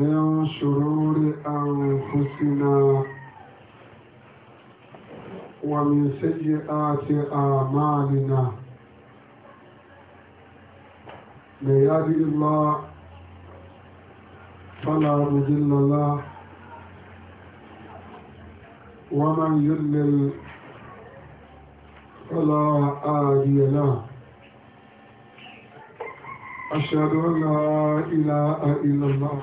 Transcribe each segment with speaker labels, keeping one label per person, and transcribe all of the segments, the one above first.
Speaker 1: من شرور أنفسنا ومن سيئات أعمالنا من يهد الله فلا مضل له ومن يضلل فلا هادي له أشهد أن لا إله إلا الله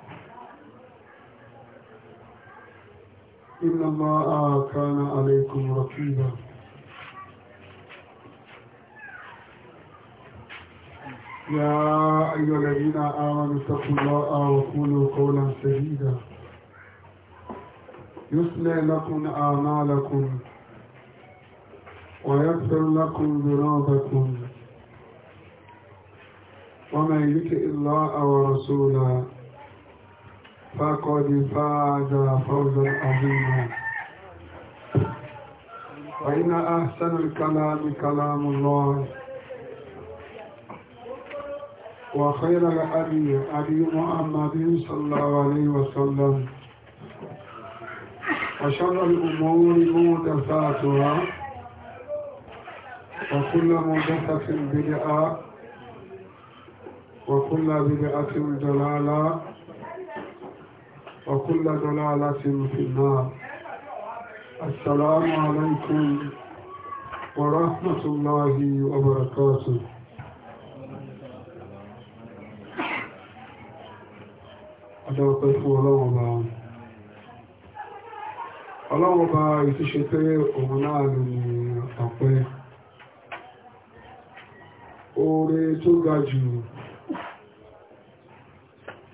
Speaker 1: إن الله كان عليكم رقيبا يا أيها الذين آمنوا اتقوا الله وقولوا قولا سديدا يصلح لكم أعمالكم ويغفر لكم ذنوبكم ومن يطع الله ورسوله فقد فاز فوزا عظيما فإن أحسن الكلام كلام الله وخير الأبي أبي محمد صلى الله عليه وسلم وشر الأمور مودفاتها وكل مودفه بدعة وكل بدعة جلاله وكل ضلالة في النار السلام عليكم ورحمة الله وبركاته Adáwọ̀pẹ́ fún pé òun náà ni ọ̀pẹ́. Oore tó ga jù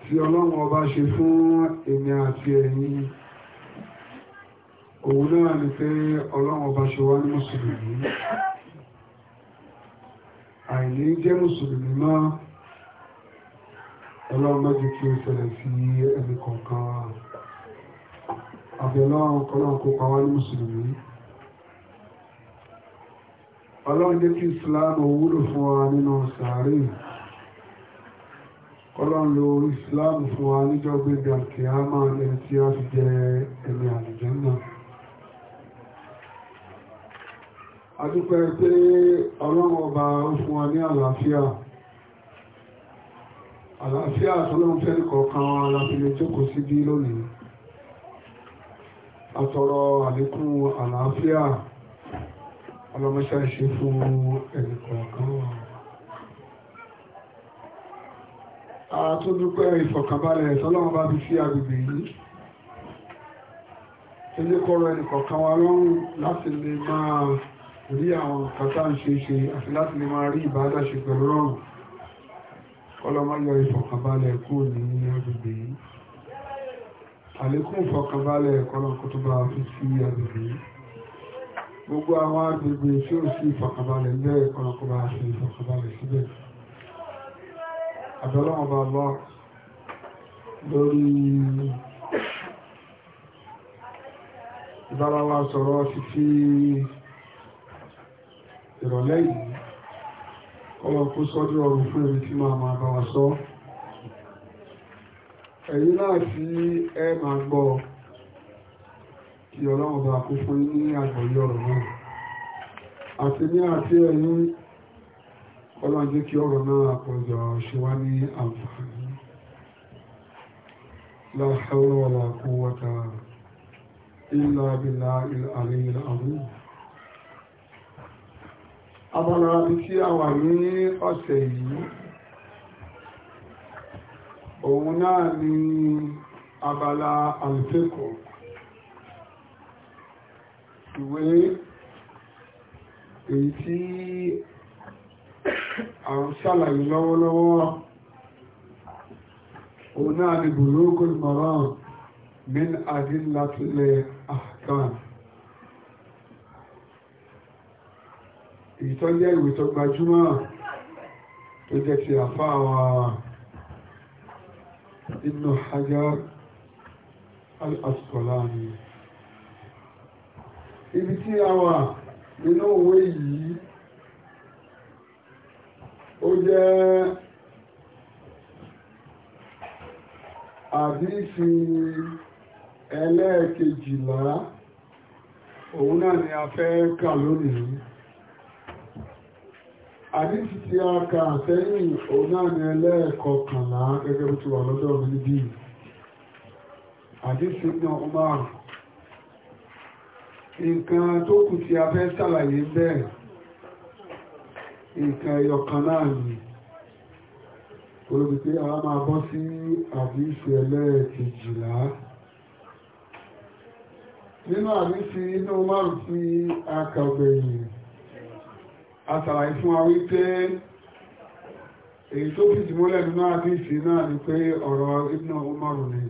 Speaker 1: tí ọlọ́run ọba ṣe fún èmi àti ẹ̀yin òun náà ni pé ọlọ́run ọba ṣe wá ní mùsùlùmí àìní jẹ́ mùsùlùmí máa ọlọ́run mẹ́jì kí ó ṣẹlẹ̀ sí ẹni kọ̀ọ̀kan wa àbẹ̀lọ́run kọlọ́run kó pa wá ní mùsùlùmí ọlọ́run jẹ́ kí ìsìláàmù wúlò fún wa nínú sàárè ọlọ́run lo islam fún wa níjọ́ gbégbé àti àmà ẹni tí a fi jẹ ẹ̀mí àlùjẹ́ náà adúpẹ́ pé ọlọ́run ọba ó fún wa ní àlàáfíà àlàáfíà tọ́lọ́run fẹ́ kọ̀ọ̀kan wa aláfilẹ̀ jókòó sí bí lónìí àtọ̀rọ̀ àlékún àlàáfíà ọlọ́mọṣẹ́ ṣe fún ẹnì àtúndúpẹ́ ìfọ̀kànbalẹ̀ sọ́lọ́wọ́n bá fi sí agbègbè yìí ẹlẹ́kọ̀ọ́rọ̀ ẹnìkọ̀ọ̀kan wa lọ́rùn láti lè máa rí àwọn kàtà ń ṣe ṣe àti láti lè máa rí ìbádà ṣe pẹ̀lú rọrùn ọlọ́mọ́yọ ìfọ̀kànbalẹ̀ kú ní agbègbè yìí àlékún ìfọ̀kànbalẹ̀ kọlọ́kùtùbà fi sí agbègbè yìí gbogbo àwọn agbègbè tí ó sí ìfọ̀kànbalẹ̀ lẹ́ẹ̀kọlọ́kùtùbà fi àtọ́lọ́wọ́ bá lọ lórí ìbárawa sọ̀rọ̀ fífí ìrọ̀lẹ́ yìí kọ́lọ̀ kó sọ́jú ọrùn fún èrí tí máa máa bá wa sọ ẹ̀yìn náà tí ẹ máa gbọ́ kí ọlọ́run bá kó fún ní àgbọ̀yọ̀ ọ̀rọ̀ náà àti ní àti ẹ̀yìn ọlọ́run jẹ́ kí ọ̀rọ̀ náà àpọ̀jọ ṣe wá ní àǹfààní la hawla wala quwwata illa billahil aliyyil azim abala tí a wà ní ọ̀sẹ̀ yìí òun náà ni abala àlùfẹ́kọ̀ọ́ ìwé èyí tí à ń ṣàlàyé lọ́wọ́lọ́wọ́ òun náà ni bulugul maram min adillatil ahkam ìtọ́jẹ́ ìwé tó gbajúmọ̀ tó jẹ́ ti àfáàwà Ibnu Hajar al-Asqalani ibi tí a wà nínú òwe yìí ó jẹ́ àdífi ẹlẹ́ẹ̀kejìlá òun náà ni a fẹ́ kà lónìí àdífi tí a kà sẹ́yìn òun náà ni ẹlẹ́ẹ̀kọkànlá gẹ́gẹ́ bí ti wà lọ́dọ̀ mi níbí àdífi náà máa nǹkan tó kù tí a fẹ́ bẹ́ẹ̀ nǹkan ẹyọ kan náà ni olùgbé a máa bọ́ sí àdíṣe ẹlẹ́ẹ̀kejìlá nínú àdíṣe inú márùn sí akàgbẹ̀yìn àtàlàyé fún wa wípé èyí tó fìdí múlẹ̀ nínú àdíṣe náà ni pé ọ̀rọ̀ Ibn Umar ni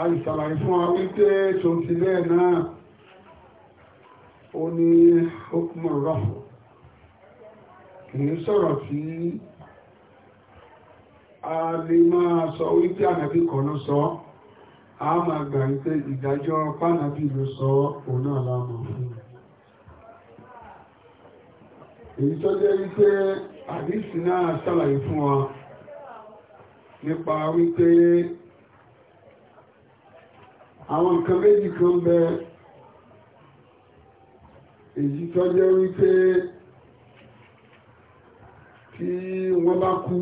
Speaker 1: a ìsàlàyé fún wa wípé tòun ti bẹ́ẹ̀ náà ó ní hukumar rafu èyí sọ̀rọ̀ tí a lè máa sọ wípé ànàbí kan ló sọ a máa gbà wípé ìdájọ́ pánàbí ló sọ òun náà lámọ̀ fún èyí tó jẹ́ wípé àdísì náà s'àlàyé fún wa nípa wípé àwọn nǹkan méjì kan bẹ èyí tó jẹ́ wípé tí wọ́n bá kú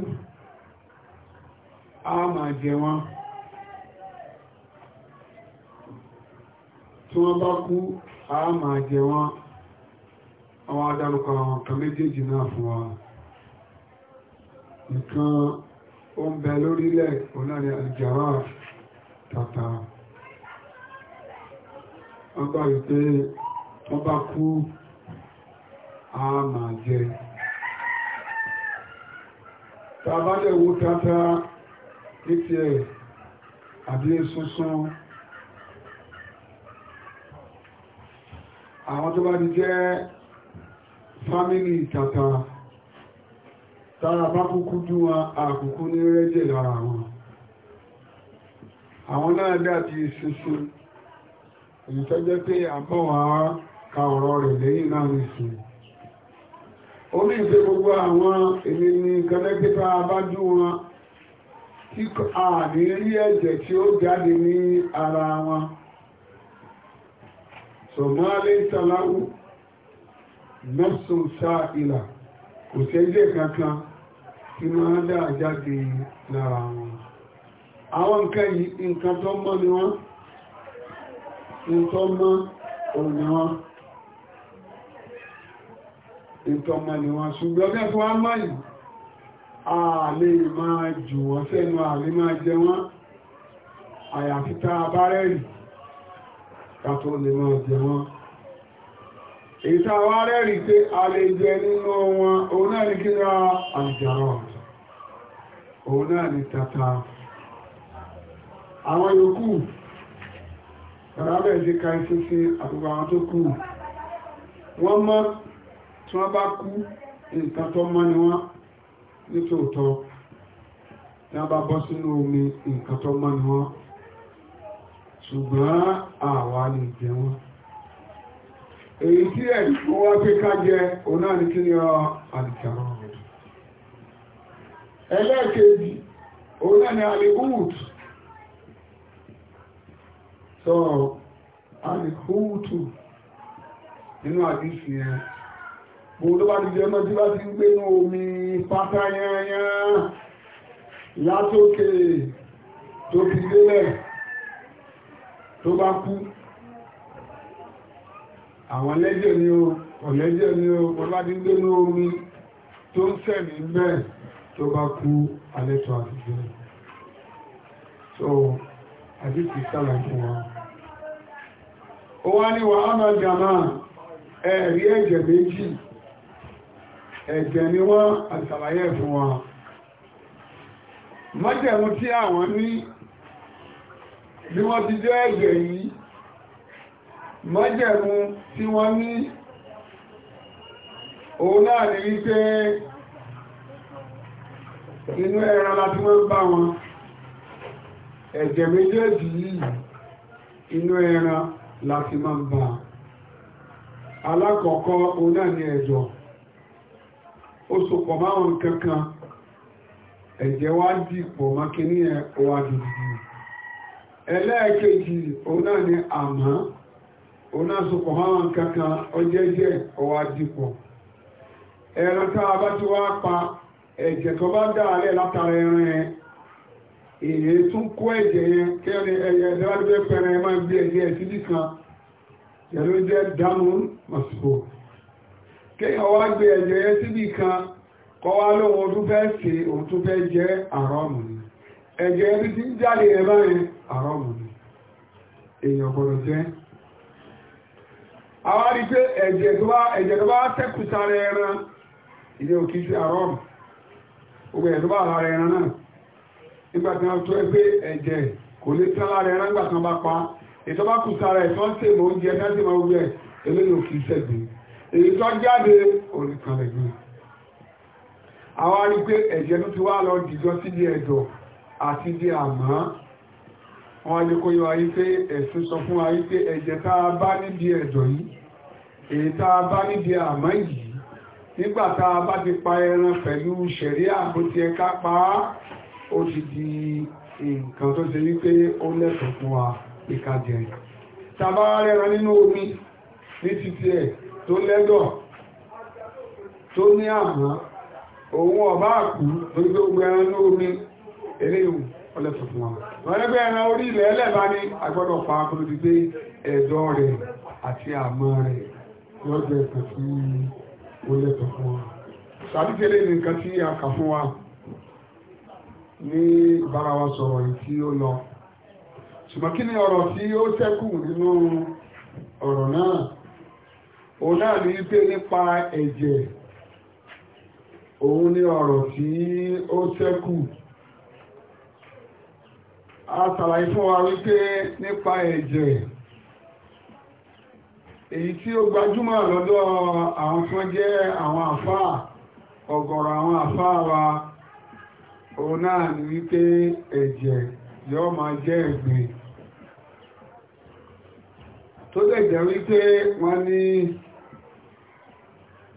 Speaker 1: a máa jẹ wọn tí wọ́n bá kú a máa jẹ wọn àwọn adarúkọ àwọn kan méjèèjì náà fún wa nǹkan ó ń bẹ lórílẹ̀ onáni àjàrà tata wọ́n gbà wípé wọ́n bá kú a máa jẹ tàbálẹ̀ wo tata ní ti ẹ̀ àbí sunsun àwọn tó bá ti jẹ́ fámílì tata tára bá kúkú dún wọn àkùkú ní rẹ́jẹ̀ lára wọn àwọn náà dàbí sunsun èyí tó jẹ́ pé àbọ̀wà ka ọ̀rọ̀ rẹ̀ lẹ́yìn náà nìsìn Omi ìfẹ́ gbogbo àwọn èmi ní kẹlẹ́gbẹ́ta abájú wọn tí a ní rí ẹ̀jẹ̀ tí ó jáde ní ara wọn sọ̀mọ́lé ìtàláwù mẹ́sùn sáà ìlà kò sẹ́jẹ̀ kankan tí máa dá jáde lára wọn àwọn nǹkan yìí nǹkan tó mọ́ ni wọ́n nǹkan mọ́ òun ni wọ́n ìtọ́mọ ni wọ́n ṣùgbọ́n bí ẹ̀kọ́ wọ́n máa yìí a lè máa jù wọ́n sẹ́nu àrí máa jẹ wọ́n àyàfi tá a bá rẹ́rì kàtó lè máa jẹ wọ́n èyí tá a wá rẹ́rì pé a lè jẹ nínú wọn òun náà ní kíra àjàrà òun náà ní tata àwọn yòókù rábẹ̀ sí káìsí sí àgbègbè àwọn tó kù wọ́n mọ́ tí wọ́n bá kú nǹkan tó mọ́ ni wọ́n nítòótọ́ tí wọ́n bá bọ́ sínú omi nǹkan tó mọ́ ni wọ́n ṣùgbọ́n lè jẹ wọ́n èyí tí fún pé ká ọ àlìkàrọ̀ ẹlẹ́ẹ̀kejì òun náà so alihud nínú àdìsí olówà ti jẹ́ mọ́jú bá ti ń gbé ní omi pátá yányán látòkè tó fi lélẹ̀ tó bá kú àwọn lẹ́jẹ̀ ni o ọ̀lẹ́jẹ̀ ni o olówà ti ń gbé ní omi tó ń sẹ̀mí bẹ́ẹ̀ tó bá kú alẹ́tọ̀ àtijọ́ so àdìsí sára fún wa ó wá ní wàhálà jàmáà ẹ̀rí ẹ̀jẹ̀ méjì ẹ̀jẹ̀ ni wọ́n àṣàlàyé fún wọn májẹ̀mú tí àwọn ní bí wọ́n ti jẹ́ ẹ̀jẹ̀ yìí májẹ̀mú tí wọ́n ní òun náà ní wípé inú ẹran láti wọ́n bá wọn ẹ̀jẹ̀ méjèèjì yìí inú ẹran láti máa ń bá alákọ̀ọ́kọ́ òun náà ní ẹ̀jọ̀ ó so pọ̀ kankan ẹ̀jẹ̀ wá dì pọ̀ mákíní ẹ̀ wá dìdì ẹlẹ́ẹ̀kejì òun náà ni àmọ́ òun náà so pọ̀ kankan ọjẹ́jẹ́ ọwá dì pọ̀ ẹran tá a bá ti wá pa ẹ̀jẹ̀ tó bá dà á lẹ̀ látara ẹran yẹn èyí tún kó ẹ̀jẹ̀ yẹn máa gbé ẹ̀jẹ̀ ẹ̀ kéèyàn wá gbé ẹ̀jẹ̀ yẹn síbì kan kọ́ wá lóhun ọdún fẹ́ ṣe òun tó fẹ́ jẹ́ àrọ́mù ni ẹ̀jẹ̀ yẹn ti ń jáde ẹ̀ báyẹn àrọ́mù èèyàn jẹ́ àwọn rí pé ẹ̀jẹ̀ tó bá tẹ́kù sára ẹran ilé òkè sí àrọ́mù ẹ̀jẹ̀ tó bá lára ẹran náà nígbà tí wọ́n tó ẹ pé ẹ̀jẹ̀ kò lè tán èyí tó jáde oríkanlẹ̀ yìí àwọn arí pé ẹ̀jẹ̀ ló ti wá lọ dìjọ sí di ẹ̀dọ̀ àti di àmọ́ wọ́n lè kó yọ ayé pé ẹ̀sùn sọ fún ayé pé ẹ̀jẹ̀ tá a bá níbi ẹ̀dọ̀ yìí èyí tá a bá níbi àmọ́ yìí nígbà tá a bá ti pa ẹran pẹ̀lú ṣẹ̀rí àbó ti ẹ̀ka pa á ó ti di nǹkan tó ṣe wípé ó lẹ́tọ̀ọ́ fún wa ìkàjẹ̀ tàbá rẹran nínú omi ní títí ẹ̀ tó lẹ́gọ̀ tó ní àmá òun ọba àkú lórí ẹran ní omi eléyìn ọlẹ́fẹ̀ fún wọn wọ́n ẹran orí ilẹ̀ ẹlẹ́bá ní agbọ́dọ̀ pa akọ́lù ti gbé rẹ̀ àti àmọ́ rẹ̀ lọ́jọ́ ẹ̀kọ́ tí ó wọn nìkan tí a kà fún wa ní ìbára wa òun náà ní pé nípa ẹ̀jẹ̀ òun ni ọ̀rọ̀ tí ó ṣẹ́kù a ṣàlàyé fún wa wípé nípa ẹ̀jẹ̀ èyí tí ó gbajúmọ̀ lọ́dọ̀ àwọn tó jẹ́ àwọn àfáà ọ̀gọ̀rọ̀ àwọn àfáà wa òun náà ní wípé ẹ̀jẹ̀ yóò máa jẹ́ ẹ̀gbìn tó dẹ̀ jẹ́ wípé wọ́n ní.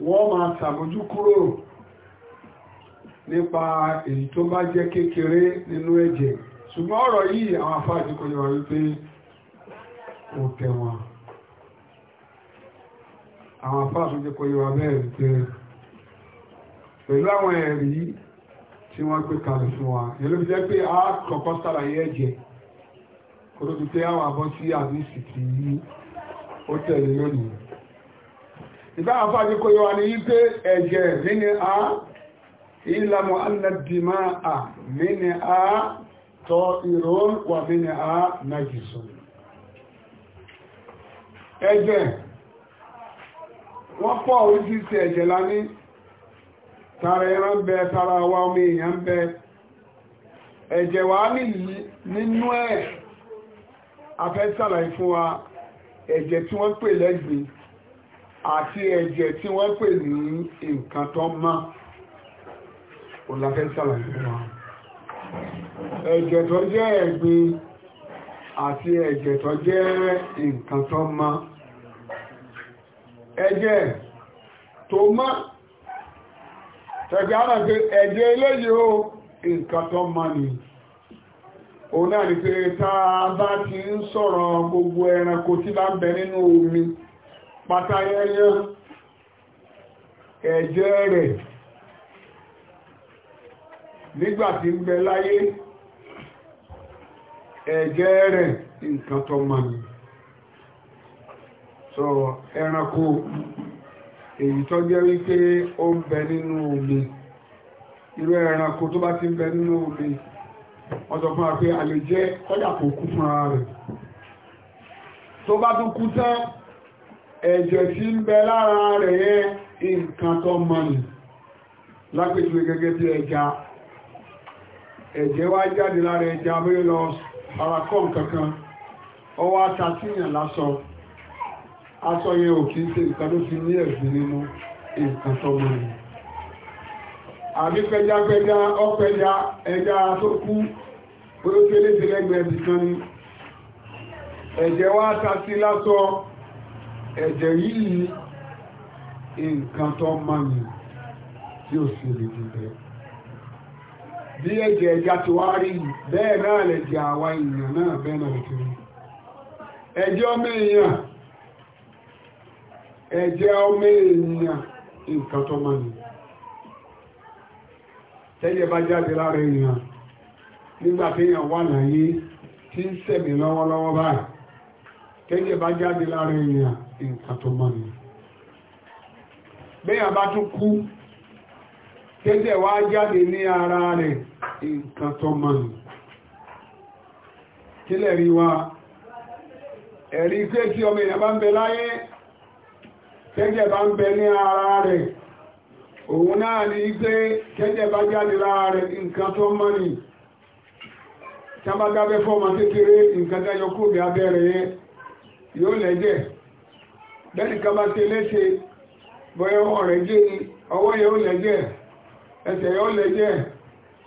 Speaker 1: wọ́n máa ṣàmójú kúrò nípa èyí tó bá jẹ́ kékeré nínú ẹ̀jẹ̀ ṣùgbọ́n ọ̀rọ̀ yìí àwọn afáàdì kò yọ wípé kò tẹ̀wọ̀n àwọn afáàdì jẹ́ kò yọ abẹ́rẹ̀ wípé pẹ̀lú àwọn ẹ̀rí tí wọ́n gbé kalẹ̀ fún wa yẹn ló fi jẹ́ pé a kọ́kọ́ sàlàyé ẹ̀jẹ̀ kó tó fi pé àwọn abọ́ sí àdísì tí ó tẹ̀lé lónìí ìbáwọn fàájí kò yọ wà ní yí pé ẹ̀jẹ̀ nínú a ìlànà aládìmá à nínú a tọ́ ìrún wà nínú a nàìjíríà ẹ̀jẹ̀ wọ́n pọ̀ oríṣiríṣi ẹ̀jẹ̀ lání tààrà ẹran bẹ tààrà wa omi èèyàn bẹ ẹ̀jẹ̀ wà nínú ẹ̀ afẹ́ fún wa ẹ̀jẹ̀ tí wọ́n pè lẹ́gbẹ̀ẹ́ àti ẹ̀jẹ̀ tí wọ́n pè ní nǹkan tó mọ́ òlàfẹ́ sàlàyé wọn ẹ̀jẹ̀ tó jẹ́ ẹ̀gbìn àti ẹ̀jẹ̀ tó jẹ́ nǹkan tó mọ́ ẹ̀jẹ̀ tó mọ́ tẹ̀gbẹ́ àwọn pé ẹ̀jẹ̀ eléyìí ó nǹkan tó mọ́ ni òun náà ni pé tá a bá ti ń sọ̀rọ̀ gbogbo ẹranko tí bá ń bẹ nínú omi pátáyẹ́yẹ́ ẹ̀jẹ̀ rẹ̀ nígbàtí ń bẹ láyé ẹ̀jẹ̀ rẹ̀ nǹkan tó ma ní sọ ẹranko èyí tó jẹ́ wípé ó ń bẹ nínú omi irú ẹranko tó bá ti ń bẹ nínú omi wọ́n sọ fún wa pé a kọ́jà kò kú fúnra rẹ̀ tó bá tún kú tán ẹ̀jẹ̀ tí ń bẹ lára rẹ̀ yẹ nǹkan tó gẹ́gẹ́ bí ẹja ẹ̀jẹ̀ wá jáde lára ẹja mẹ́rin lọ àràkọ́ kankan ọwọ́ atatíyàn lásọ aṣọ yẹn ò kí ń ṣe nǹkan tó fi ní ẹ̀sìn nínú nǹkan tó àbí pẹjapẹja ọpẹja ẹja tó kú ni ẹ̀jẹ̀ wá lásọ ẹ̀jẹ̀ yìí nǹkan tó mọ́yìn tí ó sì lè dìbẹ̀ bí ẹ̀jẹ̀ ẹja ti wá rí bẹ́ẹ̀ náà lẹ̀jẹ̀ àwa èèyàn náà bẹ́ẹ̀ náà lè kiri ẹ̀jẹ̀ ọmọ èèyàn ẹ̀jẹ̀ ọmọ èèyàn nǹkan tó mọ́yìn tẹ́jẹ̀ bá jáde lára èèyàn nígbà téèyàn wà láyé tí ń sẹ̀mí lọ́wọ́lọ́wọ́ báyìí tẹ́jẹ̀ bá jáde lára èèyàn nǹkan tó mọ́ ni bẹ́yàn bá tún kú wá jáde ní ara rẹ̀ nǹkan tó mọ́ ni kílẹ̀ rí wa ẹ̀rí pé tí ọmọ èèyàn bá ń bẹ láyé tẹ́jẹ̀ bá ń bẹ ara rẹ̀ òun náà pé tẹ́jẹ̀ bá jáde lára rẹ̀ nǹkan tó mọ́ ni lẹ́nì kan bá ti léṣe bọ́yẹ̀ ọ̀rẹ́ jẹ́ ni ọwọ́ yẹ ó lẹ́jẹ̀ ẹsẹ̀ yẹ ó lẹ́jẹ̀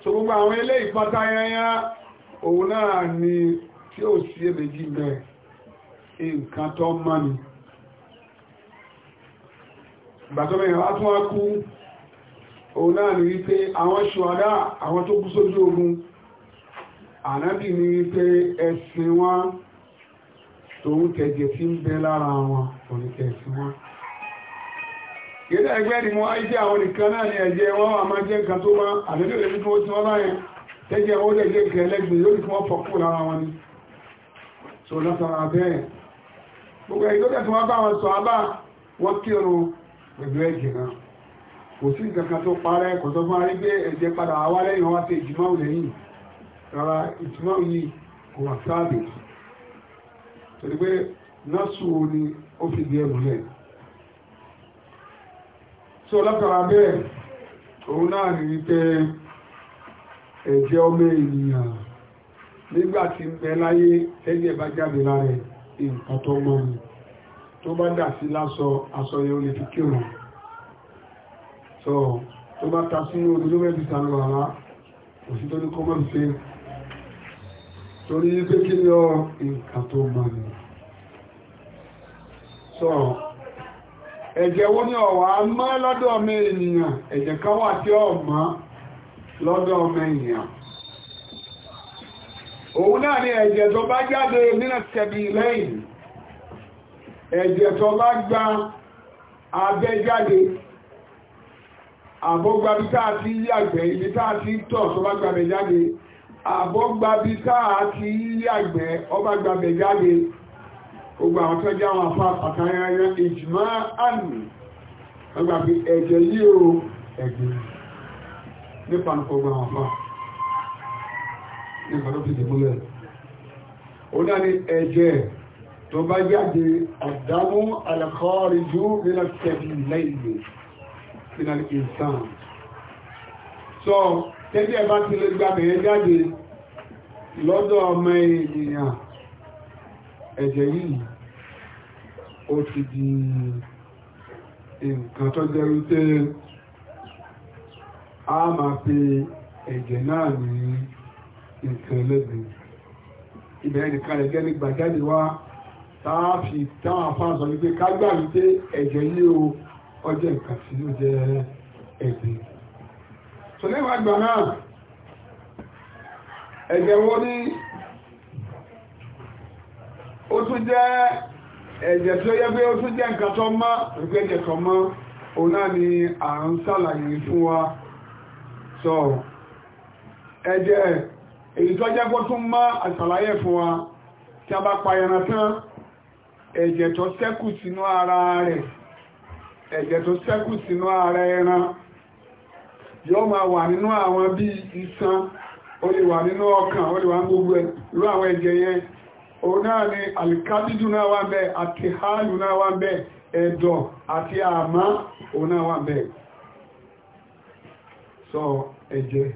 Speaker 1: so gbogbo àwọn ilé ìpátá yányá òun náà ni tí ó sí èméjì bẹ̀ nǹkan tó mọ́ ni ìgbàtọ́mẹ̀ wá tún wá kú òun náà ni wípé àwọn ṣùwádá àwọn tó kú sójú ogun ànábì ni wípé ẹ̀sìn wọn tòun tẹ̀jẹ̀ tí ń bẹ lára wọn òníkẹ̀ sí wọn ìrẹ́ ẹgbẹ́ ni wọ́n áìsí àwọn nìkan náà ni ẹ̀jẹ̀ wọn a máa jẹ́ nǹkan tó máa àdéjò lè fífún oṣù wọn báyẹn tẹ́jẹ̀ wọn ó lè jẹ́ nǹkan ẹlẹ́gbẹ̀ẹ́ yóò fún ọ̀pọ̀ kú lára wọn ni so lọ́sọ̀rọ̀ bẹ́ẹ̀ gbogbo ẹ̀yìn tó tẹ̀sí wọn bá wọn sọ abá wọn kírun pẹ̀lú ẹ̀jẹ̀ náà kò sí nǹkan kan tó parẹ́ kò sọ fún arí pé ẹ̀jẹ̀ padà wá lẹ́yìn wọn wá sí ìjùmọ̀ lẹ́yìn rárá ìjùmọ̀ yìí kò wà sáàbì torí pé nọ́ọ̀sù ni ó fi di ẹrù lẹ̀ tí ọlọ́pàá bẹ́ẹ̀ òun náà ní wípé ẹ̀jẹ̀ ọmọ ènìyàn nígbà tí ń bẹ láyé tẹ́jẹ̀ bá jáde lára nǹkan tó mọ́ ni tó bá dà sí lásọ aṣọ yẹn ó lè fi kírun so tó bá ta sínú ojú ló mẹ́bí ní kọ́mọ́ fi torí pé kí ni ọ nǹkan tó mọ̀ ní sọ ẹ̀jẹ̀ wo ni ọ̀wà mọ́ lọ́dọ̀ ọmọ ènìyàn ẹ̀jẹ̀ kan wà tí ọ̀ mọ́ lọ́dọ̀ ọmọ ènìyàn òun náà ni ẹ̀jẹ̀ tó bá jáde nínú tẹ̀bí lẹ́yìn ẹ̀jẹ̀ tó bá gba abẹ́jáde àbógbàbí táà ti yàgbẹ́ ibi táà ti tọ̀ tó bá gbàbẹ̀ jáde àbọ́gbabi káà ti ilé àgbẹ̀ ọba gbàbẹ̀ jáde gbogbo àwọn tó jẹ́ àwọn afá àkàyẹrẹ ìjìmá àmì ọgbàbí ẹ̀jẹ̀ yí o ẹ̀gbẹ̀ nípa nípa gbogbo àwọn afá nípa tó fi dìbúlẹ̀ ó dá ní ẹ̀jẹ̀ tó bá jáde àdámú alẹ́kọ́ọ̀rìjú nínú tẹ̀lé lẹ́yìn nínú ìsàn so tẹ́bí ẹ̀bá ti lè gba bẹ̀rẹ̀ jáde lọ́dọ̀ ọmọ ènìyàn ẹ̀jẹ̀ yìí ó ti di nǹkan tó jẹ́ wípé a máa pe ẹ̀jẹ̀ náà ní nǹkan ẹlẹ́gbẹ̀ẹ́ ìbẹ̀rẹ̀ nìkan ẹ̀jẹ̀ ní gbàjáde wá tààfì táwọn afáàsọ wípé ká gbà wípé ẹ̀jẹ̀ yìí ó ọjọ́ nǹkan tí ó jẹ́ ẹ̀gbẹ̀ẹ́ so lẹ́wọ̀n àgbà náà ẹ̀jẹ̀ wo ni ó tún jẹ́ ẹ̀jẹ̀ tó yẹ pé ó tún jẹ́ nǹkan tó mọ́ ìgbẹ́jẹ̀ tó mọ́ òun náà ni à ń sàlàyé fún so ẹ̀jẹ̀ èyí tó jẹ́ kó tún mọ́ àsàlàyé fún wa tí a bá pa ẹran tán yóò máa wà nínú àwọn bí iṣan ó lè wà nínú ọkàn ó lè wà ní gbogbo irú àwọn ẹ̀jẹ̀ yẹn òun náà ni alikadiju náà wà bẹ́ẹ̀ àti hálù náà wà bẹ́ẹ̀ ẹ̀dọ̀ àti àmá òun náà wà bẹ́ẹ̀ sọ ẹ̀jẹ̀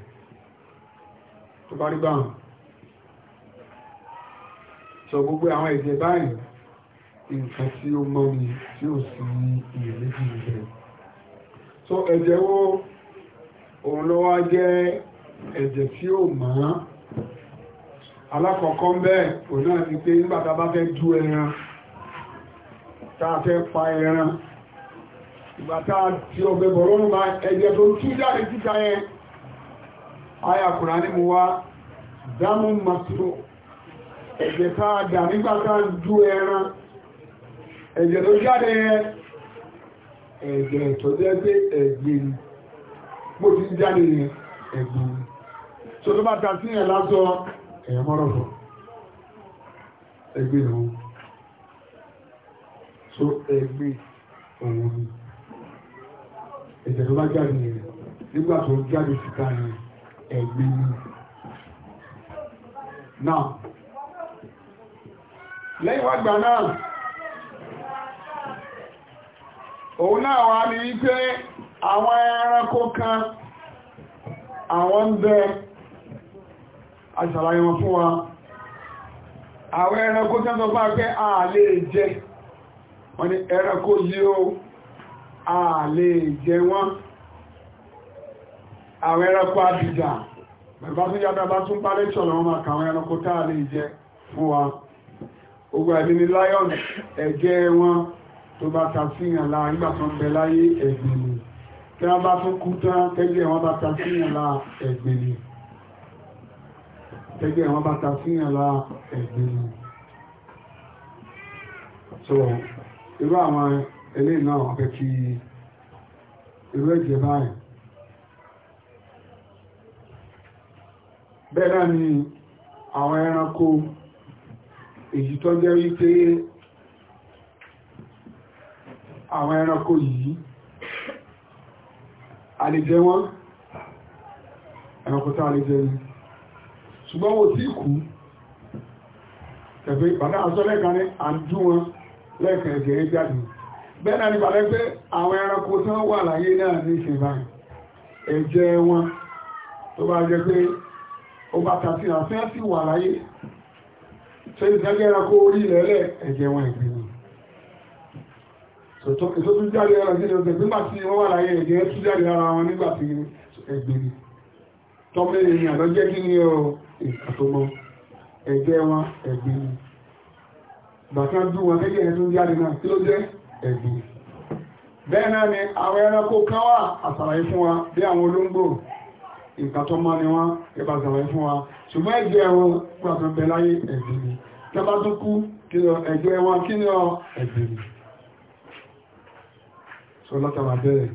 Speaker 1: tó bá rí báhùn sọ gbogbo àwọn ẹ̀jẹ̀ báyìí nǹkan tí ó mọ́ ni tí ó sì ní ìrètí rẹ̀ so ẹ̀jẹ̀ wo òun ló wá jẹ́ ẹ̀jẹ̀ tí ó mọ́ alákọ̀ọ́kọ́ bẹ́ẹ̀ òun náà ti pé nígbà tá a bá fẹ́ du ẹran tá a fẹ́ pa ẹran ìgbà tá a ti ọ̀bẹ bọ̀rọ̀ nípa ẹ̀jẹ̀ tó tú jáde títa yẹn àyà Kùránì mú wá dámú màsúrò ẹ̀jẹ̀ tá a dà nígbà tá a du ẹran ẹ̀jẹ̀ tó jáde yẹn ẹ̀jẹ̀ tó jẹ́ pé ẹ̀gbìn bó ti jáde ẹ̀gbọ́n tó tó bá ta sí ẹ̀ lásọ ẹ̀yàn mọ́rọ̀ sọ ẹgbẹ́ ìhun so ẹgbẹ́ òun ni ẹ̀jẹ̀ tó bá jáde yẹn nígbà tó jáde síta yẹn ẹgbẹ́ ni náà lẹ́yìn wá náà òun náà wà ní pé àwọn ẹranko kan àwọn ń bẹ àṣàlàyé wọn fún wa àwọn ẹranko kan sọ fún pé a lè jẹ wọ́n ní ẹranko yí o a lè jẹ wọ́n àwọn ẹranko àbìjà bàbá tó yàtọ̀ bá tún parẹ́ ṣọ̀lọ́ wọn àkàwọn ẹranko tá a lè jẹ fún wa ogun ẹ̀mí ni lion ẹ̀jẹ̀ wọn tó bá ta síyàn láàrín ìgbà ń bẹ láyé ẹ̀gbìn tí wọ́n bá tún kú tán tẹ́gbẹ́ wọn bá ta síyàn lá ẹ̀gbẹ̀lì tẹ́gbẹ́ wọn bá ta síyàn lá ẹ̀gbẹ̀lì so irú àwọn eléyìí náà wọ́n fẹ́ kí irú ẹ̀jẹ̀ báyìí bẹ́ẹ̀ náà ni àwọn ẹranko èyí tó jẹ́ wípé àwọn ẹranko yìí àlejẹ wọn ẹranko tá àlejẹ ni ṣùgbọ́n wọ́n ti kú tẹ̀fẹ́ bàtà àṣọ lẹ́ẹ̀kan ní àjú wọn lẹ́ẹ̀kan ẹ̀jẹ̀ ń jáde bẹ́ẹ̀ náà ni bàtà pé àwọn ẹranko tí wọ́n wà láyé náà ní ìṣẹ̀bà ẹ̀jẹ̀ wọn tó bá jẹ́ pé ó bá tàbí àfẹ́ sí wà láyé ṣe ìdájẹ́ ẹranko orí ilẹ̀ ẹ̀jẹ̀ wọn ìgbìn èso tún jáde ara sí ọdẹ nígbà tí wọ́n wà láyé ẹ̀jẹ̀ tún jáde ara wọn nígbà tí ẹgbẹ̀ ni tọ́mọ èèyàn lọ jẹ́ kí ni ọ ìkàtọ́mọ ẹ̀jẹ̀ wọn ẹgbẹ̀ ni bàtà dùn wọn kẹ́kẹ́ ẹ̀jẹ̀ tún jáde náà kí ló jẹ́ ẹgbẹ̀ bẹ́ẹ̀ náà ni àwọn ẹranko kan wà àṣàlàyé fún wa bí àwọn olóńgbò ìkàtọ́mọ ni wọn ẹbà àṣàlàyé fún wa ṣùgbọ́n ẹ̀jẹ̀ wọn kí so látara bẹ́ẹ̀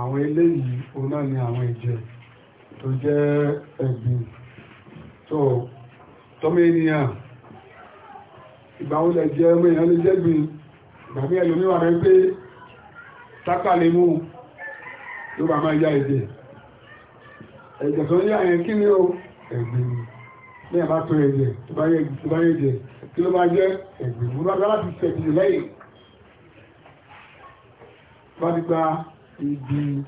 Speaker 1: àwọn eléyìí òun náà ni àwọn ẹ̀jẹ̀ tó jẹ́ ẹ̀gbìn tó tọ́mọ ènìyàn ìgbà wo lẹ jẹ́ ọmọ èèyàn lè jẹ́ gbìn ìgbà bí ẹlòmíwà rẹ pé tápà lè mú ló bá máa ya ẹ̀jẹ̀ ẹ̀jẹ̀ tó ń yá yẹn kí ni ó ẹ̀gbìn ní àbá tó ẹ̀jẹ̀ tó bá yẹ ẹ̀jẹ̀ kí ló bá jẹ́ ẹ̀gbìn mo bá láti ṣẹ̀jẹ̀ lẹ́yìn bá gbígbá ibi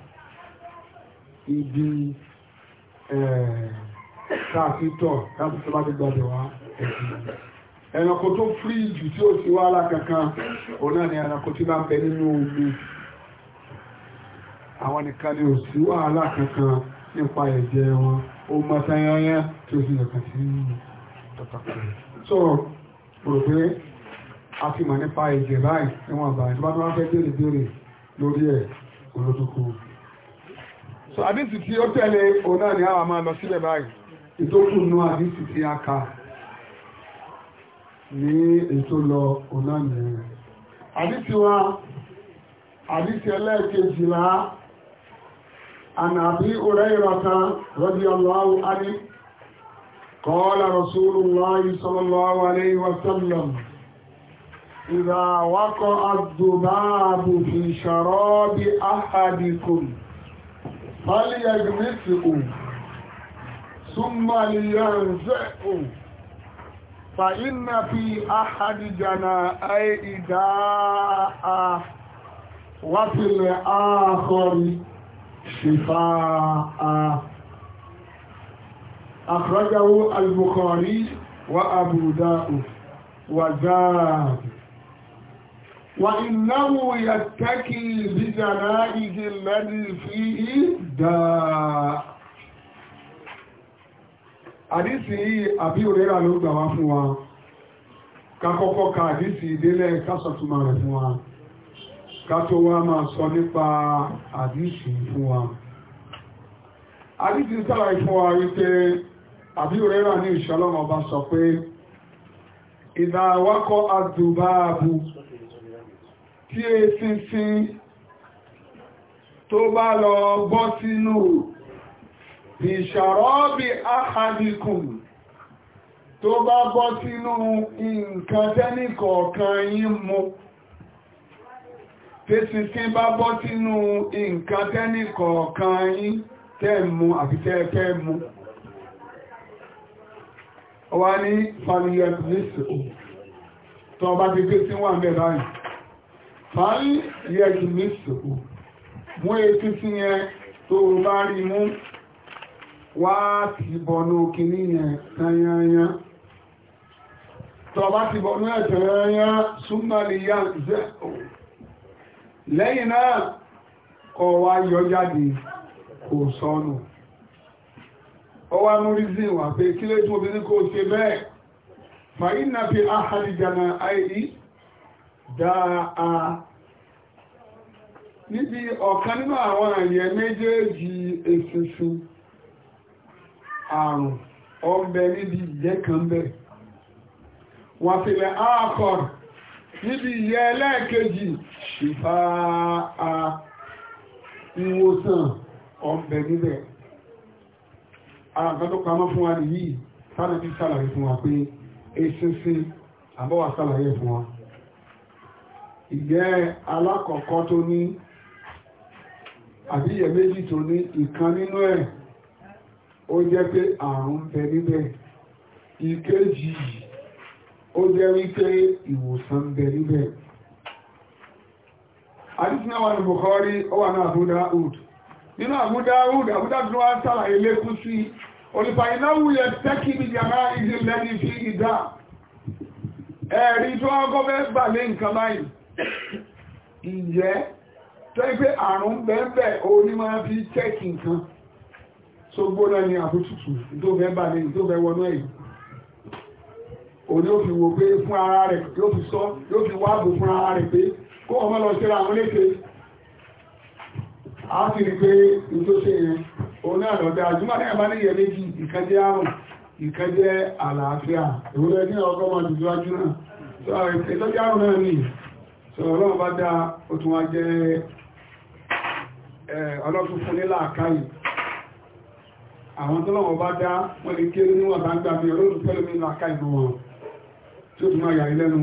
Speaker 1: ibi káàkítọ̀ káàkì tó bá gbígbá bẹ̀ wá ẹranko tó fíríjù tí ó ti wá alákankan òun náà ni ẹranko tí bá ń bẹ nínú omi àwọn nìkan ni ò sí wàhálà kankan nípa ẹ̀jẹ̀ wọn ó mọ sáyẹ́yẹ́ tí ó sì lọ̀kàn sí ọ̀tọ̀kọ̀ so rò pé a ti mọ̀ nípa ẹ̀jẹ̀ báyìí níwọ̀n báyìí tó bá tó wá fẹ́ béèrè béèrè lórí ẹ̀ olótókó so àdísì tí ó tẹ̀lé òun náà ni a máa lọ sílẹ̀ báyìí ìtókù nú àdísì tí a ka ní ètò lọ òun náà ni àdísì wa àdísì ẹlẹ́ẹ̀kejìlá ànàbí òrẹ́ìrọ̀ta rọ́bí ọlọ́wọ́ adé قال رسول الله صلى الله عليه وسلم إذا وقع الذباب في شراب أحدكم فليجمسه ثم لينزعه فإن في أحد جنائي داء وفي الآخر شفاء أخرجه البخاري وأبو داود وزاد وَإِنَّهُ يتكي بجنائه الذي فِيهِ داء àdísì àbí òrèrà ló gbà wá fún wa ká kọ́kọ́ ka àdísì ìdílẹ̀ kásọ̀túnmà rẹ̀ fún wa ká tó wá máa sọ nípa àdísì fún wa àdísì sára ìfún wa wípé àbí òrèrà ní ìṣọ́lọ́mọ̀ bá sọ pé ìdáwákọ́ tí eṣinṣin tó bá lọ bọ́ sínú ìṣàrọ́bì ahadikum tó bá bọ́ sínú nǹkan tẹ́nìkọ̀ọ̀kan yín mu tẹ́ṣinṣin bá bọ́ sínú nǹkan tẹ́nìkọ̀ọ̀kan yín tẹ́ mu àbí tẹ́ẹ̀kẹ́ mu ọwá ní fàmílẹ̀ pẹ̀lú ìṣòro tó ti gbé sí wà mẹ́bàáyìí fàálì yẹ̀kì ní ṣòkò mú etí sí yẹn tó bá rí mú wá ti bọ̀nú kìíní yẹn tanyanya tó ti bọ̀nú ẹ̀ tanyanya súnmọ́lì lẹ́yìn náà kọ wá yọ jáde kò sọnù ọwá múrí sí wà pé kílé ní kò ṣe bẹ́ẹ̀ fi áhàlì dáa níbi ọ̀kan nínú àwọn àyẹ méjèèjì eṣinṣin àrùn ọ̀bẹ níbi ìyẹ́ kan bẹ̀ wọ́n fi lẹ̀ áàkọ̀ níbi ìyẹ́ ẹlẹ́ẹ̀kejì ṣìfà ìwòsàn ọ̀bẹ níbẹ̀ àgbàdo pamọ́ fún wa nìyí sáré bí sàlàyé fún wa pé eṣinṣin àbọ̀wà sàlàyé fún wa ìgbẹ́ alákọ̀ọ́kọ́ tó ní àbí iyèméjì tó ní ìkan nínú ẹ̀ ó jẹ́ pé àrùn ń bẹ níbẹ̀ ìkejì ó jẹ́ wípé ìwòsàn ń bẹ níbẹ̀ àdísínà wà ní Bukhari ó wà ní Abu Daud nínú Abu Daud Abu Daud ló wá sàlàyé lékún sí olùfà ìnáwó yẹ tẹ́kì ní jàmá ìdílẹ́ni fi ìdá ẹ̀rí tó wá gọ́bẹ́ gbà lé nǹkan báyìí ìyẹ́ tẹ́gbẹ́ àrùn bẹ́ẹ̀bẹ̀ òní máa fi tẹ́kì nǹkan tó gbóná ní àbútùtù tó bà ní tó fẹ́ wọnú ẹ̀yìn ní ó fi wò pé fún ara rẹ̀ yóò fi sọ yóò fi wáàbò fún ara rẹ̀ pé kó ọmọ lọ àwọn A pé yẹn náà bá méjì ìkẹ́jẹ́ àrùn ìkẹ́jẹ́ àlàáfíà ìwúlẹ̀ so ọlọ́run bá dá ó tún wá jẹ́ ọlọ́run fún nílà àkáyì àwọn tó lọ́wọ́ bá dá wọ́n lè kéré níwọ̀n bá ń gbà mí ọlọ́run pẹ́lú mi nílà àkáyì mọ́ wọn tí ó tún yàrí lẹ́nu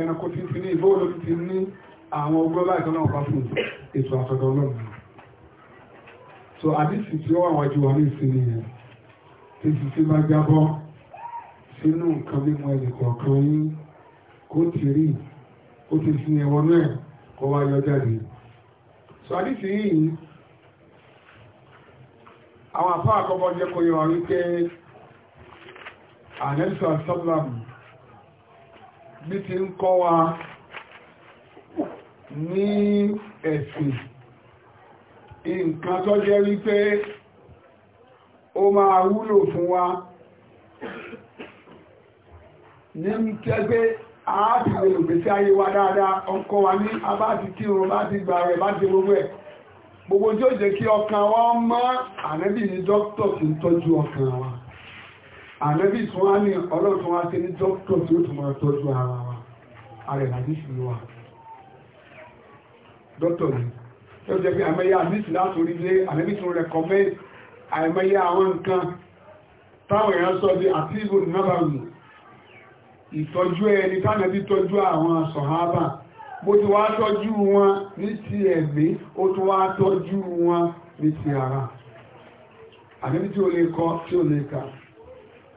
Speaker 1: ẹranko tí ti ní ìbọ́ọ̀lù ti ní àwọn ọgbọ́n láìsọ́ náà bá fún ètò àtọ̀dọ̀ so àdísì tí ó wà wájú wa ní ìsinmi yẹn tí sì sí bá jábọ́ sínú nǹkan mímọ́ ó ti sin ẹ̀wọ̀n náà kó wá yọ jáde so àdìsí yìí àwọn àpá àkọ́kọ́ jẹ́ kó yọ wípé àlẹ́sọ̀ sọ́làm bí ti ń kọ́ wa ní ẹ̀sìn nǹkan tó jẹ́ wípé ó máa wúlò fún wa ní tẹ́gbẹ́ ààbì lè gbèsè ayé wa dáadáa ọkọ̀ wa ní abáàdì kí irun bá ti gbà rẹ̀ bá ti gbogbo ẹ̀ gbogbo tí ó jẹ́ kí ọkàn wa mọ́ ànábì ní dókítọ̀ tí ń tọ́jú ọkàn wa ànábì tún wá ní ọlọ́run tún wá sí ní dókítọ̀ tí ó tún máa tọ́jú ara wa ààrẹ làdí sí wa dókítọ̀ ni tí ó jẹ́ pé àmẹ́yẹ àdísì látòrí lé ànábì tún rẹ̀kọ́mẹ́ àmẹ́yẹ àwọn nǹkan táwọn èèyàn sọ di àtìbù nábàmù ìtọ́jú ẹni tánàbí tọ́jú àwọn sọ̀hábà bó ti wá tọ́jú wọn ní ti ẹ̀mí ó tún wá tọ́jú wọn ní ti ara àdébí tí ó lè kọ́ tí ó lè kà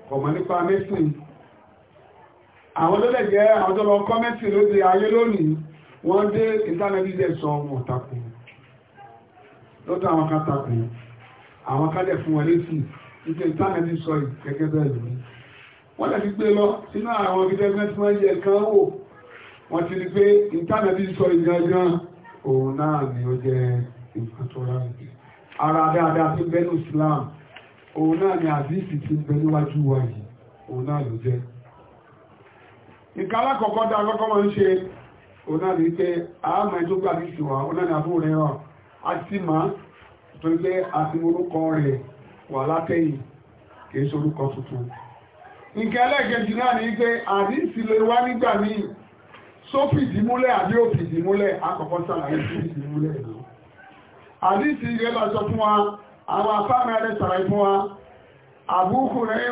Speaker 1: kọ̀mọ̀ nípa mẹ́sìn àwọn lọ́lẹ̀ jẹ́ àwọn tó lọ kọ́ mẹ́sìn lóde ayé lónìí wọ́n dé ìtánàbí lẹ̀ sọ wọn takùn lọ́tọ̀ àwọn kan takùn àwọn kálẹ̀ fún wọn létí ìtánàbí sọ ìgẹ́gẹ́ bẹ́ẹ̀ lónìí wọ́n lẹ́fi gbé lọ sínú àwọn abidẹ́gbẹ́ tí wọ́n yẹ kan wò wọ́n ti rí pé ìtànà bí sọ ìgangan òun náà ni ó jẹ́ nǹkan tó ráàlì ara dáadáa tó bẹ́nu Islam òun náà ni àdíìsì ti ń bẹ níwájú wa yìí òun náà ló jẹ́ nǹkan alákọ̀ọ́kọ́ dá akọ́kọ́ máa ń ṣe òun náà ní pé àmọ́ ẹ̀ tó gbà ní ìsìnwá òun náà ní àbúrò rẹ̀ hàn á sì máa torí pé àti orúkọ rẹ̀ wà látẹ̀yìn kì í ṣe orúkọ tuntun nǹkan ẹlẹ́gẹ̀ẹ́jì náà ní pé àdíìsì lè wá nígbà míì só fìdí múlẹ̀ àbí ò fìdí múlẹ̀ àkọ́kọ́ sàlàyé fìdí múlẹ̀ àdíìsì rẹ̀ bá sọ fún wa àwọn afáàmì ẹ̀rẹ́ sàlàyé fún wa àbúkù rẹ̀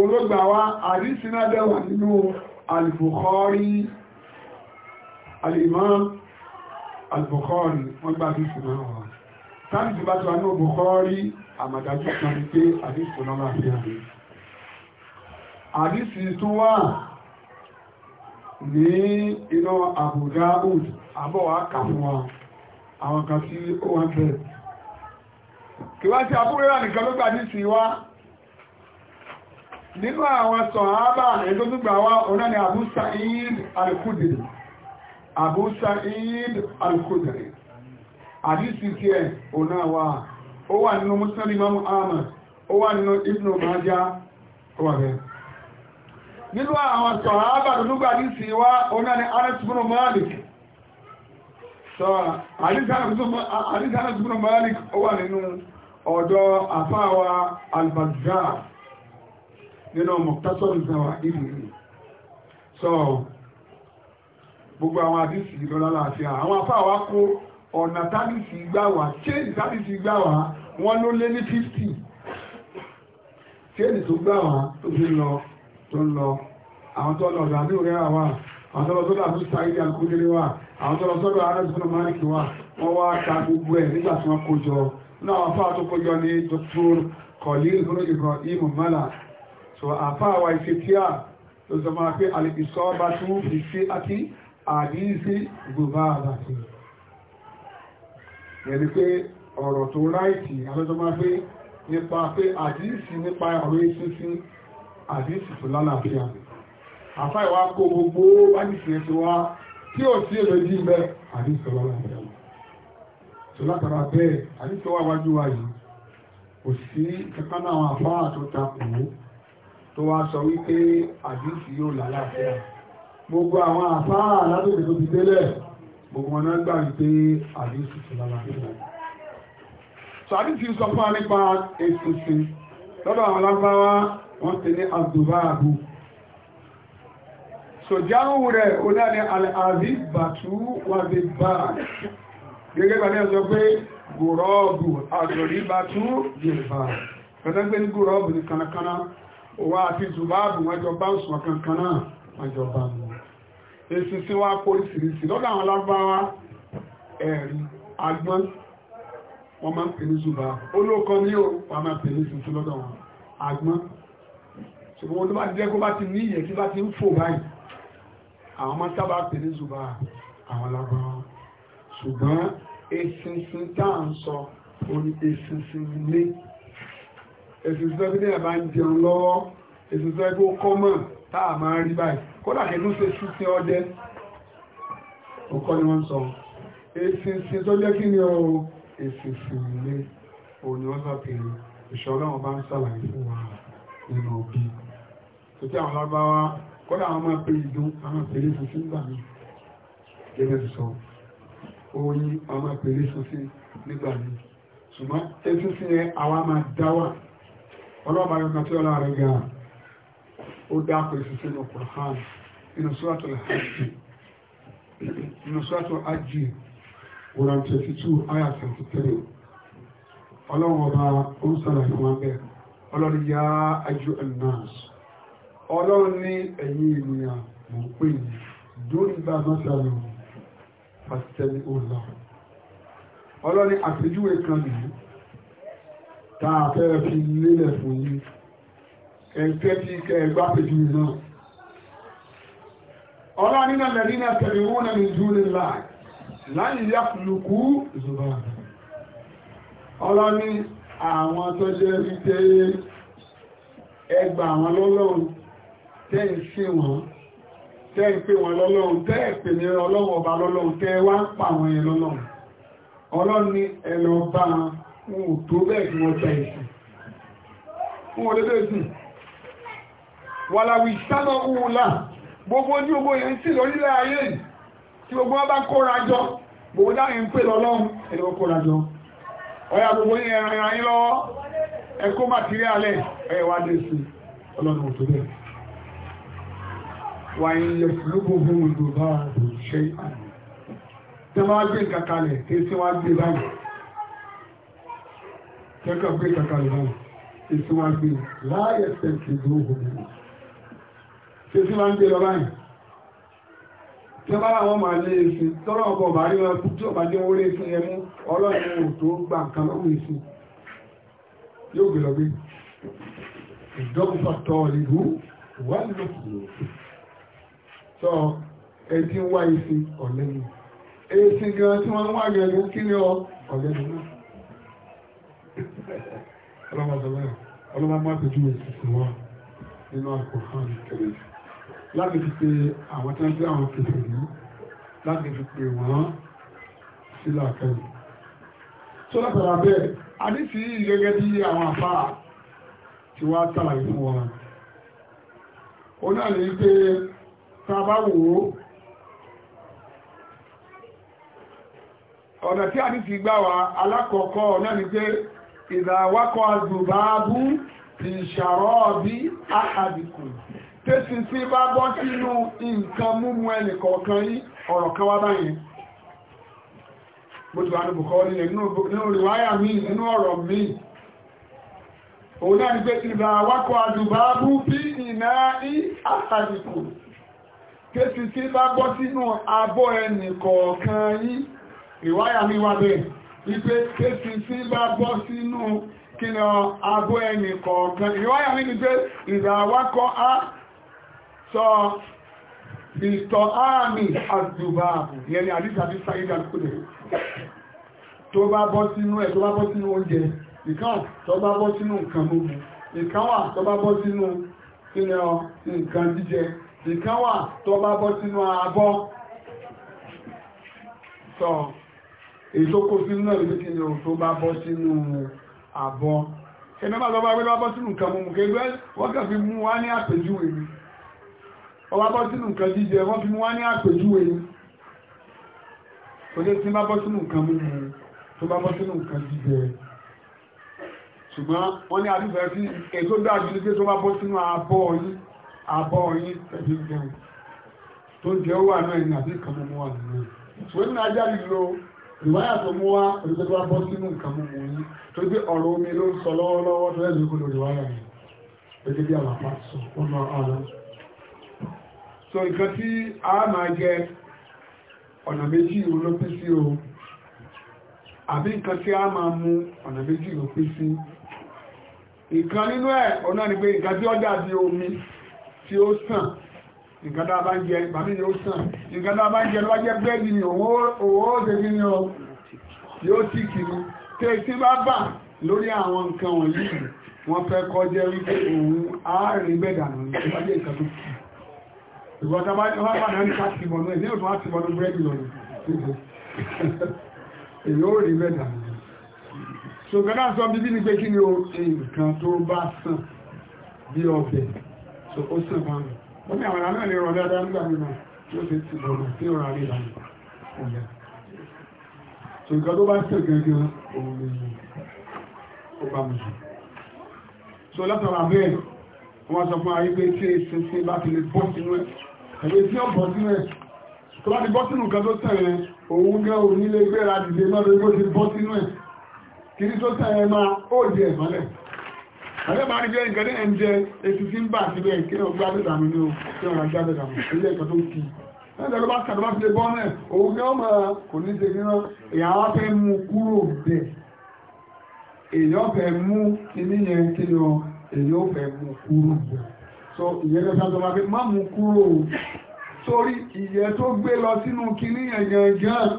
Speaker 1: olóògbà wa àdíìsì náà dẹ̀wà nínú al-Bukhari al-Imam al-Bukhari wọ́n gbà àdíìsì náà wà táàbì tó bá tó wà ní Bukhari àmàdájú kan ní pé àdíìsì náà àdísì tó wà ní iná àbúdá old àbọ̀wà kà fún wa àwọn kan sí 100 kí wá sí àbúrẹ́rà nìkan ló gbà dísì wá nínú àwọn sọ̀hábà ètò gbígbà wá ọ̀nà ni al Abu àdísì tí ọ̀nà wà ó wà nínú ó wà nínú nínú àwọn sọ̀hábà tó nígbà ní sí wá oná ni Anas bin Malik sọ Anas bin Malik ó wà nínú ọ̀dọ̀ àfáwà al-Bazzar nínú Mukhtasar az-Zawaid sọ gbogbo àwọn àdísì lọ́lọ́lá àti àwọn afáwà kó ọ̀nà tábìsì gbáwà chéèdì tábìsì gbáwà wọ́n ló lé ní 50 chéèdì tó gbáwà tó fi lọ tó ń lọ àwọn tó lọ ọ̀dọ̀ àbíwò rẹ̀ wà àwọn tó lọ sọ́dọ̀ àbú sàídì àkúndélé wà àwọn tó lọ sọ́dọ̀ arẹ́sùnà máàlìkì wà wọ́n wá ta gbogbo ẹ̀ nígbà wọ́n kójọ ní àwọn afá tó kójọ ní dr a ló sọ máa pé àlèkìsọ́ bá tún fi sí àti àdíyísí gbogbo àbàtì àdéhùn tó lálàáfíà àfa ìwà kó gbogbo báyìí ti wá tí ò sí èrò yìí bẹ àdéhùn tó lálàáfíà tó látara bẹ́ẹ̀ àdéhùn tó wà wájú wa yìí kò sí kankan náà àwọn àfa tó ta kù tó wá sọ wípé àdéhùn yóò lálàáfíà gbogbo àwọn àfa alábẹ̀rẹ̀ tó ti délẹ̀ gbogbo wọn náà gbà wípé àdéhùn tó lálàáfíà sàdí ti sọ fún wa nípa ètùtù lọ́dọ̀ àwọn alágbáwá wọ́n ti ní àdúbàbù so jáhùn rẹ̀ ó náà ní àlàáfí bàtú wà ní báà gẹ́gẹ́ bá ní ọjọ́ pé gùrọ́ọ̀bù àjọ̀rí bàtú jìnbà pẹ̀lẹ́ pé ní gùrọ́ọ̀bù ní kanakana wà àti zùbáàbù wájọ bá ń sùn kankaná wájọ bá mú èsì sí wá kó ìsìrìsì lọ́dọ̀ àwọn lágbáwá ẹ̀rí agbọ́n wọ́n máa ń pè ní zùbáàbù olókọ́ ní ó wà máa pè ní ìsìrìsì lọ́dọ̀ àwọn agbọ́n ṣùgbọ́n olúwa jẹ́ kó bá ti ní ìyẹn kí bá ti ń fò báyìí àwọn máa sábà pè ní zùbà àwọn lábọ́ ṣùgbọ́n eṣinṣin tá à ń sọ orí eṣinṣin ilé eṣinṣin tó bí bá ń jẹun lọ́wọ́ eṣinṣin tó kó kọ́mọ̀ tá à máa rí báyìí kódà kẹ́kọ́ ṣe ṣinṣin ọdẹ ọkọ ni wọ́n sọ eṣinṣin tó jẹ́ kí ni o eṣinṣin ilé òun wọ́n sọ pé ìṣọ́lọ́wọ́n bá ń sàlàyé fún wa nínú òbí tó tí àwọn lágbàwá kọ́lá àwọn máa pè ìdún àwọn pèrè funfun gbà mí gẹ́gẹ́ ti sọ oyin àwọn máa pèrè funfun nígbà mí ṣùgbọ́n etí sí ẹ àwa máa dáwà ọlọ́ọ̀bá yóò kàtí ọlá rẹ̀ ga ó dákò ìfúnfún ní Qur'an inú suratul hajj inú suratul hajj Quran 22 ayat 23 ọlọ́wọ́n ọba ó ń sọ̀rọ̀ ìwọ̀n bẹ́ẹ̀ ọlọ́rin yá ayyuhan nas ọlọ́run ní ẹ̀yìn ènìyàn mọ̀ pé dórí bá mọ́sàlù pàtẹ́lì òlà ọlọ́run ní àpèjúwe kan nìyí tá a fẹ́ fi lélẹ̀ fún yín ẹ̀ńtẹ́ tí kẹ́ẹ̀gbá àpèjúwe náà ọlọ́run nínú lẹ́rìnà tẹ̀lé wọn náà ní dúró láì láì yàkùlùkù zùbà ọlọ́run ní àwọn tó jẹ́ wípé ẹgbà àwọn lọ́lọ́run tẹ́ ẹ̀ ṣe wọ́n tẹ́ ẹ̀ pè wọ́n lọ́lọ́run tẹ́ ẹ̀ pè ní ọlọ́run ọba lọ́lọ́run tẹ́ ẹ wá ń pa àwọn yẹn lọ́lọ́run ọlọ́run ni ẹ lọ bá wọn ò tó bẹ́ẹ̀ tí wọ́n gba ẹ̀sìn wọn ò lè bẹ́ẹ̀ sìn wàlàwì sáná òwúlà gbogbo ní gbogbo yẹn sì lórílẹ̀ ayé tí gbogbo wọn bá kóra jọ gbogbo dáhìn ń pè lọ́lọ́run ẹ̀ lọ́wọ́ kóra jọ ọ̀yà gbogbo yẹn ẹran ẹran yín lọ́wọ́ wàyí lè lóbòbò olùbá àbò ṣe àná tí wọ́n gbé kakalẹ̀ tí tí wọ́n gbé báyìí kẹ́kọ̀ọ́ gbé kakalẹ̀ báyìí tí tí wọ́n gbé láàyè tẹ̀sí lóbòbò tí tí wọ́n gbé lọ báyìí tí wọ́n bá wọn máa lé èsì tọ́rọ ọkọ̀ bá rí wọn tí ọba dé orí èsì ẹmú ọlọ́run tó gbà nǹkan lọ́wọ́ èsì yóò gbé lọ gbé ìdọ́gbùfà tọ́ ìlú sọ ẹtí wá ìsìn ọ̀lẹ́nu èsì gan tí wọ́n wá gẹ̀ẹ́gẹ́ kí ni ọ ọ̀lẹ́nu náà ọlọ́mọdọ́lá ọlọ́mọdọ́lá pẹ̀lú èsì sí wọn nínú àkọ́kàn kẹrẹ láti fi pe àwọn tí wọ́n ti àwọn kẹsẹ̀ yìí láti fi pe wọ́n sílẹ̀ àkẹ́yìn tó látara bẹ́ẹ̀ àdìsí gẹ́gẹ́ bí àwọn àfáà tí wọ́n á tàlàyé fún wọn. ó náà lè pé tàbáwò ọ̀nà tí a ti ti gbá wa alákọ̀ọ́kọ́ náà ni pé ìdàwákọ̀ àzùbáábú ti ṣàrọ́ bí àkàdìkù tẹ́sí sí bá bọ́ sínú nǹkan múmú ẹnì kọ̀ọ̀kan yí ọ̀rọ̀ kan wá báyìí bó ti wà ní bùkọ́ nílẹ̀ nínú rìwáyà mi nínú ọ̀rọ̀ mi òun náà ni pé ìdàwákọ̀ àzùbáábú bí ìnáà ní àkàdìkù kéfì tí bá bọ́ sínú abọ́ ẹnì kọ̀ọ̀kan yín ìwáyà mi wà bẹ́ẹ̀ wípé kéfì tí bá bọ́ sínú kínà abọ́ ẹnì kọ̀ọ̀kan ìwáyà mi ni pé ìdàwákọ́ á sọ ìtọ̀ áàmì àdùbà yẹn ni àdìsà bí sáyéjà lókùnrin tó bá bọ́ sínú ẹ̀ tó bá bọ́ sínú oúnjẹ ìkan tó bá bọ́ sínú nǹkan mú ìkan wà tó ìkan wà tó bá bọ́ sínú abọ́ sọ èyí tó kó sínú náà lókè ní ohun tó bá bọ́ sínú abọ́ ẹ̀mẹ́bà lọ bá gbé lọ́bọ́ sínú nǹkan mú kẹgbẹ́ wọ́n kàn fi mú wá ní àpèjúwe ni ọba bọ́ sínú nǹkan jíjẹ wọ́n fi mú wá ní àpèjúwe ni kò tí bá bọ́ sínú nǹkan mú mú tó bá bọ́ sínú nǹkan jíjẹ àbọ̀ yín pẹ̀lú gan tó jẹ́ ó wà náà ní àbí mú wà nínú ṣùgbọ́n ajá lílo ìwáyà tó mú wá olùgbé wá bọ́ sínú mú yín tó gbé ọ̀rọ̀ omi ló ń sọ lọ́wọ́lọ́wọ́ tó ìkọlù ìwáyà gẹ́gẹ́ bí sọ ó so nǹkan tí a máa jẹ ọ̀nà méjì o àbí nǹkan tí a máa mú ọ̀nà méjì sí nínú ẹ̀ ọ̀nà ni pé nǹkan tí ó omi tí ó sàn nǹkan dáa bá ń jẹ ìgbàmí ni ó sàn nǹkan dáa bá ń jẹ ló bá jẹ́ bẹ́ẹ̀dì ni òwò ó ṣe kí ni ó yóò tí kì ní tí tí bá bà lórí àwọn nǹkan wọ̀nyí wọ́n fẹ́ kọ́ jẹ́ wípé òun àárín bẹ́ẹ̀dànù ní tó bá jẹ́ nǹkan tó kì ìwọ̀n tó bá bàdà ní ká ti bọ̀nú ẹ̀ ní òtún á ti bọ̀nú bẹ́ẹ̀dì lọ́nà èyí ó rí bẹ́ẹ̀dànù ṣùgbọ́n náà sọ bíbí ni pé kí ni ó nǹkan tó bá sàn bí ọbẹ̀ tó ó sì wọn rẹ̀ ó ní àwọn àmì ìrọ̀ dáadáa nígbà mímọ̀ tí ó sì ti bọ̀rọ̀ sí ọ̀rọ̀ àrí ìlànà ọ̀yà tó nǹkan tó bá tẹ̀ gẹ́gẹ́ òun ni ó bá mú jù tó látara bẹ́ẹ̀ wọ́n sọ fún ayé pé tí èsì sí bá ti lè bọ́ sínú ẹ̀ ẹ̀gbẹ́ tí ó bọ́ sínú ẹ̀ tó bá ti bọ́ sínú nǹkan tó tẹ̀lé òun gẹ́ òun nílé gbéra dìde mọ́ lórí bó ti bọ́ sínú ẹ̀ kí ní tó tẹ̀lé máa ó di ẹ̀ mọ́lẹ̀ Àgbẹ́bà rí jẹ́ ìgbẹ́dẹ́ ẹ̀ ń jẹ èsì tí ń bà síbẹ̀ kí ọ gbábẹ̀dà mi ní o, kí ọ̀rọ̀ gbábẹ̀dà mi, ilé ẹ̀kọ́ tó kí. Ẹgbẹ́ ló bá kàdọ́bá sílé bọ́ọ̀nà ẹ̀, òun ni ọmọ kò ní ṣe níná, èyà wá fẹ́ mú kúrò bẹ̀. Èyà fẹ́ mú kíní yẹn kí ni ọ, èyà fẹ́ mú kúrò bẹ̀. So ìyẹn lọ sáà tọ́ba pé má mú kúrò. Torí ìyẹn tó gbé lọ sínú kíní yẹn gangan,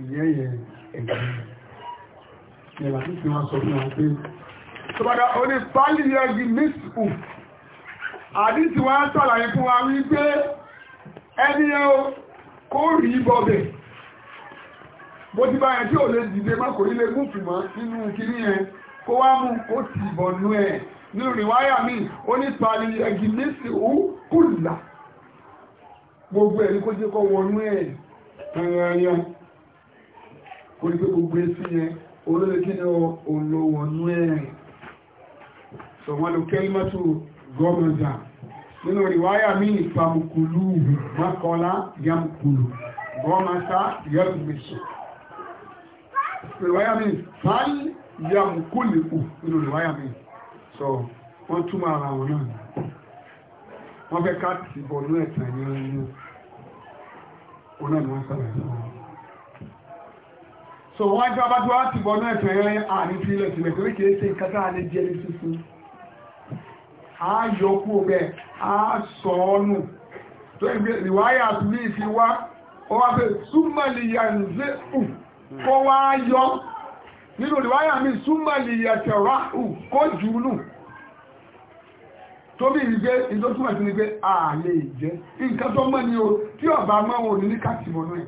Speaker 1: ìyẹn yẹn ẹ̀gbẹ́ ẹ̀wà tí wọ́n sọ fún wọn pé tọ́bàdà ó ní pálí yẹgi mísù àdí tí wọ́n sàlàyé fún wa wípé ẹni ẹ kó rí bọ́bẹ̀ bó ti báyẹ̀ tí ò lè dìde má kò nílé mú fìmọ́ nínú kiri yẹn kó wá mú kó tì bọ̀nú ẹ̀ nínú rìwáyà mi ó ní pálí yẹgi mísù kùlà gbogbo ẹni kó jẹ́ kọ́ wọnú ẹ̀ ẹ̀yẹ̀yẹ̀ kò ní pé gbogbo ẹ̀ sí yẹn olóòrè kí ni olówọ̀nú ẹ̀rìn so wọ́n ló kẹ́límọ́tò gọ́mọ̀dà nínú ìwáyà mí ìpamukulu mọ́kànlá yamkulu gọ́mọ̀sá yọ́gbèsò ìwáyà mí fàáyì yamkuliku nínú ìwáyà mí so wọ́n túmọ̀ ara wọn náà wọ́n fẹ́ káàkiri bọ̀ ní ẹ̀tàn yẹn ní ọ̀nà ìwọ̀n sára ìwọ̀n so wọ́n jọ bá jọ láti bọ̀nú ẹ̀tọ́ ẹ̀rẹ́ àní fi ilẹ̀ sílẹ̀ torí kìí ṣe nǹkan tá lè jẹ́ sísun a yọ kú rẹ̀ a sọ ọ́nù tó ìgbé ìwáyà àtúlé ìfi wá ó wá pé súnmọ̀lì yànzé ù kó wá yọ nínú ìwáyà mi súnmọ̀lì yàtẹ̀rá ù kó jùlù tó bí ìgbé ìdótúmọ̀ sí ni pé a lè jẹ́ nǹkan tó o tí ọ̀bà mọ́ wọn ò ní ní kàtìbọ̀nú ẹ̀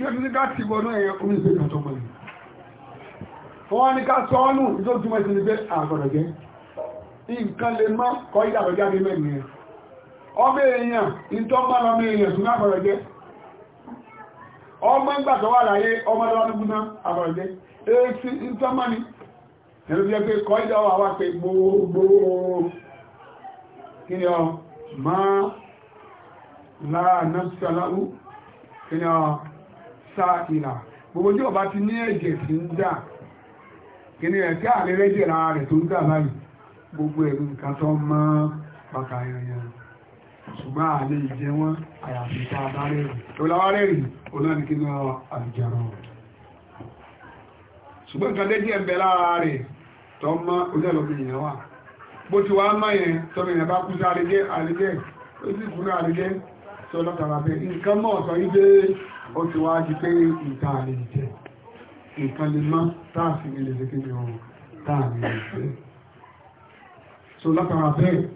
Speaker 1: tí ó ti ká ti wọnú ẹ̀yẹ omi ìgbé ìrìnàjò mọ̀ ní wọ́n ní ká sọ ọ́nù ìjọ tí wọ́n ti ní pé àgbọ̀dọ̀ jẹ́ nǹkan lè mọ́ kọ́ ìdàgbọ̀ jáde mẹ́rin yẹn ọmọ èèyàn ìtọ́ mọ́ lọ́mọ èèyàn tún àgbọ̀dọ̀ jẹ́ ọmọ ń máa láà náà sí aláwú kí ni sáàkìlà gbogbo tí ọba ti ní ẹ̀jẹ̀ sí ń dà kìíní rẹ̀ tí ààrẹ rẹ́jẹ̀ ra rẹ̀ tó ń dà báyìí gbogbo ẹ̀rù nǹkan tó mọ́ bàtà ẹ̀yàn ṣùgbọ́n àlè ìjẹ wọn àyàfi tá a bá rẹ̀rì olówó rẹ̀rì olóòníkínú àjẹrọ ṣùgbọ́n nǹkan déjì ẹ̀bẹ̀ lára rẹ̀ tó mọ́ olóòlómi ó ti wá di pé nǹkan àrẹ jẹ nǹkan lè má táàfì ní lè ṣe ní ọrùn táàrí ìfẹ́ so látara bẹ́ẹ̀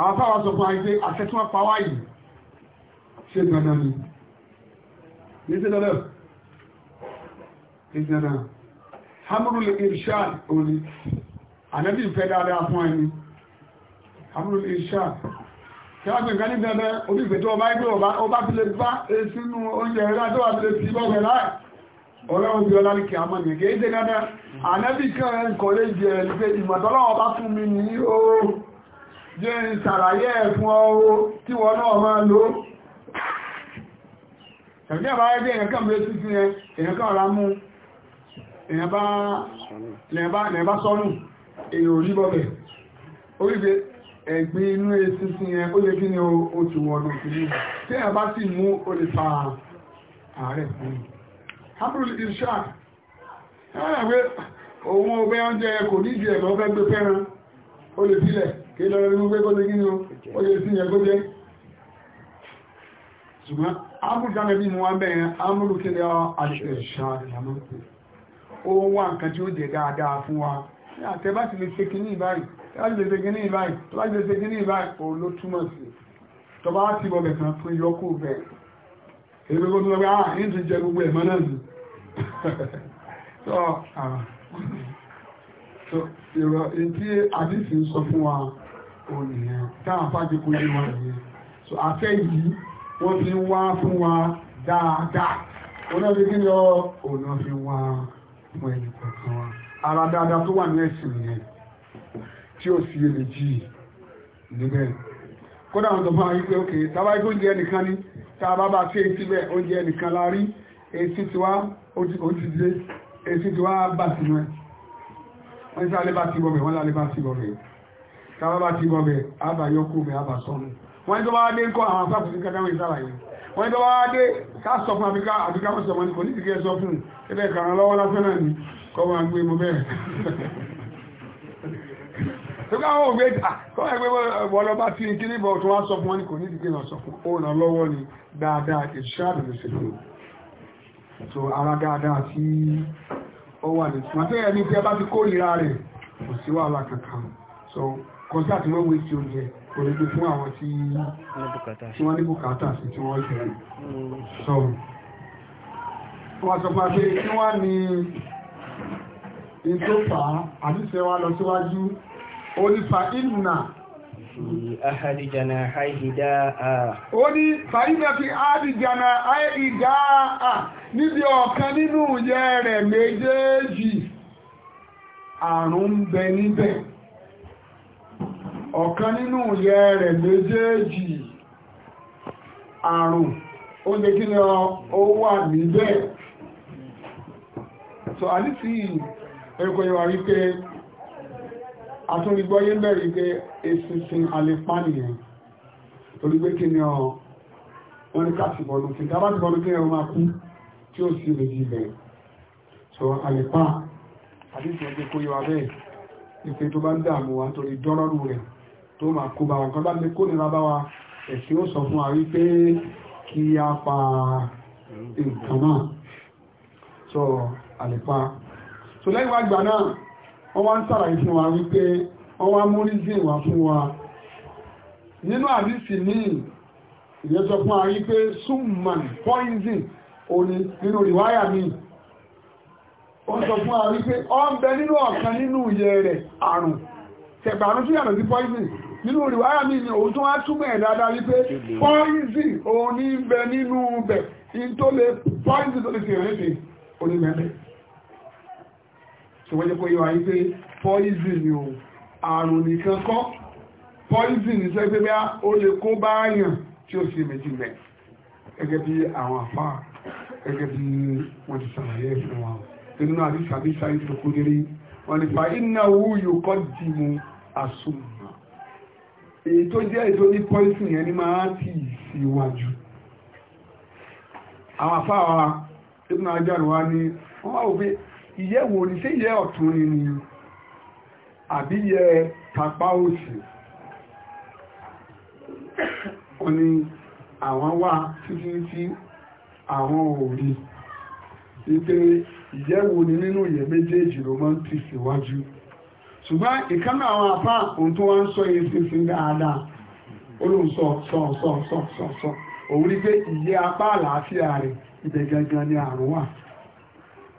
Speaker 1: àwọn fáwà sọ fún àìsẹ́ àtẹ́tún pàwà yìí ṣe gbọ́nà ni ní sí lọ́lọ́ ìjọba hamurul irshad orí ànẹ́bí ìfẹ́ dáadáa fún ẹni hamurul irshad kẹwàgbé nǹkan ní bẹ̀rẹ̀ oríṣẹ́ tó ọba ẹgbẹ́ ọba fi lè bá e sínú oúnjẹ ẹ̀rọ tó wà fi lè sí bọ́ọ̀rẹ̀ láì ọ̀rẹ́ oúnjẹ ọlálì kí a mọ́ ní kéèdè dáadáa ànẹ́bí kan ẹ̀ ń kọ̀lé jẹ́ pé ìmọ̀tọ́lọ́ ọba fún mi ní ó jẹ́ ìsàlàyé ẹ̀fún ọwọ́ tí wọ́n náà máa lò ẹ̀fẹ́ bá ẹgbẹ́ èèyàn kan bẹ́ẹ̀ títí ẹ èèyàn kan ọ̀rá mú èèyàn bá sọ́nù èèyàn ò rí bọ́bẹ̀ oríṣẹ́ ẹ̀gbin inú eṣinṣin yẹn ó lè kí ni ó ti wọnú kìíní tí a bá sì mú ó lè fa ààrẹ fún un. habrul irshad ẹ̀rọ pé òun ọbẹ̀ oúnjẹ kò ní ìjẹ́ ẹ̀lọ́ fẹ́ gbé fẹ́ràn ó lè sílẹ̀ kí lọ rí wípé kó lè kí ni ó lè sí yẹn kó jẹ́ ṣùgbọ́n habrul dáná bí mo wá bẹ̀rẹ̀ habrul kí ni ó àṣẹ ìṣàn ìyàmọ́ òun wà nǹkan tí ó jẹ dáadáa fún wa àtẹ́bá ti lè ṣe kìíní ìbáyìí tọ́bá ti lè ṣe kìíní ìbáyìí tọ́bá ti lè ṣe kìíní ìbáyìí òun ló túmọ̀ sí tọ́bá ti bọ̀ bẹ̀ kan fún yọkù bẹ̀ èdè kó tó lọ pé ah jẹ gbogbo ẹ̀mọ́ náà sí ah. so ìrọ̀ etí àdìsí ń sọ fún wa òun wọn nìyẹn so afẹ́ yìí wọ́n fi ń wá fún wa dáadáa òun ara dáadáa tó wà ní ẹ̀sìn yẹn tí ó sì yé méjì níbẹ̀ kódà wọn tó bá yí pé ok tábà yí pé oúnjẹ nìkan ni tá a bá bá ṣe etí bẹ́ẹ̀ oúnjẹ nìkan la rí etí tí wá ó ti dé etí tí wá bà sínú ẹ̀ wọ́n ní sáré bá ti bọ̀ bẹ̀ wọ́n lálé bá ti bọ̀ bẹ̀ tá a bá bá ti bọ̀ bẹ̀ àbá yọkú bẹ̀ àbá sọnù wọ́n ní tó bá dé ń kọ́ àwọn afáàfù sí kẹta wọn ìsàlàyé wọ́n ní bá dé ká sọ fún àbíká àbíká mọ̀sọ̀ wọn ni kò ní ti kẹ́ sọ fún ẹbẹ̀ kàrán lọ́wọ́ lásán náà ni kọ́ máa gbé bẹ́ẹ̀ tó káwọn ògbé ah, kọ́ máa gbé wọ́n bá tí n kíní bọ̀ tó wá sọ fún wọn ní kò ní ìdíkẹ́ náà sọ fún òun lọ́wọ́ ni dáadáa ìṣáàdù lè ṣe fún so ara dáadáa tí ó wà ní ṣùgbọ́n tó yẹ tí a bá ti kó ìra wọ́n wé tí tí wọ́n ní tó fà á àdíṣẹ́ lọ síwájú ó ní fa ìlúnà ó ní fa ìlúnà fi àdìjànà àìdá níbi ọ̀kan nínú yẹ rẹ̀ méjèèjì àrùn ń bẹ níbẹ̀ ọ̀kan nínú yẹ rẹ̀ méjèèjì àrùn ó jẹ́ kí ni ó wà níbẹ̀ so àdíṣẹ́ ẹ̀kọ́ yíwa wípé àtúnrígbọ́yé ń bẹ̀rẹ̀ wípé eṣinṣin alẹ́pánìyàn torí pé kí ni ọ wọ́n ní káàtì bọ̀nù kí dábà ti bọ̀nù kí ẹ̀rọ máa kú tí ó sì rèjì ibẹ̀ so alẹ́pá àti ìsìn ẹgbẹ́ kó yíwa bẹ́ẹ̀ ìpè tó bá ń dààmú wa nítorí dọ́rọ́rù rẹ̀ tó máa kó bá wa kan pa nǹkan so alẹ́pá so lẹ́yìn wá gbà náà wọ́n wá ń sàlàyé fún wa wípé wọ́n wá mú rízìn wá fún wa nínú àdísì ní ìyẹn sọ fún wa wípé summan poison òní nínú rìwáyà mi ó sọ fún a wípé ó ń bẹ nínú ọ̀kan nínú ìyẹ rẹ̀ àrùn tẹ̀gbàrún tún yàtọ̀ sí poison nínú rìwáyà mi ni òun tún wá túmọ̀ ẹ̀ dáadáa wípé poison òní ń bẹ nínú bẹ̀ in tó lè poison tó lè fi hàn ṣùgbọ́n jẹ́ kó yíwa yí pé poison ni o àrùn nìkan kọ́ poison ni sọ pé bá ó lè kó bá yàn tí ó sì méjì mẹ́ gẹ́gẹ́ bí àwọn àfá gẹ́gẹ́ bí wọ́n ti sàlàyé fún wa nínú àti sàbí sáré tó kó dérí wọ́n lè fa iná owó yóò kọ́ di mu àsùnmọ̀ èyí tó jẹ́ èyí tó ní poison yẹn ni máa ti síwájú àwọn àfá wa ibùdó ajáruwa ni wọ́n wá wò pé ìyẹ́ wo ni sí ìyẹ́ ọ̀tún ni ni àbí yẹ tapá òsì ó ní àwọn wá títí tí àwọn òrí wípé ìyẹ́ wò ní nínú ìyẹ́ méjèèjì ló máa ń tì síwájú ṣùgbọ́n ìkánná àwọn apá ohun tó wá ń sọ yìí sí sí dáadáa olóòsọ sọ sọ sọ sọ sọ òun rí pé ìyẹ́ apá àlàáfíà rẹ̀ ibẹ̀ gangan ni àrùn wà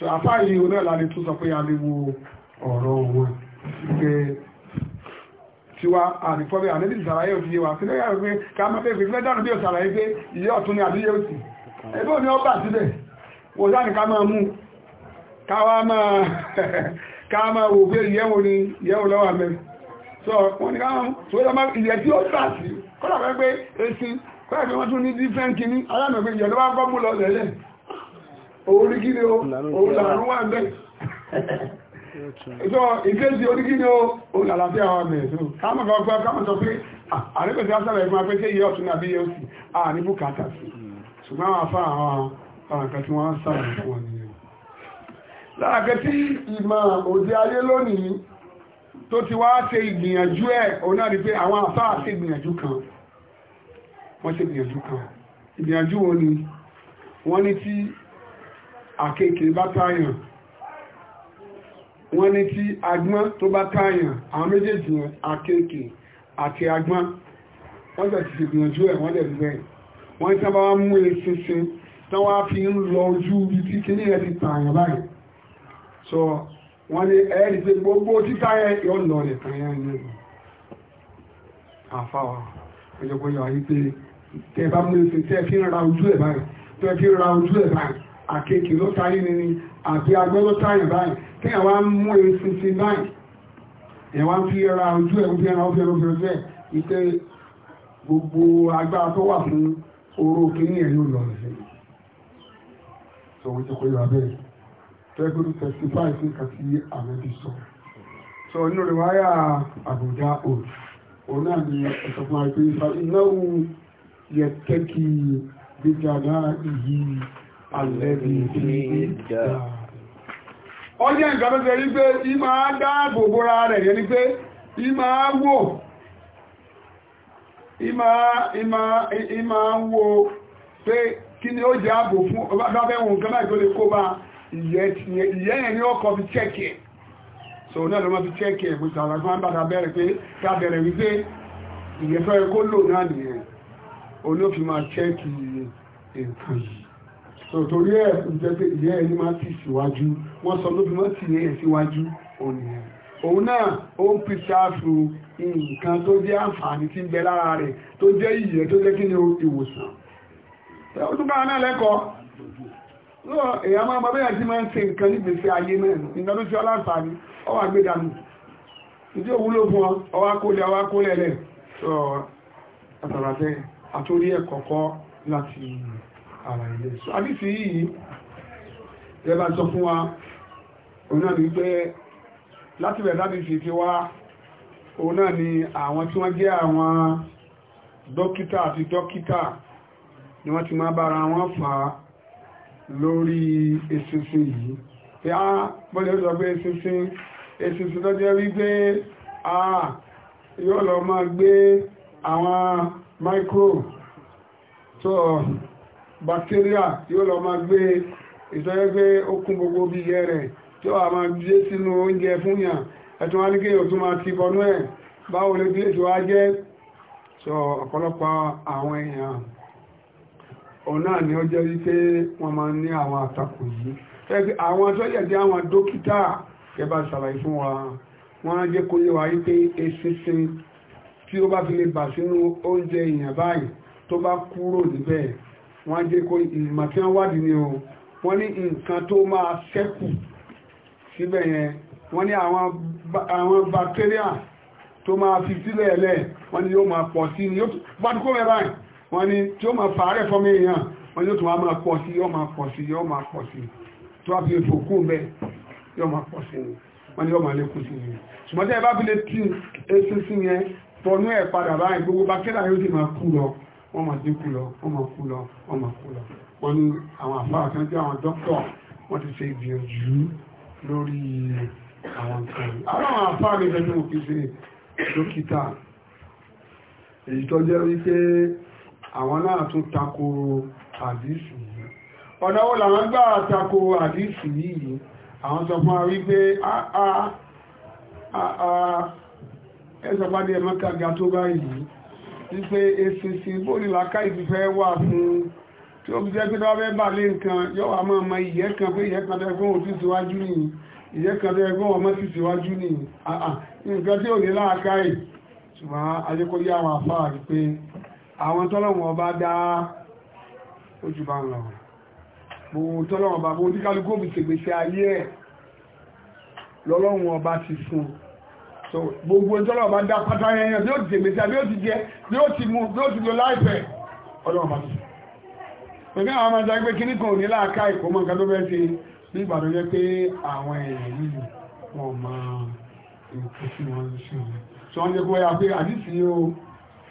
Speaker 1: so àfáà yìí onílà ni tó sọ pé a lè wo ọ̀rọ̀ wọn pé tiwa àrífọ́bẹ̀ àníbí ìsàlàyé òfin yíwa sí lẹ́yà pé ká mọ́ pé ìfìlẹ́ dànù bí òsàlàyé pé ìyẹ́ ọ̀tún ni àbíyẹ́ òsì ẹgbẹ́ òní ọba síbẹ̀ wò sáàni ká máa mú káwá máa wò pé ìyẹ́wò ni ìyẹ́wò lọ́wọ́ mẹ́rin so wọ́n ni káwọn tó lọ́mọ́ ìyẹ́ tí ó bà sí kọ́lá pẹ́ pé esin kọ́lá pé wọ́n tún ní different kìíní alámẹ̀gbẹ̀ ìyẹ́ lọ́wọ́ orígíní o òlàrún wà ń bẹ́ ìjọ ìkéjì orígíní o òlàlàfíà wà mẹ́ tó kámọ̀fà ọgbà kámọ̀sọ pé àrẹ́bẹ̀sẹ̀ àṣàrẹ̀ ìgbà pé kéyẹ ọ̀tún ní abíyẹ òsì à ní bùkátà sí ṣùgbọ́n àwọn afá àwọn nǹkan tí wọ́n sàrẹ̀ fún wọn nìyẹn láàkẹ́ tí ìmọ̀ òde ayé lónìí tó ti wá ṣe ìgbìyànjú ẹ̀ òun náà rí pé àwọn afá ṣe ìgbìyànjú kan wọ́n ṣe ìgbìyànjú kan ìgbìyànjú wo ni wọ́n ní tí àkekè bá táyàn wọ́n ní tí agbọ́n tó bá táyàn àwọn méjèèjì yẹn àkekè àti agbọ́n wọ́n jẹ́ ti ṣègbìyànjú ẹ̀ wọ́n dẹ̀ bẹ́ẹ̀ wọ́n tí wọ́n mú eṣinṣin tí wọ́n fi ń lọ ojú ibi tí kí ní ẹ̀ ti tààyàn báyìí so wọ́n ní ẹ̀ẹ́dì pé gbogbo títà ẹ̀ yọ lọ rẹ̀ tààyàn ní ẹ̀gbọ́n àfáwà ọjọ́gbọ́n yọ àyípe tẹ́ bá mú eṣinṣin tẹ́ ra ojú ẹ̀ báyìí tẹ́ ra ojú ẹ̀ báyìí àkekì ló táyé ni ni àti agbẹ́ ló táyé báyìí tí àwọn mú esin sí báyìí ẹ̀wà ń fi ẹra ojú ẹ̀ ojú ẹran ojú ẹran ojú gbogbo agbára tó wà fún oró kìíní ẹ̀ yóò lọ sí so wọ́n ti kó abẹ́ tẹ́gbẹ́rú testify sí kàtí àmẹ́bí sọ so inú rẹ̀ wáyà àbùdá òd òun náà ni àìpé ìfà yẹ kẹ́kì ọjẹ́ nǹkan tó tẹ́rí pé ì máa dáàbò bóra rẹ̀ yẹn ni pé ì máa wò ì máa wò pé kí ni ó jẹ́ ààbò fún ọbábẹ́wọ̀n nǹkan láì tó lè kó bá ìyẹ́ yẹn ni ó kọ fi chẹ́kì ẹ̀ so náà ló máa fi chẹ́kì ẹ̀ pẹ̀sà àwọn àwọn bàtà bẹ̀rẹ̀ pé ká bẹ̀rẹ̀ wípé ìyẹ́fẹ́ kó lò náà nìyẹn olófin máa chẹ́kì nǹkan yìí torí ẹ̀ kò jẹ́ pé ìyá ẹni máa tì síwájú wọ́n sọ ló fi máa tì yẹn síwájú ònìyàn òun náà ó ń pìṣáàfù nǹkan tó jẹ́ àǹfààní tí ń bẹ lára rẹ̀ tó jẹ́ ìyẹ́ tó jẹ́ kí ni ìwòsàn ó tún bá wọn náà lẹ́kọ̀ọ́ èyàn máa bàbá yàtí máa ń ṣe nǹkan nígbèsè ayé náà nǹkan tó ṣe ọláǹfààní ọwà gbéganù ìdí òwúlò fún ọwá kólẹ̀ ọwá kólẹ̀ lẹ̀ sọ àtàràtẹ́ àtórí ẹ̀kọ̀ọ̀kọ́ láti ìrìn ara ilé so àdísì yìí ẹbá sọ fún wa òun náà ni pé láti bẹ̀rẹ̀ àdísì ti wá òun náà ni àwọn tí wọ́n jẹ́ àwọn dókítà àti dókítà ni wọ́n ti máa bára wọn fà á lórí eṣinṣin yìí pé á bọ́lẹ̀ sọ pé eṣinṣin eṣinṣin tó jẹ́ wípé à yóò lọ máa gbé àwọn micro tó so, bacteria yóò lọ máa gbé ìtọ́jẹ́ pé ó kún gbogbo bí yẹ rẹ̀ tí ó máa gbé sínú oúnjẹ fún yàn ẹ̀tún wá ní kí òtún máa ti bọnú ẹ̀ báwo lè bí ètò ajẹ́ sọ ọ̀pọ̀lọpọ̀ àwọn èèyàn òun náà ni ó jẹ́ wípé wọ́n máa ní àwọn àtakò yìí àwọn tó jẹ́ àwọn dókítà kẹba ṣàlàyé fún wa wọ́n jẹ́ kó yẹ wá wípé eṣinṣin tí ó bá fi lè bà sínú oúnjẹ èèyàn báyìí tó bá kúrò níbẹ̀ wọ́n jẹ́ kó ìmọ̀ tí wọ́n wádìí ni o wọ́n ní nǹkan tó máa ṣẹ́kù síbẹ̀ yẹn wọ́n ní àwọn bacteria tó máa fi sílẹ̀ ẹ̀lẹ́ wọ́n ní yóò máa pọ̀ sí ni bá dúkó rẹ̀ báyìí wọ́n ní tí ó máa fàárẹ̀ fọ́mí èèyàn wọ́n yóò tún wá máa pọ̀ sí yóò máa pọ̀ sí yóò máa pọ̀ sí tó wá fi ètò òkú mẹ́ yóò máa pọ̀ sí ni wọ́n ní yóò máa lékún sí ni ṣùgbọ́n tẹ́ ẹ bá fi lè tí eṣinṣin yẹn tọnú ẹ̀ padà báyìí gbogbo bacteria yóò sì máa kú lọ wọ́n máa dínkù lọ wọ́n máa kú lọ wọ́n máa kú lọ wọ́n ní àwọn àfáà kan jẹ́ àwọn dókítọ̀ wọ́n ti ṣe ìgbìyànjú lórí àwọn nǹkan àwọn àfáà mi fẹ́ ní mo fi ṣe dókítà èyí tó jẹ́ wípé àwọn náà tún tako àdísì yìí ọ̀nà wo làwọn gbà tako àdísì yìí àwọn sọ fún wa wípé àà àà ẹ̀sọ̀ bá dé ẹ̀mọ́ká ga tó báyìí wípé èsìsì bóòlì làkà ìfìfẹ́ wà fún tí ó jẹ́ pé lọ́wọ́ bá lé nǹkan yóò wà máa mọ ìyẹ́ kan pé ìyẹ́ kan tẹ́gbọ́n òtún síwájú nìyí ìyẹ́ kan tẹ́gbọ́n ọmọ sí síwájú nìyí nǹkan tí ò ní láàká ì ṣùgbọ́n ajẹ́kọ́yá àwọn àfáà rí pé àwọn tọ́lọ̀wọ̀n ọba dá ojú bá ń lọ gbogbo tọ́lọ̀wọ̀n ọba bó oníkálukú òbí ṣègbèsè ayé ẹ̀ lọ́lọ́wọ̀n ọba ti fún un so gbogbo ìjọlọ bá dá pátá ẹyẹn bí ó ti jèmẹ́ta bí ó ti jẹ bí ó ti mú bí ó ti lo láìpẹ́ ọlọ́run bá ti pẹ̀lú àwọn ọmọdé pé kíní kan ò ní láàká ìkómọ nǹkan tó bẹ́ẹ̀ ṣe ní ìgbàdàn yẹ pé àwọn èèyàn yìí wọn máa èkó sí wọn sí wọn so wọn jẹ kó ya pé àdìsí o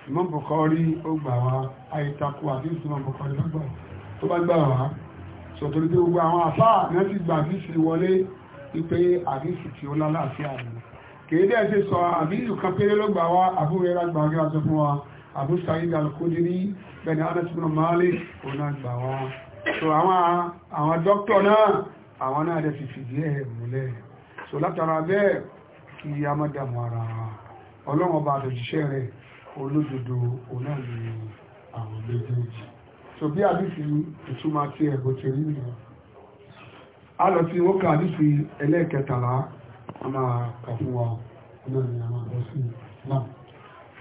Speaker 1: Imam Bukhari ó gbà wá àìtakò àdìsí Imam Bukhari tó bá gbà wá so torí pé gbogbo àwọn àfáà ní wọn ti kèédé ẹ̀ṣẹ́ sọ àbílù kan péré ló gbà wá àbúrẹ́rà gbà wá sọ fún wa Abu Sa'id al-Khudri bẹ̀rẹ̀ Anas ibn Malik òun náà gbà wá so àwọn dókítọ̀ náà àwọn náà dẹ̀ fi fìdí ẹ̀ múlẹ̀ so látara bẹ́ẹ̀ kí a má dàmú ara ọlọ́run ọba àtòjíṣẹ́ rẹ̀ olódodo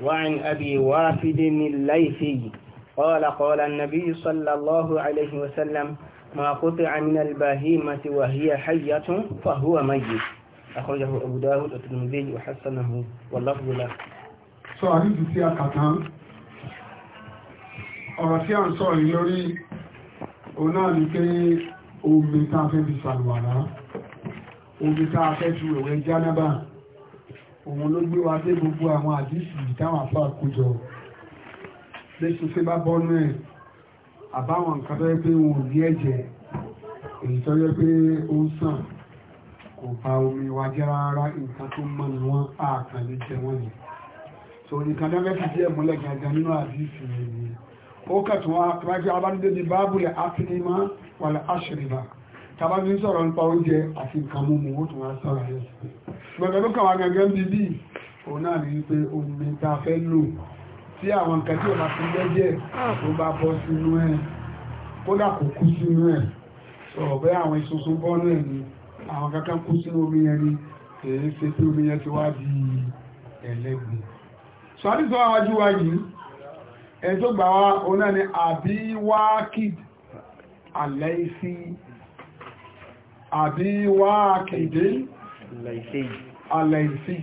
Speaker 2: وعن أبي وافد الليثي قال قال النبي صلى الله عليه وسلم ما قطع من البهيمة وهي حية فهو ميت أخرجه أبو داود والترمذي
Speaker 1: وحسنه واللفظ له sọ àríjì tí a kàtán ọ̀rọ̀ tí a ń sọ lórí òun náà omi tá a jánábà òun ló gbé wa dé gbogbo àwọn àdísì táwọn afọ àkójọ lẹ́sùn tí bá bọ́nú ẹ̀ àbáwọn nǹkan tó yẹ pé wọn ò ní ẹ̀jẹ̀ èyí tó yẹ pé ó ń sàn kò bá omi wa jẹ́ rárá nǹkan tó mọ́ ni wọ́n àkàn lè jẹ wọ́n ni so nǹkan tó mẹ́fì díẹ̀ múlẹ̀ gangan nínú àdísì yìí ó kẹ̀tùn wá pẹ́ẹ́kì abánidébi báàbùlẹ̀ áfínímọ́ wàlẹ̀ áṣìrìbà tàbá fi ń sọ̀rọ̀ nípa oúnjẹ àti nǹkan múmu ó tún wá sọ̀rọ̀ ayé sí gbẹ̀gbẹ̀ tó kàwà gẹ́gẹ́ bí bí òun náà ní pé omi ta fẹ́ lò tí àwọn nǹkan tí ọba fi lẹ́jẹ̀ tó bá bọ́ sínú ẹ̀ kódà kò kú sínú ẹ̀ sọ̀rọ̀ bẹ́ àwọn ìṣoṣo bọ́nú ẹ̀ ni àwọn kankan kú sínú omi yẹn ni èyí ṣe tí omi yẹn ti wá di ẹlẹ́gbẹ̀ẹ́ sọ àdìsọ́ àwájú wa yìí ẹ̀ tó gbà wá òun náà ni àbí wákìd àlẹ́ sí àbí wá kèdè alẹ́ìsí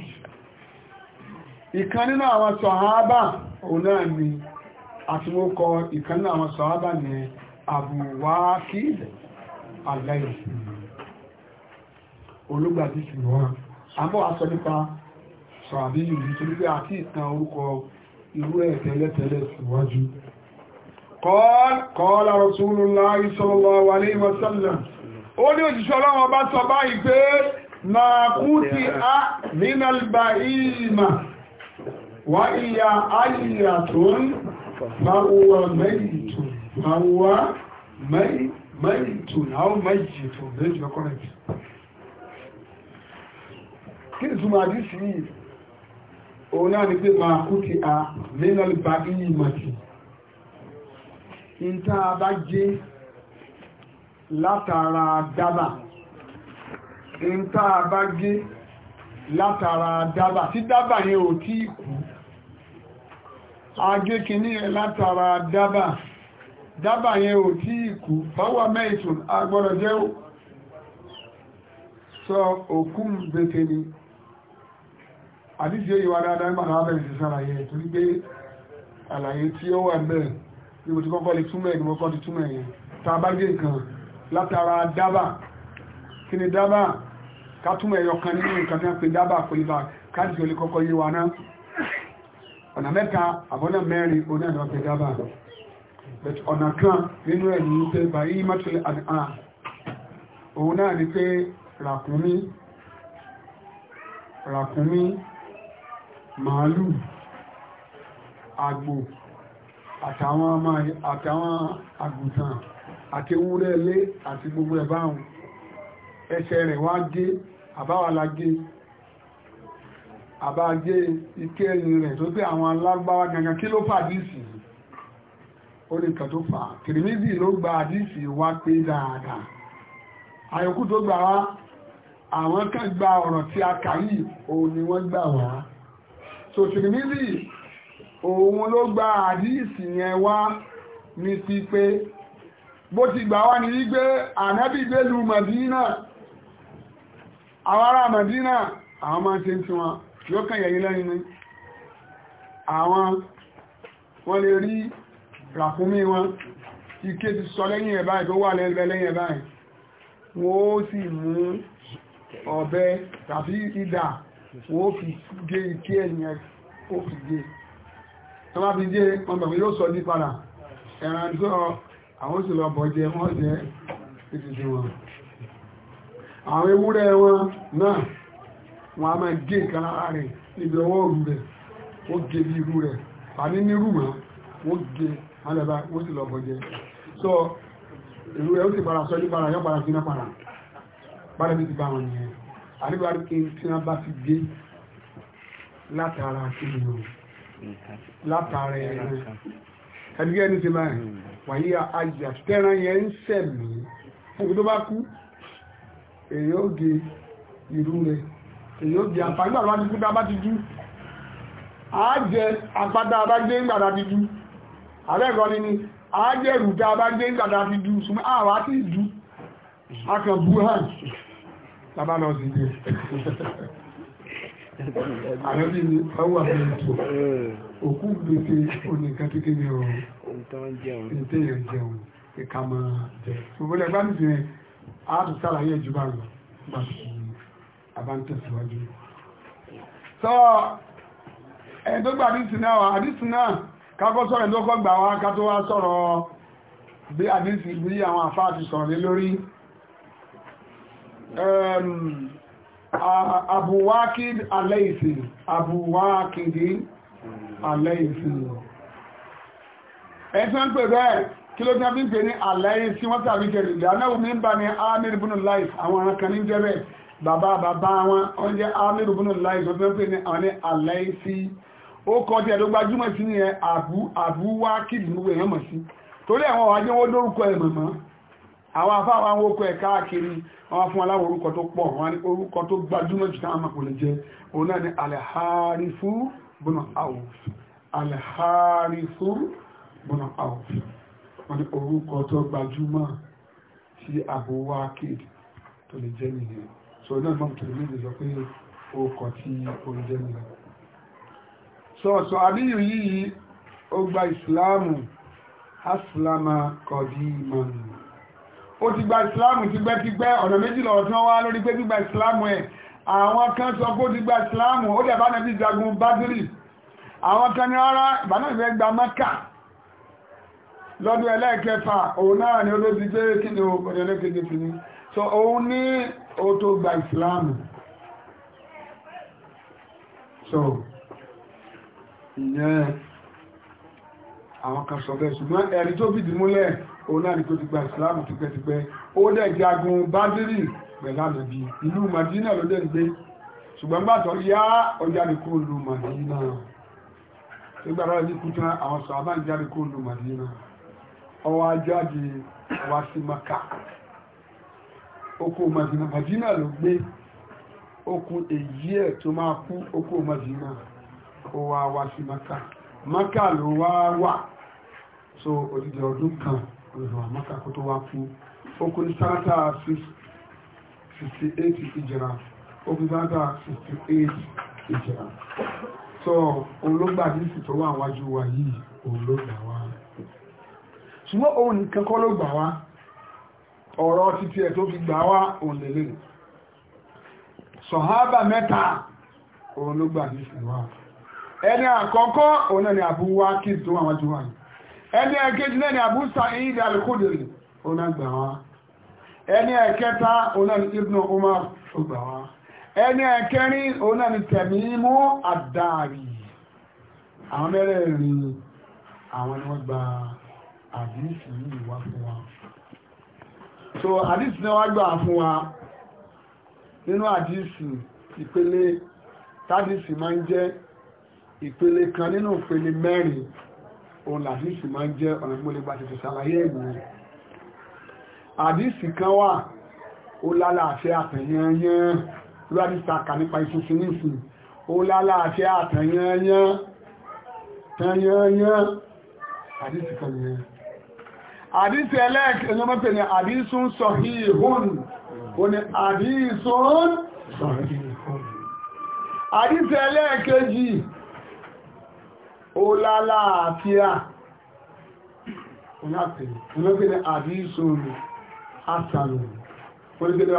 Speaker 1: ìkan nínú àwọn sọ̀háábà òun náà ni àti ìkan nínú àwọn sọ̀háábà ni wá kèdè alẹ́ìsí olúgbàdì sí wọ́n àmọ́ aṣọ nípa sọ̀hábí yìí nítorí pé àti ìtàn orúkọ irú tẹ́lẹ̀tẹ́lẹ̀ ó ní òjíṣẹ́ ọlọ́run ọba sọ báyìí pé máa kú ti a nínàlbà ìmà wà ìyà àìyà tó ń máwúwa mẹ́yìtùn máwúwa mẹ́yìtùn àwọn mẹ́yìtùn méjì ọkọ̀rẹ̀ kí ni túnmà dí sí òun náà ni pé máa kú ti a nínàlbà ìmà ti ìta bá jẹ́ látara dábà nǹkan bá gé látara dábà tí dábà yẹn ò tí kú agé kìíní ẹ̀ látara dábà dábà yẹn ò tí kú báwà mẹ́ìtùn agbọ́dọ̀ jẹ́ sọ òkú bètè ni àdíṣe ìwà dáadáa nígbàtà abẹ́rẹ̀ sí sára yẹn torí pé àlàyé tí ó wà mẹ́rin ní kọ́kọ́ lè túmọ̀ ẹ̀ ni mo yẹn tá bá gé nǹkan látara dábà kí ni dábà ká túnmọ̀ ẹ̀yọ kan nínú nǹkan tí wọ́n pe dábà kò ibà káàdì olè kọ́kọ́ yé wa náà ọ̀nà mẹ́ta àbọ́nà mẹ́rin oní àwọn pe dábà ọ̀nà kan nínú ẹ̀ ní pé bàyí mọ́tòlẹ̀ àdìhà òun náà ni pé ràkúnmí ràkúnmí màálù àgbò àtàwọn àgùntàn àti ewúrẹ́ ilé àti gbogbo ẹ̀bá hùn ẹsẹ̀ rẹ̀ wá gé àbáwàlá gé àbá gé ike ẹ̀yìn rẹ̀ tó pé àwọn alágbáwá gangan kí ló fà díìsì ó lè kàn tó fà tìrìmìdì ló gba àdíìsì wá pé dáadáa àyòkú tó gbà wá àwọn kan gba ọ̀rọ̀ tí a kà yìí òun ni wọ́n gbà wá so tìrìmìdì òun ló gba àdíìsì yẹn wá ní ti pé bó ti gbà wá ní wípé ànábì gbélú Màdínà àwọn ará Màdínà àwọn máa ṣe tí wọn yóò kàn yẹ̀yìn lẹ́yìn ní àwọn wọ́n lè rí ràkúnmí wọn ike ti sọ lẹ́yìn ẹ̀bá tó wà lẹ́gbẹ̀ lẹ́yìn tó bá àwọn sì lọ bọ̀ jẹ wọ́n jẹ́ ìtìsí wọn àwọn ewúrẹ́ wọn náà wọn a máa gé nǹkan lára rẹ̀ níbi ọwọ́ òru rẹ̀ ó gé bí irú rẹ̀ àní nírú mọ́ ó gé alẹ́bá ó sì lọ bọ̀ jẹ so ìlú rẹ̀ ó sì para sọ́jú para yọ́ para sínú para para bí ti bá wọn nìyẹn àríwá kí tí wọ́n bá ti gé látara kí ni o
Speaker 2: látara ẹ̀rẹ́
Speaker 1: ẹ̀dúgẹ́ ti báyìí hmm wàyí àjà tẹ́ran yẹn ń sẹ̀mí ẹgbẹ́ tó bá kú èyí ó ge ìrú rẹ̀ èyí ó ge àpàgbà bá ti kú dá bá ti dú àájẹ àpáta bá gbé ń gbàdá ti dú àlẹ́kọ̀ọ́ ni ni àájẹ ìrùta bá gbé ń gbàdá ti dú súnmọ́ àwá ti dú akàn bú hàn tàbá àrẹ́bí ni ọwọ́ àmì ètò òkú gbèsè oníkan tó kéde ọ̀rọ̀ ìtẹ́ yẹn jẹun ìka máa jẹ ṣùgbọ́n ẹgbẹ́ mi sì rẹ̀ àádùn sàlàyé ẹ̀jú bá lọ gbà sí àbáńtẹ̀síwájú. sọ ẹ̀ẹ́dọ́gba àdìsí náà wà àdìsí náà kákọ́ sọ̀rọ̀ ẹ̀dọ́kọ́ gbà wá ká tó wá sọ̀rọ̀ bí àdìsí bí àwọn àfáà ti sọ̀rọ̀ àbúwákìd aláìsì àbúwákìdì aláìsì ẹ̀sán pè bẹ́ẹ̀ kí ló tàbí pè ní aláìsí wọ́n tàbí kẹrì ìdánáwò ní bá ní amir bunu lais àwọn arankan ní jẹ́rẹ̀ bàbá bàbá wọn wọ́n jẹ́ amir bunu lais wọ́n tàbí pè ní àwọn aláìsí ó kọ́ tí ẹ̀dọ́gba júmọ̀ sí ní àbúwákìdì àwọn afáwà ń wókọ ẹ̀ káàkiri wọ́n fún aláwọ̀ orúkọ tó pọ̀ wọ́n orúkọ tó gbajúmọ̀ jù táwọn àmàkò lè jẹ́ òun náà ni alẹ́hárífú bọ́nà Awf alẹ́hárífú bọ́nà Awf wọ́n ní orúkọ tó gbajúmọ̀ sí Abu Waqid tó so náà mọ́ tó lè sọ pé orúkọ tí ó lè jẹ́ nìyẹn sọ̀ọ̀sọ̀ àbíyù yìí ó gba ìsìláàmù aslama kọ̀dí mọ̀nù ó ti gba ìsìláàmù ti gbẹ́ ti gbẹ́ ọ̀nà méjìlá ọ̀tún wá lórí pé gbígba ìsìláàmù ẹ̀ àwọn kan sọ pé ó ti gba ìsìláàmù ó dẹ̀ bá nàbí jagun bátírì àwọn kan ní rárá ìbánàbí fẹ́ gba mẹ́kà lọ́dún ẹlẹ́ẹ̀kẹfà òun náà ni ó ló ti gbé kí ni òun ẹlẹ́kẹjẹ ti ní so òun ní ó tó gba ìsìláàmù so ìyẹn àwọn kan sọ bẹ́ẹ̀ ṣùgbọ́n ẹ̀rí tó fìdí múlẹ̀ onáàrí tó ti gba ìsìláàmù tipẹ́tipẹ́ ó dẹ̀ jagun bádírì pẹ̀lánàbí ìlú Madina ló dẹ̀ ń gbé ṣùgbọ́n gbà tó yá ọjà ní kó lu Madina nígbà tó ní kúta àwọn sàbá ń jáde kó Madina ọwọ́ ajáde wá sí Maka oko Madina Madina ló gbé oko èyí ẹ̀ tó máa kú oko Madina ó wá wá sí Maka Maka ló wá wà so odidi ọdún kan zuwa maka kó tó wá kú 68 kú ní sáátà 68 ìjìrà so òun ló gbà ní ìsìtò wà wájú wa yìí òun ló gbà wá ṣùgbọ́n òun nìkan kọ́ ló gbà wá ọ̀rọ̀ títí ẹ̀ tó fi gbà wá òun lè sọ̀hábà mẹ́ta òun ló gbà ní ìsìtò wà ẹni àkọ́kọ́ òun náà ni àbúwá kí ìsìtò wà wájú wa yìí ẹni ẹ̀kejì náà ni Abu Sa'id al-Khudri ọ̀nà gbà wá ẹni ẹ̀kẹta ọ̀nà ni Ibn Umar ọgbà wá ẹni ẹ̀kẹrin ọ̀nà ni Tamimu ad-Dari àwọn mẹ́rẹ̀ẹ̀rin àwọn ni wọ́n gba àdísì yìí wá fún wa so àdísì náà wá gbà fún wa nínú àdísì ìpele tádìsì máa ń jẹ́ ìpele kan nínú ìpele mẹ́rin òun làdísì máa ń jẹ́ ọ̀nà tí mo lè gba tètè ṣàlàyé ẹ̀mù rẹ̀ àdísì kan wà ó lálàáfẹ́ àtẹ̀yẹnyẹn lórí àkà nípa ìṣinṣin nísìn ó lálàáfẹ́ àtẹ̀yẹnyẹn tẹ̀yẹnyẹn àdísì kan yẹn àdísì ẹlẹ́ẹ̀kẹ́ ni àdísùn sọ̀híhùn ó ní àdísùn sọ̀híhùn àdísì ẹlẹ́ẹ̀kejì ó lálàáfíà onípele onípele àdíṣòrò àsànù onípele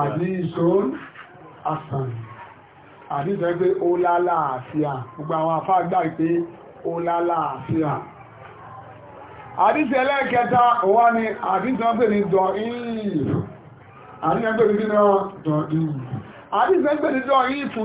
Speaker 1: àdíṣòrò àsànù àdíṣòrò ẹgbẹ́ ó lálàáfíà gbogbo àwọn afáàgbà pé ó lálàáfíà àdíṣẹ́ ẹlẹ́ẹ̀kẹta wá ní àdíṣẹ́ ọgbẹ̀ ní dọ̀ ìlú àdíṣẹ́ ẹgbẹ̀ ní dọ̀ ìlú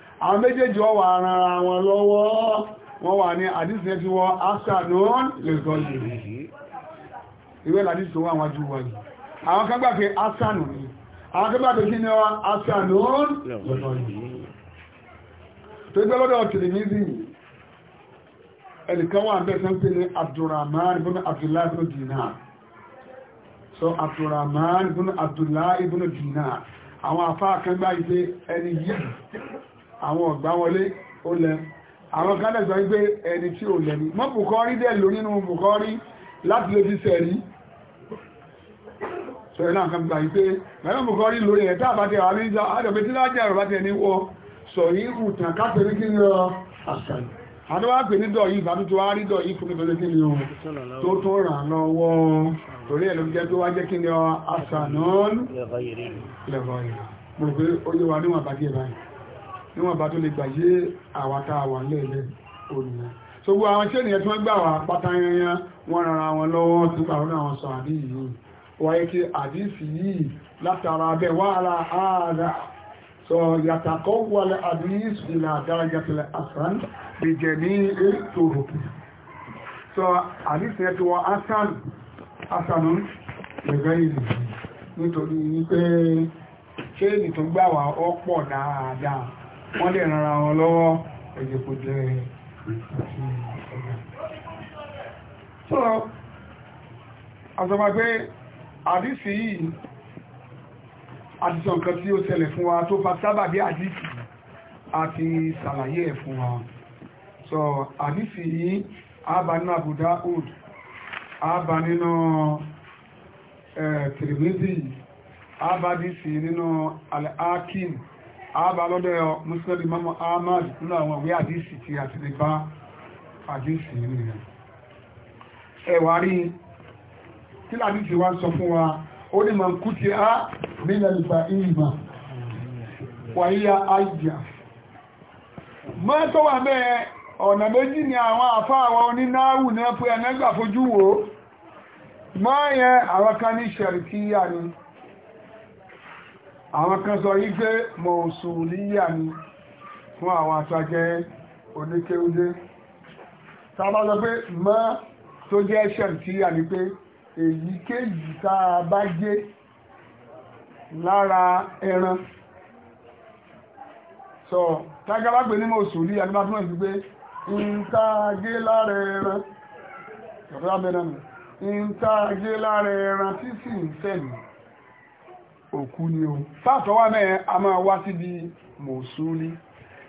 Speaker 1: àwọn méjèèjì wọ́n wà ara wọn lọ́wọ́ wọ́n wà ní àdísì ẹ́ tí wọ́n áṣàdó lè gọ́ọ̀lù ìwé làdísì wọ́n àwọn ajú wọ́n àwọn kan gbà pé áṣàdó ni àwọn kan gbà pé kí ni wọ́n áṣàdó tó gbé lọ́dọ̀ tìrìmìzì ẹnìkan wà bẹ́ẹ̀ sán pé ní Abdurrahman ibn Abdullah ibn Dinar so Abdurrahman ibn Abdullah ibn Dinar àwọn afá kan gbà pé ẹni yìí àwọn ọ̀gbá wọlé ó lẹ àwọn kálẹ̀ sọ wípé ẹni tí ò lẹ́ni mọ́ bùkọ́rí dẹ̀ lórí nínú bùkọ́rí láti lè fi sẹ̀rí sọ̀rọ̀ náà kan gbà wípé mẹ́rin bùkọ́rí lórí ẹ̀ táàbá kí ni ọ àṣàyàn àdọ́wà pè ní dọ̀ yìí ìbádú tó wá rí dọ̀ yìí fún nítorí kí ni o tó tó rà lọ́wọ́ torí ẹ̀lú jẹ́ tó wá jẹ́ kí ni ọ àṣàyàn níwọ̀n bá tó lè gbà yé àwàta lẹ́ẹ̀lẹ́ òmìnira so gbogbo àwọn iṣẹ́ ènìyàn tí wọ́n gbà wà pátá yanyan wọ́n rara wọn lọ́wọ́ tí gbà wọn àwọn sọ àbí yìí wáyé kí asan lè jẹ́ ní ètò òkú sọ àdífì ẹ̀ asan asan lẹ́gbẹ́ ìlú nítorí wípé ṣé ènìyàn gbà wà ọ̀pọ̀ dáadáa wọ́n lè ràn ara wọn lọ́wọ́ ẹ̀jẹ̀ jẹ́ so àsọ̀mà pé àdísì yìí àdìsàn kan tí ó ṣẹlẹ̀ fún wa tó fa sábà bí àdísì àti ṣàlàyé ẹ̀ fún wa so àdísì yìí àbá nínú Abu Daud àbá nínú eh, Tirmidhi àbá àdísì nínú Al-Hakim àbá lọ́dọ̀ ẹ̀ mùsùlùmí mọ́mọ́ ahmad nínú àwọn ìwé àdísì tí a ti lè bá àdísì nìyẹn ẹ̀wà rí kí làdísì wá sọ fún wa ó ní ma kú ti á nílẹ̀ nípa ìmọ̀ wàíyá àìjà mọ́ tó ọ̀nà méjì ni àwọn onínáàwù ní ẹ̀nẹ́gbà fojú wo mọ́ yẹn àwọn kan ní ni àwọn kan sọ wípé mọ̀sùlíyà ni fún àwọn àtàjẹ́ oníkéúdé tàbá sọ pé mọ́ tó jẹ́ ṣẹ̀mtíyà ni pé èyíkéyìí tá a bá gé lára ẹran sọ tágbàbá pè ní mọ̀sùlíyà ní bá túnmọ̀ sí pé ìntàgé lára ẹran ìntàgé lára ẹran tí sì ń òkú ni o fàtọ̀wà mẹ́rin a máa wá síbi mòsúlí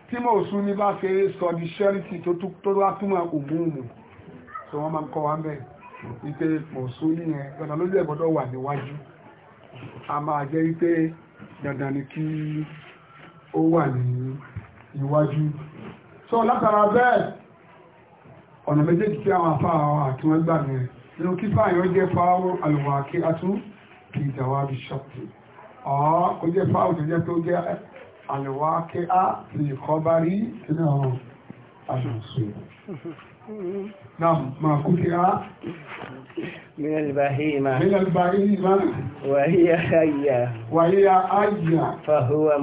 Speaker 1: tí mòsúlí bá ṣe sọ di ṣẹ́rìtì tó wá túnmọ̀ ògúnmù tó wọ́n máa ń kọ́ wá mẹ́ wípé mòsúlí yẹn dandan lójú ẹ̀gbọ́dọ̀ wà níwájú a máa jẹ́ wípé dandan ni kí ó wà ní iwájú so látara bẹ́ẹ̀ ọ̀nà méjèèjì tí àwọn afá àwọn àtúnwẹ́gbà mẹ́rin nínú kífà yóò jẹ́ fáwọn àlùwà kí a tún kì í jàwá bí ọ̀ ó jẹ́ fáwọn tó jẹ́ tó jẹ́ àlùwá kí á fi kọ́ bá rí sínú ọ̀run àṣàṣù نعم ما قطع من البهيمة من البهيمة وهي حية وهي حية فهو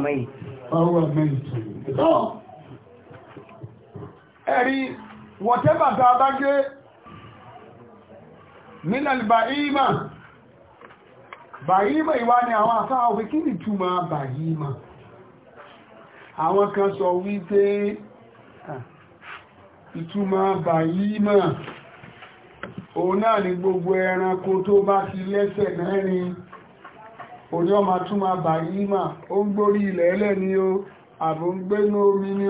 Speaker 1: bàyímà ìwá ni àwọn afáwà wí kí ni túmọ̀ àwọn kan sọ wípé ìtumọ̀ bàyímà òun náà ni gbogbo ẹranko tó bá ti lẹ́sẹ̀ mẹ́rin òní ọmọ túnmà bàyímà ó ń gbórí ilẹ̀ ẹlẹ́ ni o àbò ń gbé ni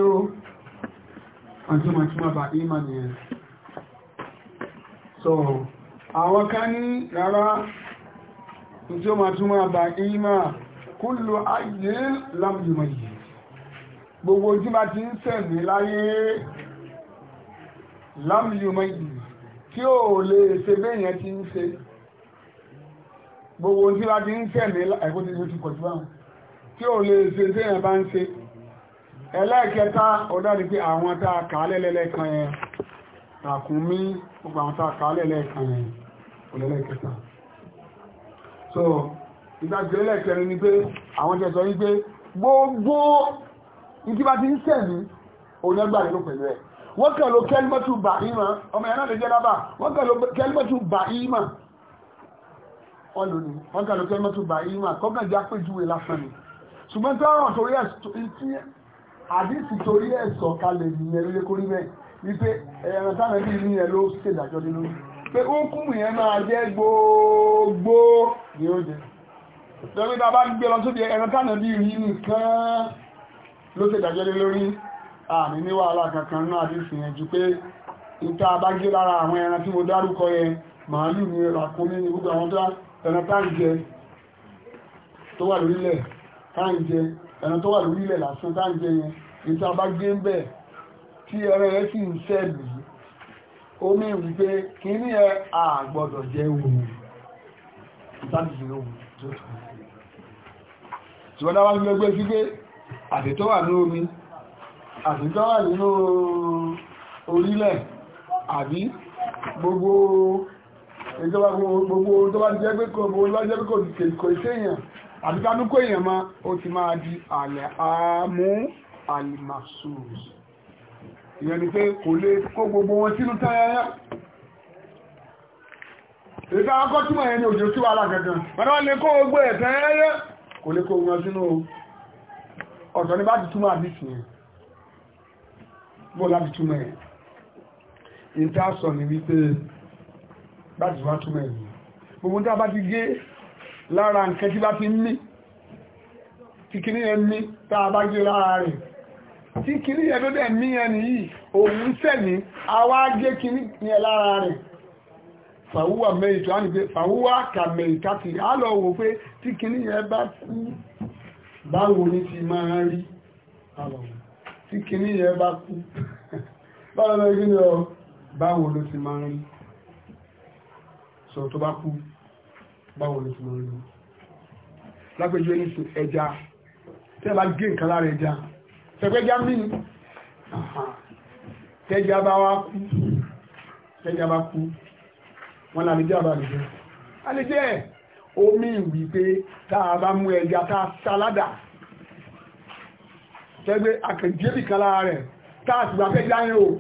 Speaker 1: àwọn kan ní rárá tí ó máa túnmọ́ àbà ìmá kúlù ayé lámùjùmọ̀ yìí gbogbo ojú bá ti ń sẹ̀mí láyé lámùjùmọ̀ yìí tí ó lè ṣe bẹ́yẹn ti ń ṣe gbogbo ojú bá ti ń sẹ̀mí ẹ̀kọ́ ti ti pọ̀ síwáwọn tí ó lè ṣe bẹ́yẹn bá ń ṣe ẹlẹ́ẹ̀kẹta ọ̀dọ́dí pé àwọn tá a kàálẹ̀ lẹ́lẹ́kan yẹn tàkùnmí gbogbo àwọn tá a kàálẹ̀ lẹ́lẹ́kan yẹn ọ̀lẹ́lẹ́kẹta so ìgbàgbé ẹlẹ́kẹrin ni pé àwọn jẹ́ sọ wípé gbogbo ìdí bá ti ń sẹ̀mí onígbà nínú pẹ̀lú ẹ̀ wọ́n kàn ló kẹ́límọ́tù bà ímà ọmọ ẹ̀rọ lè jẹ́ dábà wọ́n kàn ló kẹ́límọ́tù bà ímà ọlùní wọ́n kàn ló kẹ́límọ́tù bà ímà kọ́kàn jẹ́ àpéjúwe lásán ni ṣùgbọ́n tí ọ̀rọ̀ torí ẹ̀ tí àdìsí torí ẹ̀ sọ̀kalẹ̀ nìyẹn lólékórí bẹ́ẹ̀ wípé ẹ̀rọ táwọn ẹbí ní ẹ ló ṣèdájọ́ nínú pé ó kúmù yẹn máa jẹ́ gbogbo ní oúnjẹ lórí bá bá gbé lọ sóbi ẹran tánà bí rí nìkan ló ṣe dàjẹ́lé lórí àmì ní wàhálà kankan náà ti sì yẹn ju pé ìta bá gé lára àwọn ẹran tí mo dárúkọ yẹn màálù ní ràkó ní gbogbo àwọn tó ẹran táǹjẹ tó wà lórílẹ̀ táǹjẹ ẹran tó wà lórílẹ̀ lásán táǹjẹ yẹn ìta bá gé ń bẹ̀ tí ẹran yẹn sì ń sẹ́ẹ̀lì omi wípé kí ní ẹ àgbọ̀dọ̀ jẹ́ ohun ìtàbí ohun tí wọ́n dáwà nílé gbé sí pé àtìtọ́ wà ní omi àtìtọ́ wà nínú orílẹ̀ àbí gbogbo ìjọba gbogbo tó bá jẹ́ pé kò kò ìṣẹ́yàn àbíkánúkò èèyàn ma ó ti máa di àlẹ̀ àmú àlìmàṣòrò ìyẹn ni pé kò lè kó gbogbo wọn sínú tẹ́yẹyẹ ìta akọ́ túnmọ̀ ẹni òjò sí wà lágẹ̀gẹ̀ wọ́n lè kó gbogbo ẹ̀ tẹ́yẹyẹ kò lè kó wọn sínú ọ̀tọ̀ ní bá ti túnmọ̀ àdìsì lára nǹkan tí bá ti ní kíkiri ẹni tá a bá gé lára rẹ̀ tí kìrí yẹn tó dẹ̀ mí ẹni yìí òun sẹ́ni awá gé kìrí yẹn lára rẹ̀ fàwúwà mẹ́ìtò á ní pé fàwúwà kà mẹ́ìtà ti á lọ wò pé tí kìrí yẹn bá kú báwo ní ti máa rí tí kìrí yẹn bá kú báwo lọ rí lọ báwo ló ti máa rí sọ tó bá kú báwo ló ti máa rí lápẹjọ ní ẹja tẹ́ bá gé nǹkan lára ẹja sẹ̀gbẹ́já mínú tẹ́jà bá wá kú tẹ́jà bá kú wọ́n lè jẹ́ àbá nìjẹ́ a lè jẹ́ omi ìwì pé táà bá mú ẹja táà sáládà tẹ́gbẹ́ àkànjébì kan lára rẹ̀ táà sì gbà pé ẹja yẹn òkú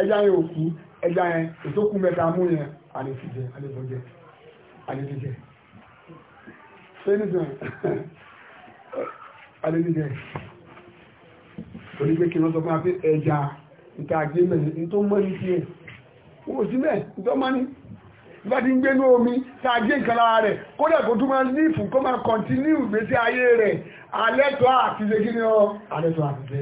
Speaker 1: ẹja yẹn òkú ẹja yẹn ètò kú mẹ́ta mú yẹn a lè fi jẹ a lè fi a lè fi jẹ ṣé nìjọ a lè fi jẹ torí pé kí wọ́n sọ máa fi ẹja ìta àgbémẹ̀ ní tó mọ́ ní sí ẹ̀ wọ́n sí mẹ́ tó mọ́ ní bá ti ń gbé ní omi tàgbé nǹkan lára rẹ̀ kódà kó tún máa nífù kó máa kọ̀ntínú ìgbésí ayé rẹ̀ alẹ́tọ́ àti kí ni ọ alẹ́tọ́ àti ṣe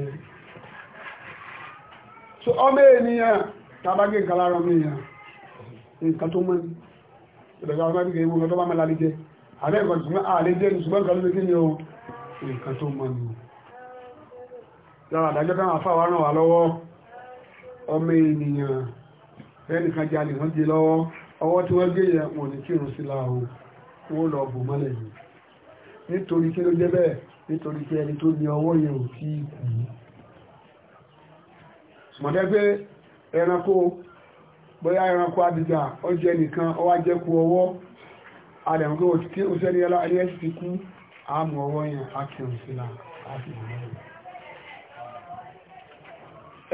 Speaker 1: so ọmọ ènìyàn tàbágé nǹkan lára ọmọ ènìyàn nǹkan tó mọ́ ní ìdọ̀gbà ọmọ bí kẹ́ ìwọ̀n tó bá máa lálẹ́ jẹ́ àlẹ́ ìkọ̀tún lára àdájọ́ táwọn afáwà ràn wá lọ́wọ́ ọmọ ènìyàn ẹnìkan jẹ lọ́wọ́ ọwọ́ tí wọ́n gé wọ́n ní kírun sí láàrùn wọ́n lọ bò mọ́lẹ̀ yìí nítorí kí ló jẹ́ bẹ́ẹ̀ nítorí tó ní ọwọ́ ti kú ọwọ́ yẹn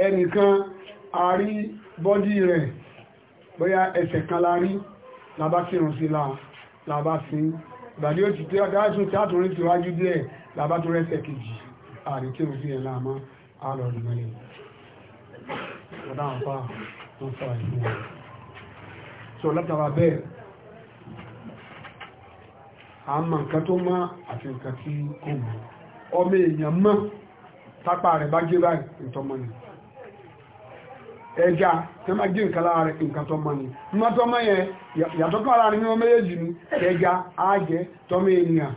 Speaker 1: ẹnìkan àárí bọ́dí rẹ̀ bóyá ẹsẹ̀ kan lárí làbá kírun sí la làbá sí ìgbàdí ó ti tẹ́ ọ̀dáṣùn tí àtúnrí ti wájú díẹ̀ làbá tó rẹ́sẹ̀ kejì ààrí kírun sí ẹ̀ láàmá àlọ́rùn mẹ́rin ọ̀dá àpá wọ́n sọ ìlú wọn so látara bẹ́ẹ̀ a mọ̀ nǹkan tó ọmọ èèyàn mọ́ tápà rẹ̀ bá gé báyìí ẹja tẹ́ máa gé nǹkan lára rẹ̀ nǹkan tó mọ́ ni nígbà tó mọ́ yẹn yàtọ̀ tó ara rẹ̀ nínú méjèèjì ni ẹja ènìyàn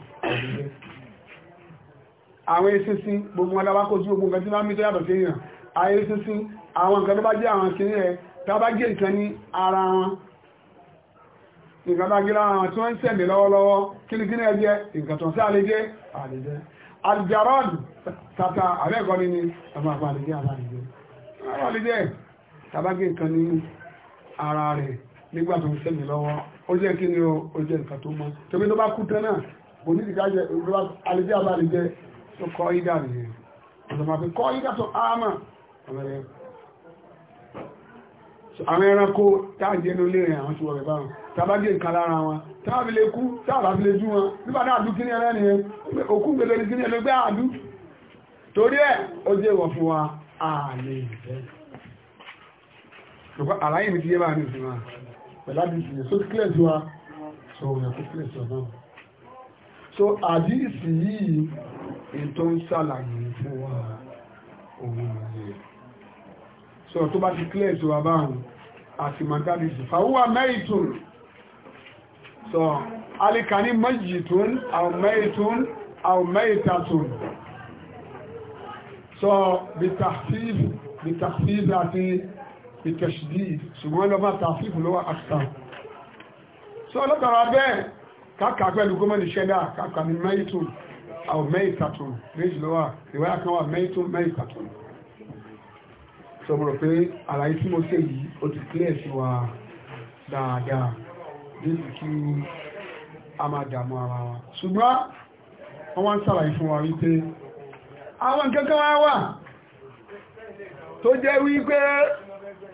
Speaker 1: àwọn gbogbo wọn dábàá kó sí gbogbo nǹkan tí wọ́n á tó yàtọ̀ sí èèyàn àwọn eṣinṣin àwọn nǹkan tata tàbágé nǹkan ní ara rẹ̀ nígbà tó ń sẹ́mi lọ́wọ́ ó jẹ́ kí ni ó jẹ́ nǹkan tó mọ́ tóbi tó bá kú tán náà kò ní ìdíkà jẹ alẹ́jẹ́ abálẹ́jẹ́ tó kọ́ ìdá nìyẹn ọ̀sán máa fi kọ́ ìdá tó ámà àwọn ẹranko táàjẹ́nu lè rìn àwọn ṣùgbọ́n rẹ̀ báwọn tàbágé nǹkan lára wọn tàbí lè ṣùgbọ́n àlàyé mi ti yé báyìí sí wa pẹ̀lú àdìsí yẹn so kílẹ̀ sí wa so òun yẹn kó kílẹ̀ sí wa náà so àdìsí yìí ètò ń ṣàlàyé fún wa òun yẹn so tó bá ti kílẹ̀ sí wa báyìí àti màgádìsí fàwúwà mẹ́rìtùn so alikani mẹ́jìtùn àwọn mẹ́rìtùn àwọn mẹ́rìtàtùn so bitafif bitafif àti ìtẹ̀ṣìdì ṣùgbọ́n lọ́mọ́ tàfífù lọ́wọ́ àkà so ọlọ́tara bẹ́ẹ̀ káàkà pẹ̀lú gómìnà ṣẹ́dá kàkà ní mẹ́ìtùn àwọn mẹ́ìtàtùn méjì lọ́wọ́ ìwáyà kan wà mẹ́ìtùn mẹ́ìtàtùn so mo rò pé àlàyé tí mo ṣe yìí ó ti clear sí wa dáadáa níbi kí a máa dààmú ara wa ṣùgbọ́n wọ́n wá ń sàlàyé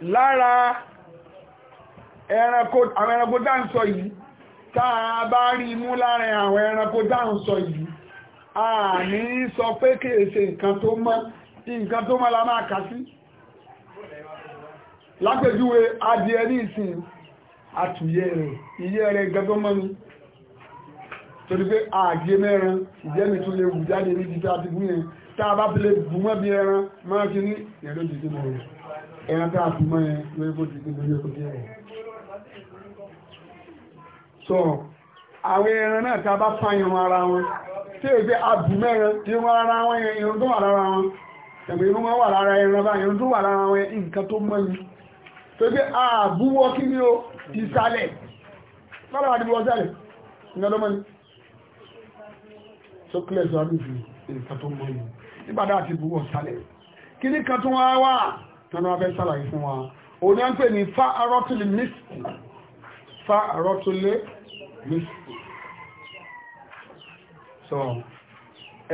Speaker 1: lára ẹranko àwọn ẹranko dá ń sọ yìí táa bá rí mú láàrin àwọn ẹranko dá ń sọ yìí a ní sọ pé kìí ṣe nǹkan tó mọ́ nǹkan tó mọ́ la máa kà sí lápèjúwe adìẹ ní ìsìn àtúyẹ́ rẹ̀ ìyẹ́ rẹ̀ gẹ́gọ́ mọ́nu torí pé ààgé mẹ́ran ìjẹ́mi tún lè wù jáde ní títà àti gúnyẹn tàbá fi lè bù mọ́ bí ẹran máa kí ní ẹ̀rọ jìdí mọ́ rẹ̀ ẹran tá a fi mọ́ yẹn lórí bó ti gbogbo yóò jẹ́ rẹ̀ so àwọn ẹran náà tá a bá fa irun ara wọn tí èyí pé abù mẹ́rin irun ara wọn yẹn irun tó wà lára wọn ẹ̀mọ̀ irun máa wà lára ẹran bá irun tó wà lára wọn yẹn nǹkan tó mọ́ ni tó gbé àbúwọ́ kí ni ó ìsàlẹ̀ lọ́dọ̀ àdìbò ọ̀sẹ̀lẹ̀ nǹkan tó mọ́ ni tó kílẹ̀ sọ àdìbò nǹkan tó mọ́ ni nígbàdá àti ìbúwọ̀ sálẹ̀ kí ni kan tó wá wà tọ́nà abẹ́ sàlàyé fún wa o ní a ń pè ní fa arọ́tìlì mísìkì fa arọ́tìlì mísìkì so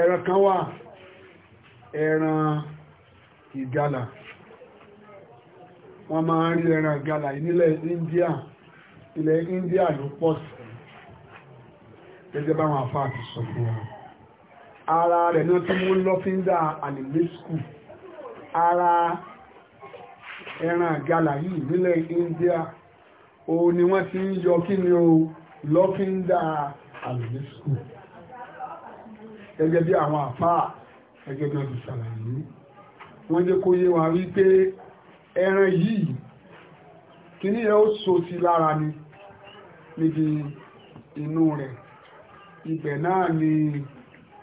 Speaker 1: ẹran kan wà ẹran ìgalà wọ́n máa ń rí ẹran ìgalà nílẹ̀ India ilẹ̀ India ló pọ̀ sí gẹ́gẹ́ báwọn afá àti sọ fún wa ara rẹ̀ náà tí wọ́n lọ́fíńdà àlèmẹ́sìkù ara ẹran àgàlà yìí nílẹ̀ India o ni wọ́n ti ń yọ kí ni o lọ́fíńdà àlùmísù gẹ́gẹ́ bí àwọn àfáà gẹ́gẹ́ bí ọdún ṣàlàyé wọ́n jẹ́ kó yé wa wípé ẹran yìí kí ní ẹ ó so sí lára ni níbi inú rẹ̀ ibẹ̀ náà ni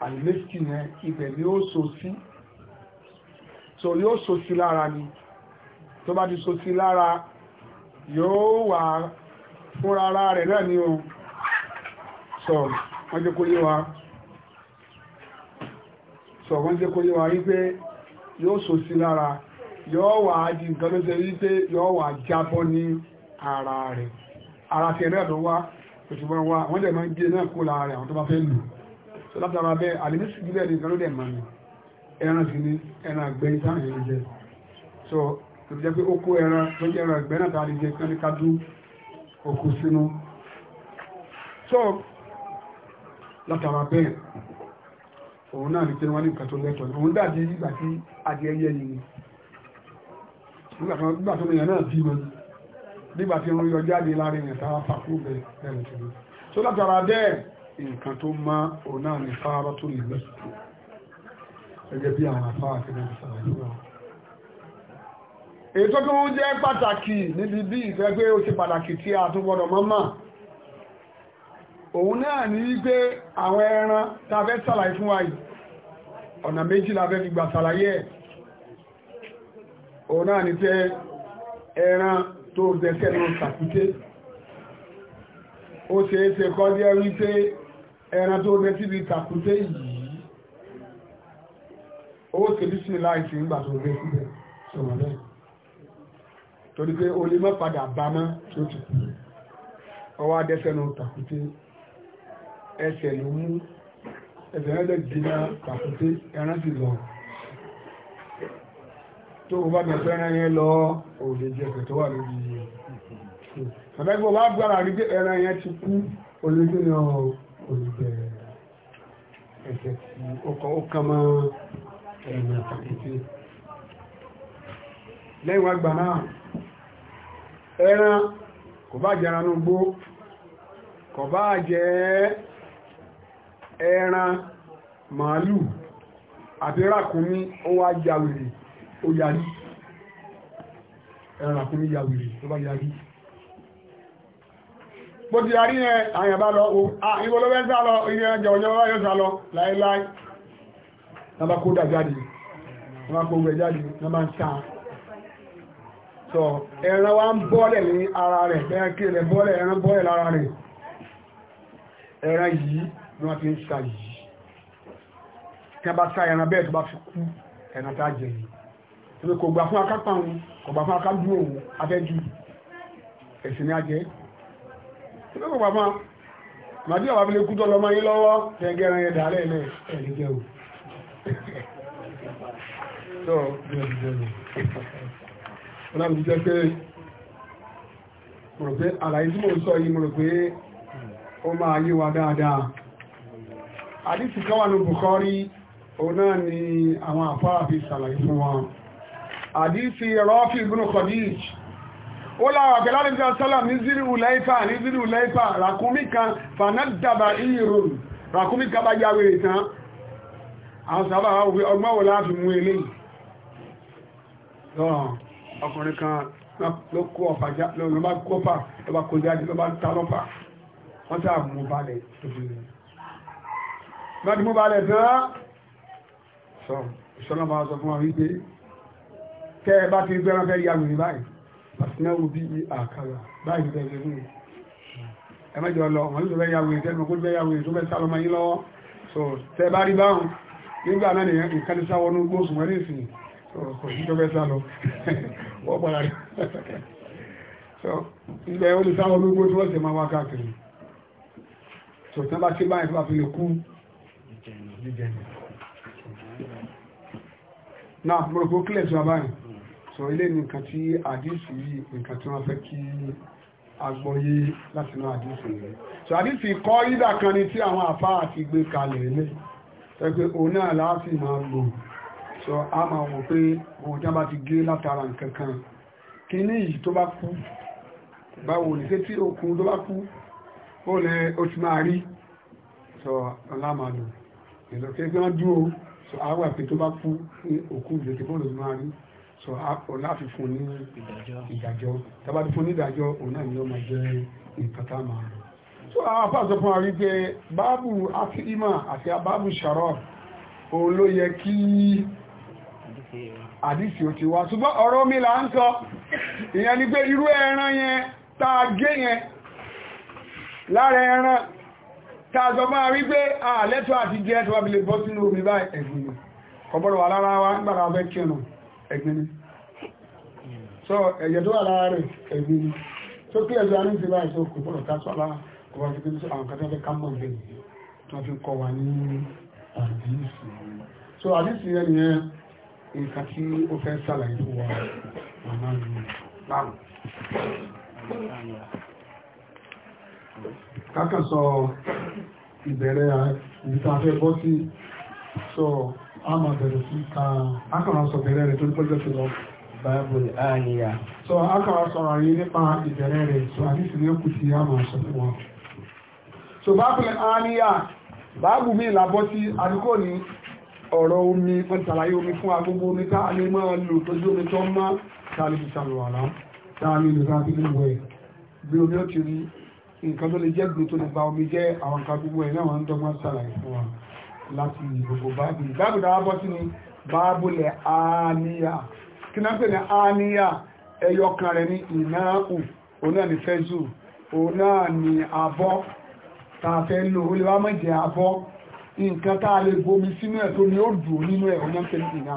Speaker 1: àlùmísù yẹn ibẹ̀ ni ó so sí so yóò so sí lára ni tó bá ti so sí lára yóò wà fúnra ara rẹ̀ náà ni o sọ wọ́n jẹ́ kó yé wa sọ wọ́n jẹ́ kó yé wa wípé yóò so sí lára yóò wà di nǹkan ló ṣe wípé yóò wà jábọ́ ní ara rẹ̀ ara ti ẹ̀rẹ́ tó wá òṣùgbọ́n wa wọ́n jẹ́ máa ń gé náà kó lára rẹ̀ àwọn tó bá fẹ́ lù tó látara bẹ́ẹ̀ àlèmísì gílẹ̀ ní nǹkan ló dẹ̀ mọ́ ni ẹran sí ni ẹran àgbẹ̀ ìtàn ìrìn jẹ tó jẹ́ pé okó ẹran tó jẹ́ ẹran ìgbẹ́ náà tàbí jẹ́ kán ní kájú okú sínú so látara bẹ́ẹ̀ òun náà ní pé wọ́n ní nǹkan tó lẹ́tọ̀ọ́ ní òun dàbí ìgbà tí adìẹ yẹ yìí so látara bẹ́ẹ̀ nǹkan tó má òun náà ní fárọ́ tó ẹgẹ́ bí àwọn afárá kẹ́lẹ́ èyí tó tó jẹ́ pàtàkì níbi bí ìfẹ́ pé ó ṣe pàtàkì tí a tún gbọ́dọ̀ mọ́mà òun náà ní wípé àwọn ẹran tá a fẹ́ sàlàyé fún wa yìí ọ̀nà méjì la fẹ́ fi gbà sàlàyé ẹ̀ òun náà ní tẹ́ ẹran tó dẹ̀ṣẹ̀ ló sàkúté ó ṣe é ṣe kọ́ jẹ́ wípé ẹran tó dẹ̀ síbi sàkúté yìí ó ṣe bí sí láìsí ìgbà tó dẹ̀ síbẹ̀ torí pé o lè mọ́ padà bá mọ́ tí ó ti kú ọwọ́ adẹ́sẹ̀nù tàkúté ẹsẹ̀ ló mú ẹsẹ̀ rẹ̀ jìnà tàkúté ẹran sì lọ tó o bá mẹ́fẹ́ ẹran yẹn lọ o lè jẹ ẹsẹ̀ tó wà lórí yìí ọ̀dọ́ ìgbò bá gbára rí pé ẹran yẹn ti kú olójú ni olùgbẹ̀ ẹsẹ̀ tí ó kàn mọ́ ẹran tàkúté lẹ́yìn wá gbà náà ẹran kò bá jẹ ẹran núgbó kò bá jẹ ẹran màálù àti rákùnmí ó wá yàwìrì ó yarí ẹran rákùnmí yàwìrì tó bá yarí bó ti yarí ẹ àyàn bá lọ ìwọlọ́wẹ́ oh, sá lọ ìrìn ẹjọ ọjọ́ ọjọ́ sá lọ láíláí nàbà kó dà jáde nàbà kó gbẹ jáde nàbà ń sáà so ẹran wa ń bọ́lẹ̀ ní ara rẹ̀ ẹran kí ẹ̀rẹ̀ bọ́lẹ̀ ẹran bọ́lẹ̀ lára rẹ̀ ẹran yìí ni wọ́n fi ń sa yìí tí a bá sa ẹran bẹ́ẹ̀ tó bá fi kú ẹran tá jẹ yìí tí kò gbà fún akápá òun kò gbà fún akájú òun afẹ́jú ẹ̀sìn ní ajẹ́ tí kò good, good. ọlọ́run jẹ́ pé mọ̀rọ̀ pé àlàyé tí mo sọ yìí mọ̀rọ̀ pé ó máa yé wa dáadáa àdísì kan wà ní Bukhari òun náà ni àwọn àfáà fi sàlàyé fún wa àdísì rọ́fì ibn Khadij ó láwà pẹ̀lú àdísì sọ́là ní ziri ulaifa ní ziri ulaifa ràkúnmí kan fanadaba irun ràkúnmí kan bá yáwé ìtàn àwọn sábà wà wọ́n wọ́n láàfin mú eléyìí ọkùnrin kan ló kó ọ̀fà já ló bá kó ọ̀fà ló bá kó jáde ló bá ń ta lọ́fà wọ́n sá mú balẹ̀ tóbi rẹ̀ bá ti mú balẹ̀ tán sọ ìṣọ́nà máa sọ fún wa wípé tẹ́ ẹ bá ti gbẹ́ran fẹ́ ya wèrè báyìí àtináwó bí àkàrà báyìí bẹ̀rẹ̀ fún mi ẹ mẹ́jọ lọ wọn ló fẹ́ ya wèrè tẹ́lẹ̀ kó fẹ́ ya wèrè tó fẹ́ sá lọ́mọ yín lọ́wọ́ so tẹ́ ẹ bá rí báwọn nígbà náà nìkan ní sáwọnú gbóòsùn wẹ́rẹ́ ìsìn kò sí tó fẹ́ sá lọ wọ́n padà rí so ilẹ̀ olùsáwọ́ gbogbo tí wọ́n sì máa wá káàkiri so tí wọ́n bá ṣe báyìí tó bá fi lè kú jíjẹni náà mọ̀rọ̀kú kílẹ̀ tí wọ́n báyìí so ilé nìkan tí àdísì yìí nìkan tí wọ́n fẹ́ kí agbóyé láti náà àdísì rẹ̀ so àdísì kọ́ ìdà kan ni tí àwọn àfáà ti gbé kalẹ̀ lẹ́ so a máa wò pé òun jẹ́ bá ti gé látara nǹkankan kí ní yìí tó bá kú báwo ní tí okùn tó bá kú ó lẹ oṣù máa rí so ọlámàlò ìlọ́kẹ́ gbọ́n dúró so a wà pé tó bá kú ní okùn ìlọ́kẹ́ bọ́ọ̀lù máa rí so láti fún ní ìdájọ́ tàbá ti fún ní ìdájọ́ òun náà ni ó máa jẹ́ nǹkan tá máa rọ̀ so àwọn afáàsọ fún àrí pé báàbù àti ìmọ̀ àti báàbù sharab òun ló yẹ kí àdísì ò ti wá ṣùgbọ́n ọ̀rọ̀ omi là ń sọ ìyẹn ni pé irú ẹran yẹn tàà gé yẹn lára ẹran tàà sọ máa rí pé àlẹ́tọ́ àti jẹ́ tó wà bí lè bọ́ sínú omi bá ẹ̀gbìn kọ̀bọ̀rọ̀ wà lára wa gbàrà fẹ́ kírun ẹ̀gbìn ni so ẹ̀yẹ tó wà lára rẹ̀ ẹ̀gbìn ni tó kí ẹ̀sọ́ àní ti báyìí tó kọ̀bọ̀rọ̀ ká sọ́lá kọ̀bọ̀rọ̀ fi kí àwọn kẹta fẹ́ ká mọ̀ bẹ́ẹ̀ tó fi kọ wà ní àdísì so nǹkan tí ó fẹ́ sàlàyé fún wa màmá lu láàrùn kákan sọ ìbẹ̀rẹ̀ ìta fẹ́ bọ́ sí sọ a máa bẹ̀rẹ̀ sí ká akọ̀rọ̀ sọ bẹ̀rẹ̀ rẹ̀ tó ní pẹ́jọ́ ti lọ báàbù àníyà sọ akọ̀rọ̀ sọ̀rọ̀ yìí nípa ìbẹ̀rẹ̀ rẹ̀ sọ àdísì ní òkú tí a máa sọ fún wọn so báàbù àníyà báàbù mi làbọ́ sí àdúgbò ní ọ̀rọ̀ omi wọ́n ṣàlàyé omi fún agbógbó omi tá a lè máa lò tójú omi tó mọ́ tààlì ìṣàlùwàlá tààlì ìrìnàbí wẹ̀ bí omi ó ti rí nǹkan tó lè jẹ́ gbò tó lè ba omi jẹ́ àwọn nǹkan gbogbo ẹ̀ náà wọ́n dọ́gbọ́n ṣàlàyé fún wa láti gbogbo báàbù báàbù dáwà bọ́ sí ni báàbù lẹ̀ áníyà kí náà pè ní áníyà ẹyọ kan rẹ̀ ní ìnáàkù òun náà ní fẹ́zù òun náà ní abọ́ tààfẹ́ lò ó lè wá mọ̀ jẹ́ abọ́ nǹkan tá a lè bomi sínú ẹ̀ tó ní ó dùn nínú ẹ̀ ọ̀nà tẹ̀lé ìná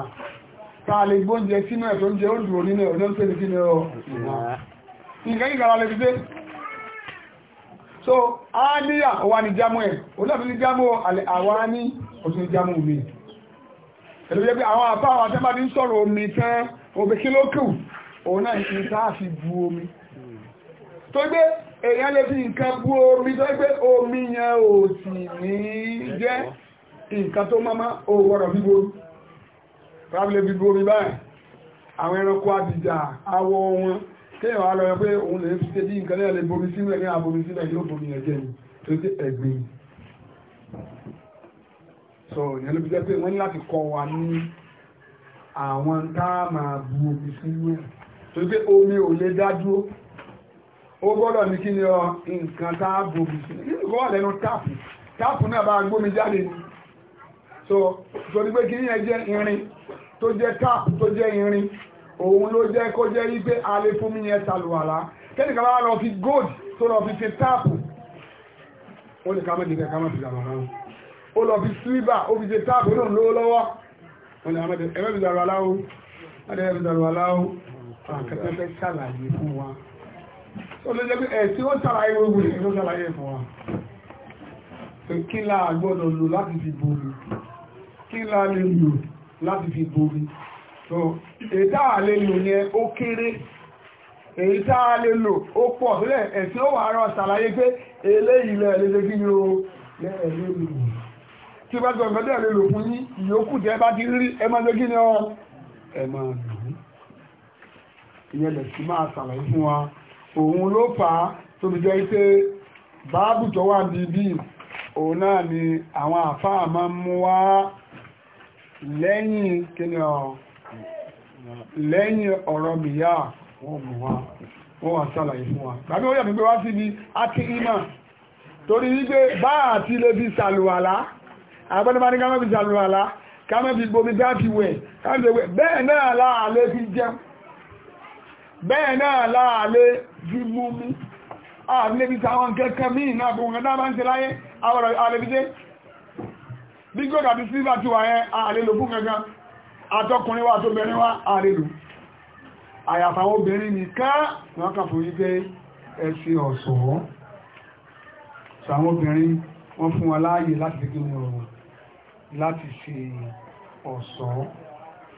Speaker 1: tá a lè gbóúnjẹ sínú ẹ̀ tó ń jẹ ó dùn nínú ẹ̀ ọ̀nà tẹ̀lé ìná nǹkan yìí lè fi dé so a níyà wà ní jámù ẹ̀ onáàbí ní jámù àwa ní oṣù ní jámù mi ẹ̀lú yẹ́ pé àwọn àpá àwọn àtẹ́bà ní sọ̀rọ̀ omi tán òbí kí òun náà ní ká fi bu omi tó gbé èyàn lè fi nǹkan bú omi tó pé omi yẹn ò sì ní jẹ́ nǹkan tó mọ́mọ́ ò wọ́rọ̀ bíbo rábílẹ̀ bíbo omi báyìí àwọn ẹranko àbìjà awọ wọn kéèyàn wá lọ yọ pé òun lè fi ṣe bí nǹkan lẹ́yìn lè bomi sínú ẹ̀ ní àbomi sínú ẹ̀ yóò bomi ẹ̀ jẹ́ tó ti ẹ̀gbìn so ìyẹn ló fi jẹ́ pé wọ́n ní láti kọ́ wa ní àwọn tá a máa bu omi sínú ẹ̀ tó pé omi ò lè dá dúró ó gbọ́dọ̀ ní kí ni ọ nǹkan tá a bomi sí nínú ìgbọ́wà lẹ́nu táàpù táàpù náà bá gbómi jáde ni so torí pé kí yẹn jẹ́ irin tó jẹ́ táàpù tó jẹ́ irin òun ló jẹ́ kó jẹ́ yí pé alẹ́ fún mi yẹn ṣàlùwàlá kẹ́nìkan bá lọ fi gold tó lọ fi fi táàpù ó lè ká mọ́ ìdíkẹ́ ká mọ́ fi ṣàlùwàlá ó lọ fi sílíbà ó fi ṣe táàpù ó lòun lówó lọ́wọ́ ó lè ẹ̀mẹ́ fi ṣàlùwàlá ó ẹ̀mẹ́ fi ṣàlùwàlá ó àkẹ́kẹ́ fẹ́ ṣàlàyé fún tó ló jẹ́ pé ẹ̀sí ó sàlàyé gbogbo rẹ̀ ló sàlàyé fún wa kí la gbọ́dọ̀ lò láti fi borí kí la lè lò láti fi borí so èdá àlè lò yẹn ó kéré èyí tá a lè lò ó pọ̀ sílẹ̀ ẹ̀sìn ó wà á rọ sàlàyé pé eléyìí lẹ̀ lè ṣe kí ni o lẹ́ẹ̀ lè lò tí bá gbọ́n gbọ́dọ̀ lè lò fún yín ìyókù tẹ́ bá ti rí ẹ máa ṣe kí ni o ẹ máa lò ó ìyẹn lè sì máa sàlàyé fún wa òun ló fà á tó fi jẹ́ pé báàbù tó wà níbí òun náà ni àwọn àfáà máa mú wá lẹ́yìn kíni ọ̀ lẹ́yìn ọ̀rọ̀ mìíyà wọ́n mú wà sàlàyé fún wa tàbí ó yà pípẹ́ wá sí ibi àti ìmọ̀ torí wípé bá àti lè fi sàlùwàlá agbẹ́nubá ní ká má fi sàlùwàlá ká má fi bomi dá fi wẹ̀ ká má fi wẹ̀ bẹ́ẹ̀ náà láà fi jẹun bẹ́ẹ̀ náà láàlẹ́ ju múmú ààrẹ́bí táwọn kẹ́kẹ́ míì náà bọ̀ wọn náà bá ń ṣe láyé àwọn ààrẹ́bí dé bí gọ́dà bí sílá ti wà yẹn ààrẹ́lò fún kankan àtọkùnrin wa àtobìnrin wa ààrẹ́lò àyàfàwọn obìnrin nìkan wọ́n kà fún wípé ẹ̀sì ọ̀ṣọ́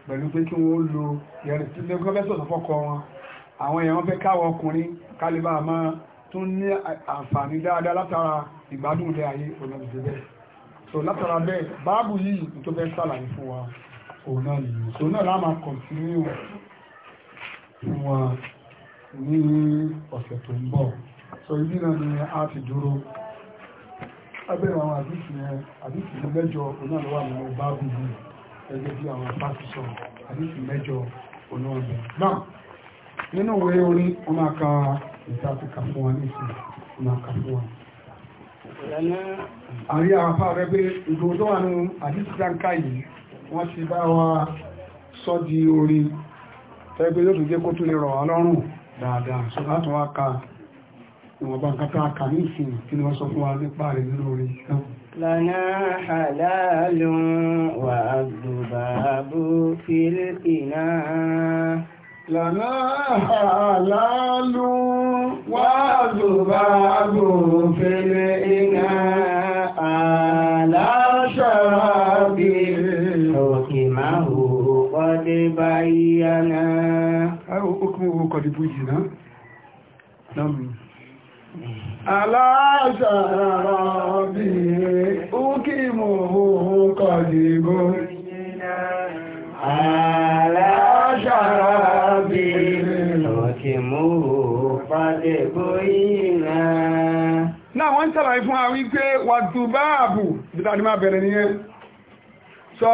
Speaker 1: pẹ̀lú pé kí wọ́n lo ìyẹ̀rẹ̀ tí lẹ́gbẹ́ àwọn èèyàn fẹ́ káwọ ọkùnrin kálíbà máa tún ní àǹfààní dáadáa látara ìgbádùn ilé ayé ọ̀nà ìṣẹ́bẹ̀ so látara bẹ́ẹ̀ báàbù yìí tó fẹ́ sàlàyé fún wa òun so náà láàmà kọ̀ntínú fún wa ní ọ̀sẹ̀ so ibi náà ni a ti dúró abẹ́rẹ̀ àwọn àdìsí yẹn àdìsí mẹ́jọ òun náà lọ́wọ́ àwọn báàbù yìí gẹ́gẹ́ bí àwọn apá ti sọ àdìsí mẹ́jọ òun náà nínú ìwé orin wọn máa ka ìtàkùkà fún wa nísìnyí wọn máa ka fún wa. àrí àwọn rẹ pé ìgò tó wà nínú àdìsí yìí wọ́n ti bá wa sọ di orin tẹ́gbẹ́ yóò tún jẹ́ kó tún lè rọ̀ wá dáadáa sọ láti wá ka ìwọ̀nba nǹkan tá a kà ní ìsìn kí ni wọ́n sọ fún wa nípa rẹ̀ nínú orin لنا
Speaker 2: حلال وعبد في
Speaker 1: الإناه lànà àlálù wáàzù bá agbófinrin iná
Speaker 2: àlàṣàbí òkè máa hù kọ́dé
Speaker 1: bá yíyá náà. Àwọn náà wọ́n ṣàlàyé fún wa wípé wàdùbáàbù ìdíbàdí máa bẹ̀rẹ̀ nìyẹn sọ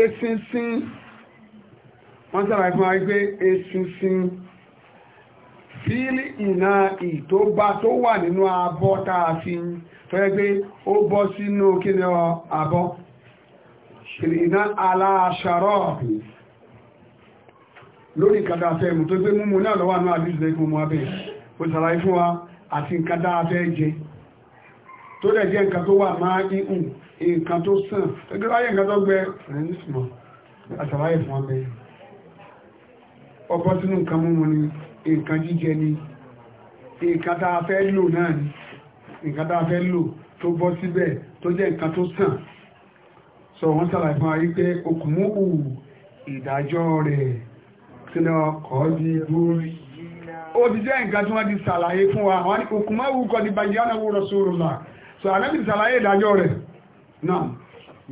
Speaker 1: eṣinṣin wọ́n ṣàlàyé fún wa wípé eṣinṣin fílì ìná ìtóbá tó wà nínú abọ́ tàà fi tọ́yẹ́ pé ó bọ́ sínú kílẹ̀ abọ́ ṣìlì iná aláṣàrọ̀ lórí kàtàfẹ́ mú tó gbé múmú náà lọ́wọ́ àmì àdíjẹ́ ikú mú abẹ́ ó sàlàyé fún wa àti nǹkan dáa fẹ́ jẹ tó dẹ̀ jẹ́ nǹkan tó wà máa ihun nǹkan tó sàn gẹ́gẹ́ báyẹ̀ nǹkan tó gbẹ ẹ̀rẹ́nìsìmọ̀ àsàlàyé fún ọbẹ̀ ọkọ̀ sínú nǹkan múmu ni nǹkan jíjẹ ni nǹkan dáa fẹ́ lò náà ni nǹkan dáa fẹ́ lò tó bọ́ síbẹ̀ tó jẹ́ nǹkan tó sàn sọ wọ́n sàlàyé fún wa yí okùnmú ìdájọ́ rẹ̀ sínú ọkọ̀ di lórí ó ti jẹ́ nǹkan tí wọ́n ti sàlàyé fún wa wọ́n ni òkú máa wúkọ́ ní bàjẹ́nà wúrọ̀ sóòrò là so ànábì sàlàyé ìdájọ́ rẹ̀ náà.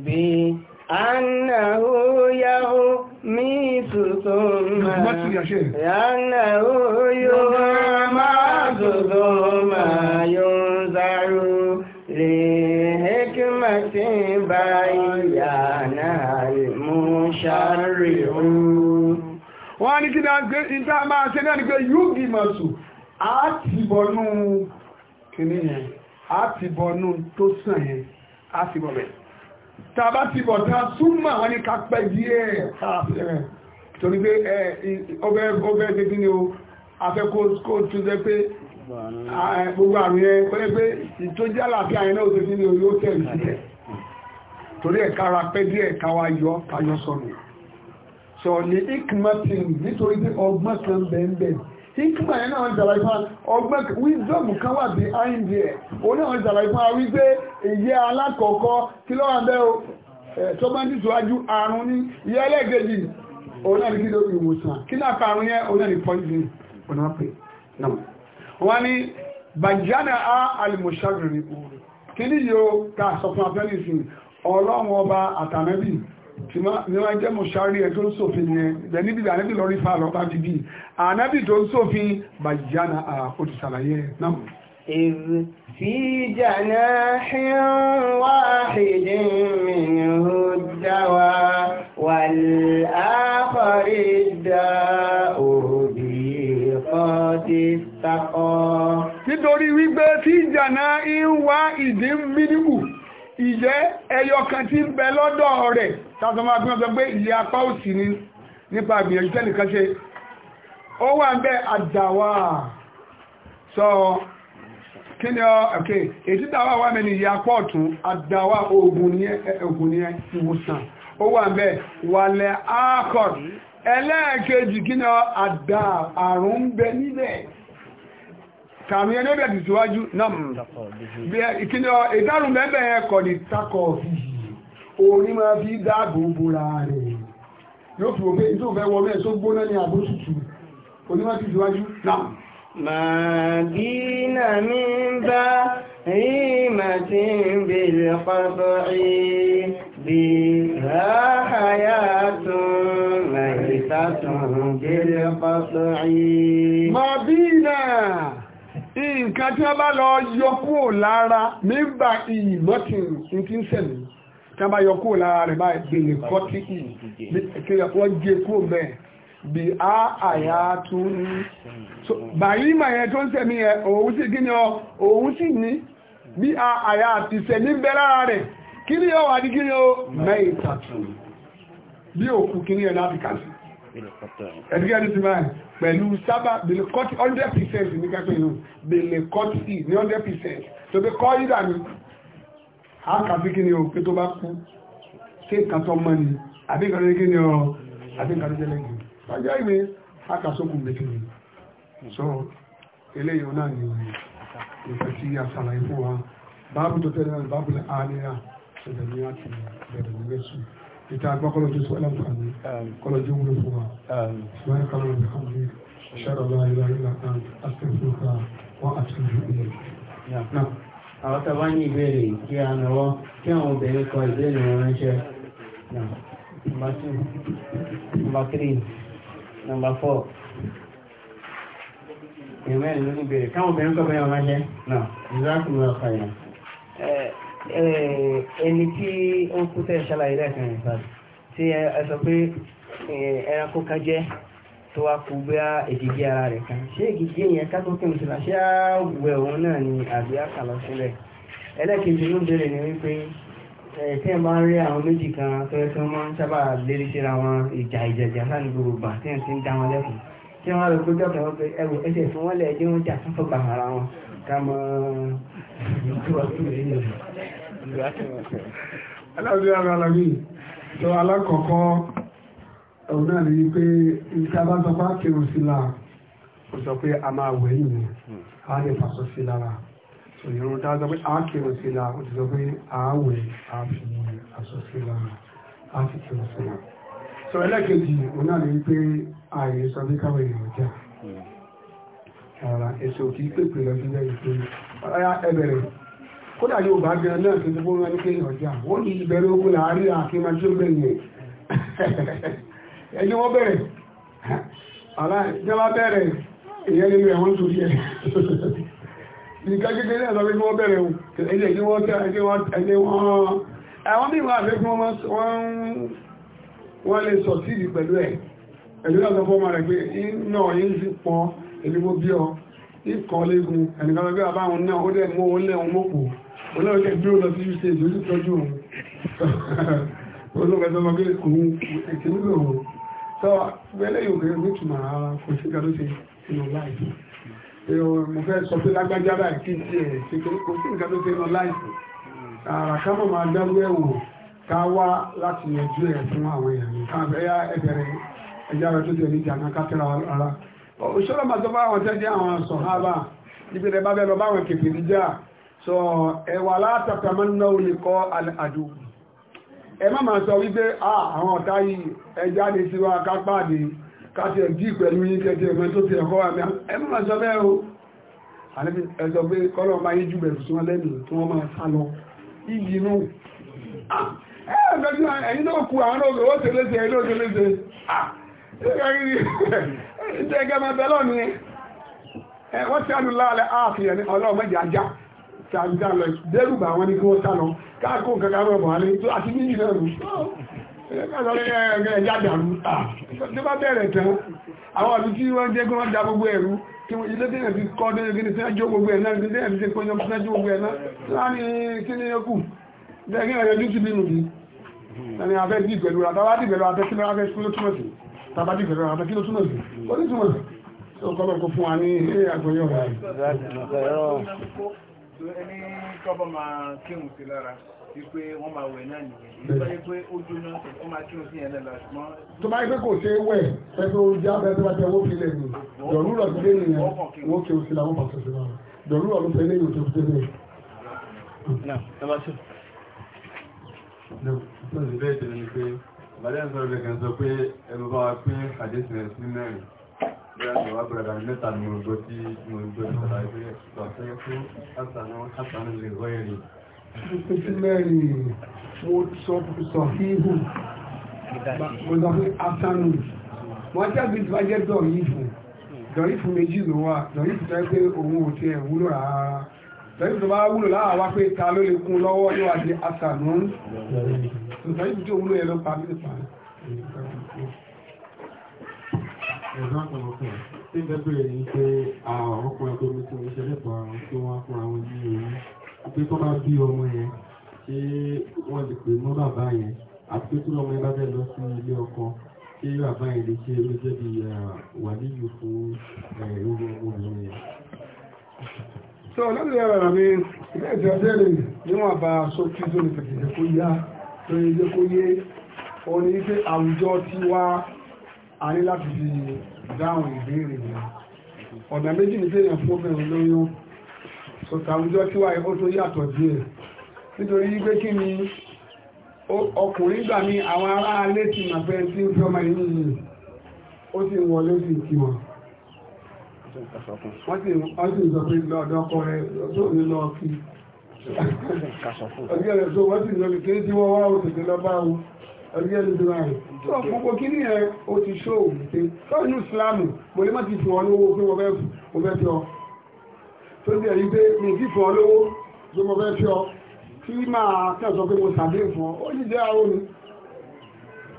Speaker 1: bí máa annahu yóò
Speaker 2: máa tuntun náà
Speaker 1: mú ṣàrẹ̀ òun wọ́n ní kí dá máa ṣe náà ní pé yóò bí mọ̀sù àtìbọnú kìíní yẹn àtìbọnú tó sàn yẹn àtìbọ̀bẹ̀ tàbá tìbọ̀ tá súnmọ̀ wọ́n ní ká díẹ̀ káàfẹ́rẹ̀ torí pé ọbẹ̀ o afẹ́ kó tún jẹ́ pé gbogbo àrùn yẹn pẹ́lẹ́ pé ìtójá láti o yóò tẹ̀lé sílẹ̀ torí ẹ̀kára pẹ́ díẹ̀ káwa yọ káyọ sọnù sọ̀lẹ̀ ikmatin nítorí pé ọgbọ́n kan bẹ̀ẹ̀bẹ̀ ikma yẹn náà jàlá ipá ọgbọ́n wisdom kan wà bí àìndì ẹ̀ òun náà jàlá ipá wípé èyí alákọ̀ọ́kọ́ kí lọ́wọ́ abẹ́ o tó bá ń tì síwájú àrùn ní ìyá ẹlẹ́gẹ̀ẹ́jì òun náà ní kí ló fi ìwòsàn kí náà fa àrùn yẹn òun náà ní pọ́ńtì òun náà pè náà wọ́n ní bàjánà á alìmọ̀ṣàgìrì kí ni yóò ká sọ fún afẹ́ nìsín ọlọ́run ọba àtànẹ́bì tí wọ́n jẹ́ mọ̀ṣárí ẹ̀ tó ń sòfin yẹn ìbẹ̀ níbi ànábì lọ rí fà lọ́pá ti bí ànábì tó ń sòfin bàjánà àkó ti sàlàyé náà. Èzù tí jàná wá
Speaker 2: ṣèdí mìíràn dáwà wà láàpọ̀rí
Speaker 1: dá òbí kan ti takọ. Nítorí wípé tí jàná ń wá ìdí mínimù ìyẹ́ ẹyọ kan tí ń bẹ lọ́dọ̀ rẹ̀ tàbí sọ pé ìyẹ́ apá òsì ni nípa ìgbìyànjú tẹ́nìkan ṣe ó wà ń bẹ àdàwà sọ kí ni ọ ọ̀kẹ́ ètí dàwà wà mẹ́ni ìyẹ́ apá ọ̀tún àdàwà ogun ní ìwòsàn ó wà ń bẹ wàlẹ̀ àkọ̀ sàmì ẹlẹ́bẹ̀ ti síwájú náà ìkíni ìdárùn mẹ́bẹ̀ ẹkọ̀ ní takọ̀ òní máa fi dáàbò bóra rẹ̀ yóò fi òfin tó fẹ́ wọlé ẹ̀ tó gbóná ní àbóṣùtù òní máa ti náà. màdínà mi ń bá rímàtí ń bèèrè pàtó
Speaker 2: ẹ̀
Speaker 1: nǹkan tí wọ́n bá lọ yọ kúrò lára nígbà ìmọ́tìn tí ń sẹ̀mí tí wọ́n bá yọ kúrò lára rẹ̀ bá ìgbèrè kọ́ tí wọ́n gé kúrò mẹ́ bí a àyà so bàyí mà yẹn tó ń sẹ̀mí yẹn òun sì kí ni ọ òun sì ní bí a àyà àti sẹ̀mí bẹ lára rẹ̀ kí ni ọ wà ní kí ni ó mẹ́yìn tàtù bí òkú kí ni ẹ̀ láti kà sí ẹ̀dígẹ́ ní ti báyìí pẹ̀lú sábà bèlè kọ́tì hundred percent ní kápẹ́ ìlú bèlè kọ́tì ní hundred percent tó bí kọ́ yídà ni a kà sí kí ni o pé tó bá kú ṣé nǹkan tó mọ́ ni àbí nǹkan tó kí ni o àbí nǹkan tó jẹ́lẹ̀ yìí ọjọ́ ìwé a kà sókùn méjì ni so eléyìí náà ni nǹkan tí a ṣàlàyé fún wa báàbù tó tẹ̀lé náà báàbù lẹ́ àlẹ́ à ṣẹ̀dẹ̀ ní àti ìta àgbà kọlọjú sọ ẹlẹ́mùfàní kọlọjú wúlò fún wa ṣùgbọ́n kọlọ lọ́dún kan ní ṣẹ́rọ bá ilá ilá kan àtẹ̀fúnka
Speaker 3: wọ́n àti ìlú
Speaker 2: ilẹ̀. àwọn tàbá ní ìbéèrè kí a náwó kí àwọn obìnrin kọ ìbéèrè wọn ránṣẹ́ nọ́mbà two nọ́mbà three nọ́mbà four ìmọ̀ ló ní ìbéèrè káwọn obìnrin kọ bẹ́ẹ̀ wọn ránṣẹ́ náà ìzákùnrin ọ̀kà yẹn. Eh, ẹni tí ó kú tẹ́ ṣàlàyé lẹ́ẹ̀kan ìfà tí ẹ sọ pé eh, ẹranko kan jẹ́ tó wá kú bí á ègìgé ara rẹ̀ kan ṣé ègìgé yẹn ká tó kí n sílá ṣé á wẹ̀ òun náà ni àbí á kàlọ́ sílẹ̀ ẹlẹ́kejì ló bẹ̀rẹ̀ ni wípé eh, tẹ́ ẹ máa ń rí àwọn méjì kan tó yẹ kí wọ́n máa ń sábà lérí síra wọn ìjà ìjẹ̀jà sáà ní gbogbo gbà tí ẹ̀ ti ń dá wọn lẹ́kùn tí wọ́n rẹ̀ gbọ́dọ̀ kan wọ́n pé ẹrù ẹsẹ̀ fún wọn lẹ́ẹ̀dẹ́ wọn jà fún fọ́gbà ara wọn ká mọ́ ọ́n
Speaker 1: aláwọ̀dé ara rẹ̀ mi tó alákọ̀ọ́kọ́ ọ̀rọ̀ náà rí pé ìta bá sọ pé kí òun sí la ó sọ pé a máa wẹ̀ yìí a lè fàṣọ sí lára òyìnbó tá a sọ pé a kí òun sí la ó ti sọ pé a wẹ̀ a fi aṣọ sí lára a fi kí òun sí la sọ ẹlẹ́kejì òun náà rí pé ààyè sọ pé káwé èèyàn jà ara èso pèpè lọ sí ẹgbẹ̀rẹ̀ kódà yóò bá gan náà ti gbogbo wọn ní pé ọjà wọ́n ní ìbẹ̀rẹ̀ ogun láàárín àkímájú bẹ̀rẹ̀ ẹni wọ́n bẹ̀rẹ̀ aláìjọba bẹ̀rẹ̀ ìyẹn nínú ẹ̀wọ̀n tó yẹ nǹkan gẹ́gẹ́ náà sọ́pẹ́ wọ́n bẹ̀rẹ̀ ẹni ẹni wọ́n tẹ́ ẹni wọ́n àwọn bí wọ́n àfẹ́ wọ́n lè sọ sí ìdí pẹ̀lú ẹ̀ ẹ̀lú náà sọ fọ́mọ rẹ̀ pé náà yìí sì pọ̀ ẹni wọ́n bí ọ ìkọ̀ọ́lẹ́gùn ẹnìkan lọ bí àbáwọn náà ó olóòjẹ́ gbé ó lọ sí usa ló ń tọ́jú òun olóòjẹ́ ọmọ pé òun ẹ̀kẹ́ nílò òun sọ wẹ́lẹ́ yóò kéré ní ìtumọ̀ ara fún síga ló ṣe inú láìsí mo fẹ́ sọ pé lágbájá báyìí kí n ti ẹ̀ ṣe kéré kò sí nǹkan tó ṣe inú láìsí ara ká mọ̀ máa dárú ẹ̀wọ̀n ká wá láti yanjú so ẹwà látàtàmọ́ náà lè kọ́ àdó ẹ má máa sọ wípé àwọn ọ̀tá yìí ẹjá lè sí wa kápáàdé káti ẹ̀dí pẹ̀lú yí kẹtẹ ẹ̀mọ́ tó ti ẹ̀kọ́ àmì ẹ má máa sọ bẹ́ẹ̀ o ẹ̀sọ pé kọ́lọ̀ máa yí jù bẹ̀rù sí wọn lẹ́nu tí wọ́n máa sá lọ ìyí inú ẹ̀yìn náà kú àwọn olóògbé ó tẹ́lẹ́sẹ̀ ẹ̀yìn náà tẹ́lẹ́sẹ̀ ẹ̀ẹ́gẹ́gẹ́ máa bẹ́lọ́ ni wọ́n ti àdúlá alẹ́ ààfihàn ọlọ́ọ̀mẹ́jì ajá ṣàgbà lọ dẹ́rùbà wọn ní kí wọ́n sálọ káàkùn kankan mọ̀ wà ní tó àti méjì náà rú àwọn ọdún tí wọ́n jẹ́ gọ́nà dá gbogbo ẹ̀rú tí wọ́n ilé dínà ti kọ́ dínà gínì tí wọ́n jó gbogbo ẹ̀ náà dínà ti kọ́ yọ pínlẹ̀ jó gbogbo ẹ̀ náà láàrin kí ní ẹkù dẹ́gẹ́ ẹ̀rẹ́ ojú so ẹni tọ́bọ̀ máa kírun sí lára wípé wọ́n máa wẹ̀ náà nìyẹn nípa wípé ó jóná wọ́n máa kírun sí yẹn lẹ́la ṣùgbọ́n. tó bá yẹ pé kò ṣe é wẹ̀ pẹ́pẹ́ ó jẹ́ abẹ́rẹ́ owó fi lẹ̀ dọ̀rú rọ̀ sí lẹ́yìn yẹn wọ́n kí o sí làwọn pàṣẹ sí lára dọ̀rú rọ̀ ló fẹ́ lẹ́yìn tó fi tẹ́lẹ̀.
Speaker 4: ìbéèrè tẹ̀lé ni pé ìbàdàn sọ pé ẹnu bá wa pín àdéhùn ẹ̀ mẹ́rin
Speaker 1: mẹ́rin ó sọ fíhù mo sọ fún afẹ́nù wọ́n jẹ́ bí bá jẹ́ dọ̀rí fún dọ̀rí fún méjì ló wà dọ̀rí fún tẹ́ pé òun ò tiẹ̀ wúlò rárá dọ̀rí fún bá wúlò láàá wá pé ta ló lè kún lọ́wọ́ níwájú afẹ́nù dọ̀rí fún tó wúlò ẹ̀ ló pa mí pa ẹ̀dáǹkan ọkùnrin tí ń bẹ́bẹ̀rẹ̀ ní pé ọkùnrin tó mítí wọ́n
Speaker 4: ṣẹlẹ̀ pa àwọn tí wọ́n fún àwọn ní oyún pé tó bá bí ọmọ yẹn ṣé wọ́n lè pè mọ́ bàbá yẹn àti pé tí ọmọ yẹn bá fẹ́ lọ sí ilé ọkọ ṣé bàbá yẹn lè
Speaker 1: ṣe ló jẹ́ bí wàlíyù fún irú obìnrin yẹn. sọ lọ́dún yàrá rà mí ilé ìjọ bẹ́ẹ̀rẹ̀ níwọ̀n bá aṣọ kí zoni tẹ̀tẹ̀ kó yá lórí ilé kó yé òní pé àwùjọ ti wá a ní láti fi dáhùn ìbéèrè rẹ̀ ọ̀nà méjì ní sẹ́yìn fún obìnrin lóyún sọ̀tà àwùjọ tí wáyé ó tó yàtọ̀ díẹ̀ nítorí wípé kí ni ọkùnrin gbà ní àwọn ará alé ti mà fẹ́ tí ń fi ọmọ ìlú yìí ó sì ń wọlé sí ìkí wọn
Speaker 3: wọ́n sì ń sọ
Speaker 1: pé lọ́ọ̀dọ́ ọkọ rẹ̀ tó ní lọ ọjọ́ rẹ̀ tó wọ́n sì ń lọ kí wọ́n wá òṣèlú lọ wọn ẹgbẹ́ o ti ṣó òun pé lọ́nà ìsìláàmù mo lè má ti fún ọ lówó pé mo fẹ́ fi ọ tó bí ẹ̀yí pé mi ti fún ọ lówó pé mo fẹ́ fi ọ tí máa kẹ́sọ pé mo sàdé fún ọ ó sì jẹ́ àwọn ni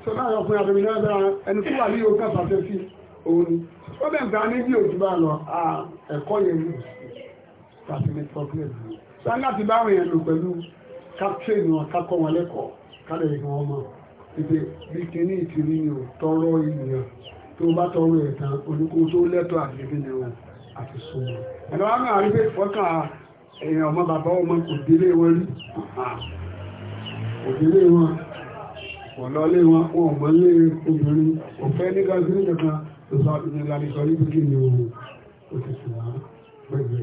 Speaker 1: tó náà yọ fún àtẹ̀mí náà dára ẹni tó wà ní yóò kẹ́sọ fẹ́ sí òun ni ó bẹ̀ gbà ní bí òjú bá lọ ẹ̀kọ́ yẹn ni tàbí ní problem sáà láti báwọn yẹn lò ìpè bí kíní ìtìrí ni ò tọrọ ènìyàn tó bá tọrọ ẹ̀tàn oníkó tó lẹ́tọ̀ àṣìbí ni wọn àti sọmọ ẹ̀lọ́ wọn náà rí pé fọ́kà èèyàn ọmọ bàbá ọmọ kò délé wọn rí kò délé wọn kò lọlé wọn wọn ò mọlé obìnrin kò fẹ́ ní gásírí kankan tó sọ ìlànà ìsọ̀rí bí kí ni òun ó ti sùn wọn gbẹgbẹ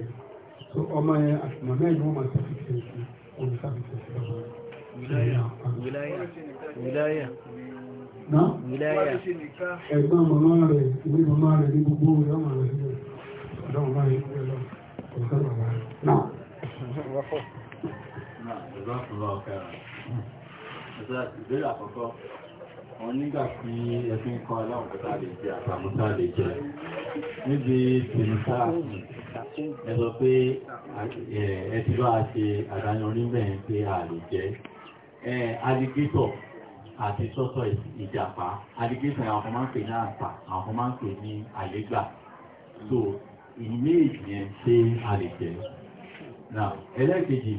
Speaker 1: ọmọ yẹn àtìmọ̀ náà ni wọ́n máa ṣàfihàn sí olùsàfihàn sí ọmọ yẹn wìláyà wìláyà ẹ̀gbọ́n màmá rẹ̀ ìwé màmá rẹ̀ ní gbogbo rẹ̀ ọmọ rẹ̀ sílẹ̀ ọ̀dọ́ màmá rẹ̀ ìwé lọ ọ̀sẹ̀ bàbá rẹ̀ náà.
Speaker 3: ìgbà fúnra ọ̀kẹ́
Speaker 4: rẹ̀ ìbéèrè àkọ́kọ́ wọn nígbà tí ẹbí ń kọ́ aláwọ̀ kẹta lè jẹ àtàmúta lè jẹ níbi tìǹtà ẹ sọ pé ẹ ti bá a ṣe alligator àti sọ́sọ́ ìjàpá alligator àwọn kan máa ń pè ní àpà àwọn kan máa ń pè ní àlégbà so ìmíì yẹn ṣe àlejẹ now ẹlẹ́kejì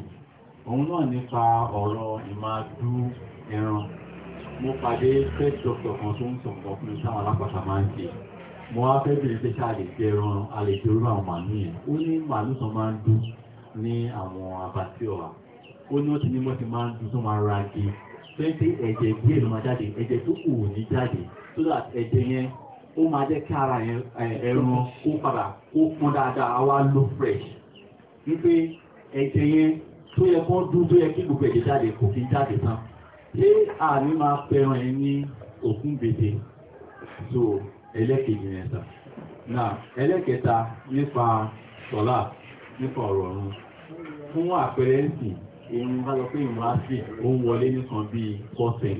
Speaker 4: òun náà nípa ọ̀rọ̀ ìmáàdú ẹran mo pàdé first doctor kan tó ń sọ nǹkan fún mi táwọn alápàtà máa ń ṣe mo wá fẹ́ bèrè pé ṣe àlejẹ ẹran àlejẹ orú àwọn màálù yẹn ó ní màálù kan máa ń dún ní àwọn abatí ọ̀rá ó ní ó ti ní mọ́ ti máa ń dùn tó máa ra jẹ pé pé ẹ̀jẹ̀ díẹ̀ ló máa jáde ẹ̀jẹ̀ tó kù ò ní jáde so that ẹ̀jẹ̀ yẹn ó máa jẹ́ kí ara yẹn ẹran kó padà kó pọn dáadáa àwa ló fresh wípé ẹ̀jẹ̀ yẹn tó yẹ kó dún tó yẹ kí gbogbo ẹ̀jẹ̀ jáde kò fi jáde tán ṣé àní máa fẹ́ràn ẹ ní òkun bèbè so ẹlẹ́kejì yẹn sà náà ẹlẹ́kẹta nípa sọ́lá nípa ọ̀rọ̀ ọ̀run fún àpẹẹrẹ ẹ̀sìn ìrìn bá lọ pé ìrìn áfì ó ń wọlé nìkan bí kọ́tẹ̀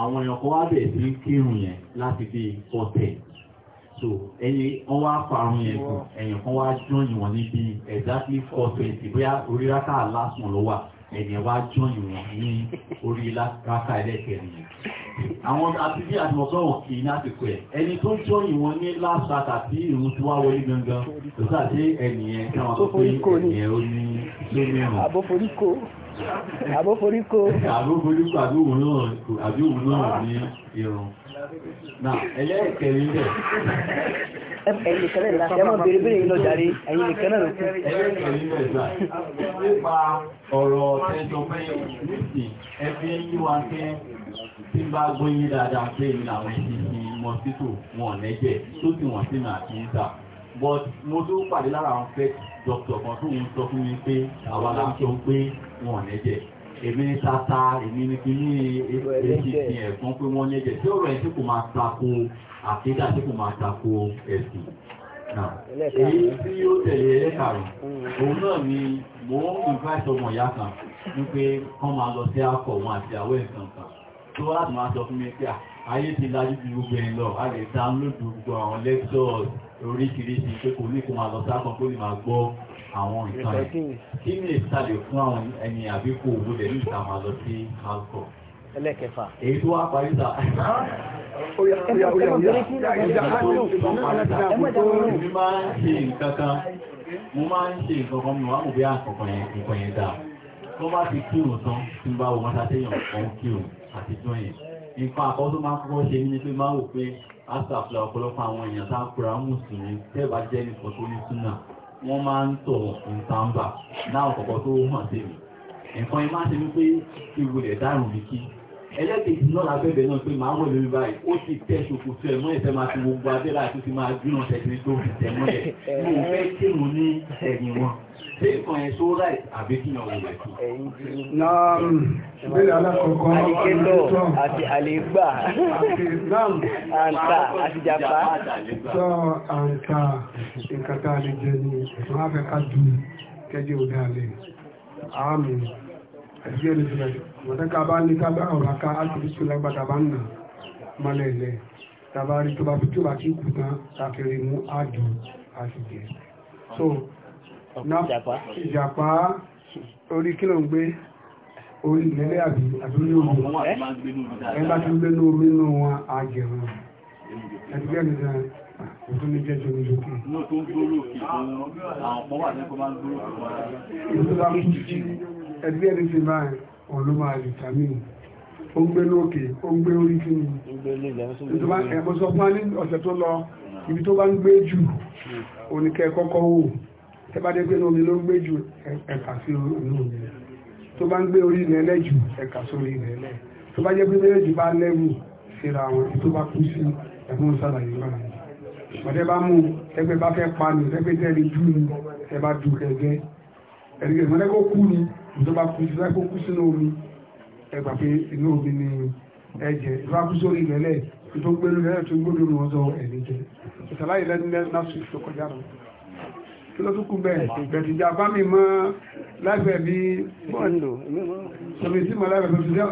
Speaker 4: àwọn èèyàn kan wá bẹ̀rẹ̀ sí kírun yẹn láti bí kọ́tẹ̀ so ẹyin wọ́n wá parun yẹn kù èèyàn kan wá jọyìn wọn níbi exactly kọ́tẹ̀ ìbúyá orí rákà lásùn ló wà ẹ̀yẹ̀ wá jọ́yìn wọn ní orí lákàkà ẹlẹ́kẹ̀ẹ́rin àwọn àti bí àtìmọ̀sọ́wọ̀n kì í lásìkò ẹ̀ ẹni tó jọ́yìn wọn ní lásàkà tí ìrù tí wá wọlé gangan tó sàdé ẹnìyẹn káwọn tó pé ẹnìyẹn
Speaker 2: ó ní lómìnà àbóforíkó àbóforíkó
Speaker 4: àbóforíkó àbí òun náà ní
Speaker 3: irun náà
Speaker 2: ẹlẹ́kẹ̀ẹ́rin bẹ̀ ẹ̀yìn nìkan náà láti ẹmọ́ bèèrè bèèrè lọ jàre ẹ̀yìn nìkan náà
Speaker 3: lókù.
Speaker 4: nípa ọ̀rọ̀ ẹjọ́ mẹ́yìn nísì ẹbí yí wa pé tí bá gbóyìn dáadáa pé ní àwọn ìṣiṣi mọ́sítò wọn lẹ́jẹ̀ tó sì wọ́n sínú àti ìta but mo tó pàdé lára àwọn fẹ́ dọ́kítọ̀ kan tó ń sọ fún mi pé àwa láti sọ pé wọn lẹ́jẹ̀ èmi ní sáta èmi ní kí ní èsì ti ẹ̀fọn pé wọ́n yẹ́jẹ̀ tí ó rẹ̀ tí kò máa tako àkídà tí kò máa tako ẹ̀sìn èyí tí ó tẹ̀lé ẹ̀kàrùn mm. òun náà ni mo ń invite ọmọ ìyá kan wípé kán máa lọ sí akọ̀ wọn àti àwọ̀ ẹ̀sàn kan tó wá láti máa sọ fún mi pé ayé ti lajú ju gbogbo ẹ̀ lọ a lè download gbogbo àwọn lectures oríṣiríṣi pé kò ní kó máa lọ sákàn kó àwọn nǹkan ẹ̀ kí ni ìsàlẹ̀ fún àwọn ẹni àbíkò owó lẹ̀ níta máa lọ sí alcohol. ẹlẹ́kẹfà. èyí tó wá parí sà.
Speaker 3: Oya oya oya oya ìjà á ní ìfọ̀n parí sà. Èmi máa ń ṣe nǹkan kan,
Speaker 4: mo máa ń ṣe nǹkan kan, mo máa ń mọ̀ bí àkọ́kọ́ yẹn nǹkan yẹn dáa. Tó bá ti kírun tán, tí n bá wo wọn ṣàtẹ́yàn kan kírun àti tó yẹn. Nǹkan àkọ́ tó máa ń kọ́kọ́ ṣe ní pé máa wò pé àṣà àfúlà ọ̀pọ̀lọpọ̀ àwọn èèyàn tá a kura mùsùlùmí tẹ́ẹ̀ bá jẹ́ nìkan tó ní súnà wọ́n máa ń tọ̀ ìtàǹbà láwọn kọ̀kọ́ tó hàn sí mi nǹkan ìmá ṣe wípé ìwòlẹ̀ dárùn mi kí ẹlẹ́kẹ̀ẹ́jì náà lábẹ́bẹ̀ náà pé màá wọ̀lẹ̀ wíwá yìí ó ti tẹ́ ṣòkòtò ẹ̀ mọ́ ìfẹ́ máa fi gbogbo abẹ́lá àti ti máa gbìnà tẹ̀sí tó fi tẹ̀ mọ́lẹ̀ mo fẹ́ kírun ní ẹ̀yìn wọn ṣé nǹkan yẹn tó ráì àbí kí yàn wọlé tó. náà
Speaker 2: ìbéèrè alákọ̀ọ́kọ́ àdìkẹ́tọ̀ àti àlégbà àǹtà àti jàpá. sọ
Speaker 1: àǹtà nǹkan tá a lè jẹ ní ìṣòro afẹ́ká ju kẹ́jẹ́ òde àlè àmì àti ẹni tí wọ́n tẹ́ ká bá ní ká bá ọ̀rọ̀ ká á ti fi ṣe lágbàdá bá ń nà mọ́lẹ̀ ilẹ̀ tàbá rí tó bá fi tó bá kí kù tán tàfẹ́rẹ́ mú àdùn àti jẹ. so ìjàpá orí kí ló ń gbé orí ìlẹ́lẹ́ àbí àdúrí omi ẹgbà tí ó gbé ní omi inú wọn àgẹ̀rùn ẹgbẹ́ mi náà òtún ní jẹ́ jẹ́ olókè ẹgbẹ́ mi ti máa wọn ó gbé lókè ó gbé orí kí ní ọ̀sẹ̀ tó lọ ibi tó bá ń gbé jù oníkẹ́ hmm. kọ́kọ́ wò tẹ́bàdé pé lómi ló ń gbé jù ẹ̀ka sí inú mi tó bá ń gbé orí ilẹ̀ lẹ̀ jù ẹ̀ka sórí ilẹ̀ lẹ̀ tó bá jẹ́ pé méjèèjì bá lẹ́rù síra wọn tó bá kú sí ẹ̀gbọ́n sàlàyé náà pàdé bá mú ẹgbẹ́ bá fẹ́ pa ní ẹgbẹ́ tẹ́lẹ̀ jù ní ẹ bá ju kẹ̀kẹ́ ẹ̀rìgẹ̀ ìmọ̀lẹ́ kó kú ni tó bá kú sí kó kú sínú omi ẹgbà pé inú omi ni ẹ̀jẹ̀ tó bá kú sórí ilẹ̀ lẹ̀ tó gbé lórí ẹ̀ tó gbódò ní wọn sọ ẹ̀mí jẹ ìsàlàyé lẹ́nu lẹ́nu náà sùn kí bẹ́ẹ̀ bẹ̀tìjà bá mọ́ láìpẹ́ bí bọ́ọ̀lù mọ́ láìpẹ́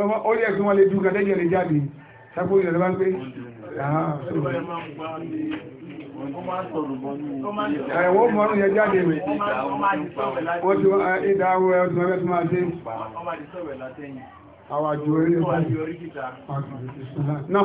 Speaker 4: tó ẹ̀wọ́ mọ́rún yẹ jáde rẹ̀ wọ́n tí ìdá awọ ẹ̀ ọdún ẹgbẹ́ máa dé
Speaker 1: àwàjò orí náà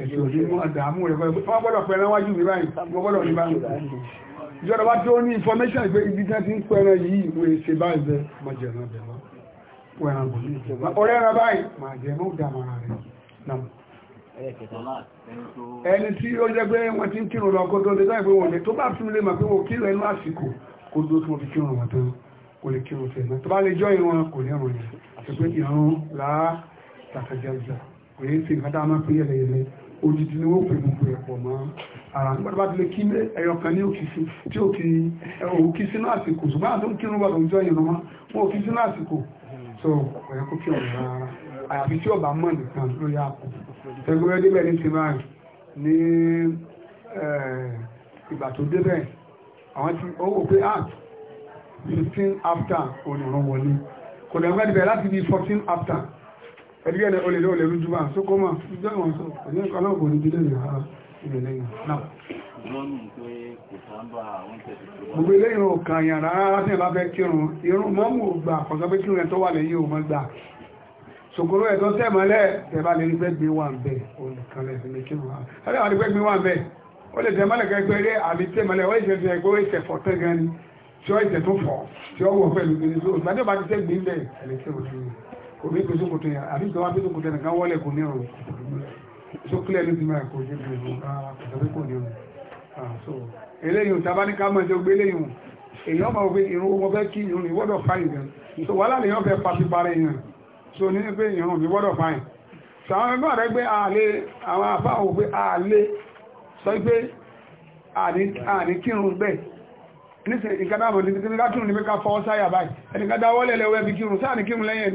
Speaker 1: ẹ̀sùn òní mú àdàmú ìjọba wá tó ní information pé ibi tí wọ́n ti ń pẹ̀rẹ̀ yìí wọ́n ṣe báyìí bẹ́ẹ̀ mọ̀ jẹ̀ náà bẹ̀rẹ̀ wọ́n ẹ̀ràn bọ̀ ní ìjọba ọ̀rẹ́ ẹ̀ràn báyìí mà jẹ́ mọ́ dàmú rẹ̀ náà ẹni tí ó jẹ́ pé wọ́n ti ń kírun lọ kó tó tún fi a máa pín òdìdí ni wọ́n pè gbogbo ẹ̀pọ̀ mọ́ ara nígbàdàbà tí lè kí ẹyọkan ní òkìsí tí ó kí òun kí sínú àsìkò ṣùgbọ́n àti kírun wà lóúnjọ yẹn lọ́mọ́ wọn ò kí sínú àsìkò so ọ̀yẹ́ kó kí ọ̀rọ̀ rárá àyàfi tí ọba mọ̀ nìkan ló yá kù ẹgbẹ́ débẹ̀ ní tìmáì ní ìgbà tó débẹ̀ àwọn tí ó wò pé art ah, fifteen after onírun wọlé kò dẹ̀ ń gbàdìbẹ̀ láti di fourteen after ẹ̀dígẹ́ ni olè lọ́lẹ̀ lójúmọ́ tó kọ́ máa fi jẹ́ ìwọ̀n sọ ẹ̀ní nǹkan náà kò ní dílé ní ara ìrìn lẹ́yìn náà gbogbo eléyìn òkà yàn rárá sí ìlà fẹ́ kírun irun mọ́mù ògbà kọ̀sọ́ pé kírun ẹ̀ tó wà lẹ́yìn òmọ́ gbà ṣòkòrò ẹ̀ tó tẹ̀mọ́lẹ̀ tẹ̀bá lè rígbẹ́ gbé wà ń bẹ̀ olùkan lẹ̀ sí ní kírun rárá ẹ̀rẹ́ àwọn rígbẹ́ gbé wà ń bẹ̀ ó lè tẹ̀mọ́lẹ̀ kẹgbẹ́ eré àbí tẹ̀mọ́lẹ̀ ó ìṣẹ́ fẹ́ gbé ìṣẹ́ fọ́ tẹ́ gan ni tí ó ìṣẹ́ tó fọ́ tí ó wọ̀ pẹ̀lú gbé ní kò ní pèsè kòtò yà àbí ìjọba pèsè kòtò yà nìkan wọlé kò ní ọ̀rọ̀ so clear ní ti máa kò ní ọ̀rọ̀ ah, kò tàbí kò ní ọ̀rọ̀ ah, so eléyìí ò tábá ní ká mọ̀ ẹjọ́ gbé eléyìí èyí ọmọ òfin irun wọn fẹ́ kí irun ìwọ́dọ̀ fáyìn gan so ni lè yàn fẹ́ pàṣẹ parẹ́ yàn so ní pé irun ìwọ́dọ̀ fáyìn so àwọn ẹgbẹ́ rẹ̀ gbé àlè àwọn afá òun pé àlè sọ pé àní kírun bẹ́ẹ̀ nísìnyí nǹkan dáàbò ní kí ní ká kírun ní pé ká fọwọ́ sáyà báyìí ẹnìkan dáwọ́lẹ̀ lẹ́wọ́ ẹbí kírun sáà ní kírun lẹ́yìn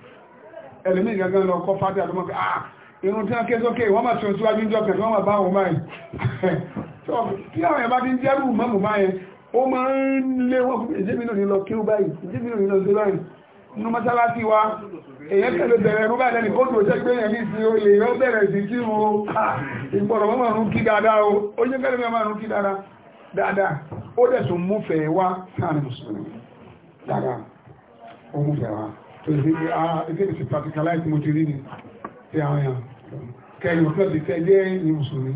Speaker 1: ẹlòmí gangan lọ kọ́ fàtí àtọmọ́ ah irun tí wọ́n ké sókè wọ́n máa tún síwájú jọ kẹ̀kẹ́ wọ́n máa bá wọn báyìí tí àwọn ẹ̀bá ti ń jẹ́rù mọ́mù báyẹn ó máa ń lé wọn fún ìjẹ́mínà ní lọ kí ó báyìí ìjẹ́mínà ní lọ sí báyìí nínú mọ́sálásí wa èyàn kẹ́lẹ̀ bẹ̀rẹ̀ ẹ̀rú báyìí lẹ́nì kóòtù òṣẹ́ pé èyàn ní sí o lè yọ bẹ̀rẹ̀ o ìgbọ̀rọ̀ mọ́ márùn o ó yẹ kẹ́lẹ̀ márùn kí dáadáa ó dẹ̀ tún múfẹ̀ẹ́ wá sáàrin mùsùlùmí dáadáa ó múfẹ̀ẹ́ tó ṣe ẹgbẹ́ ìṣe practicalize mo ti rí ni ti àwọn èèyàn kẹyìn òkú ọ̀dẹ̀ tẹ́ jẹ́ ìyìn mùsùlùmí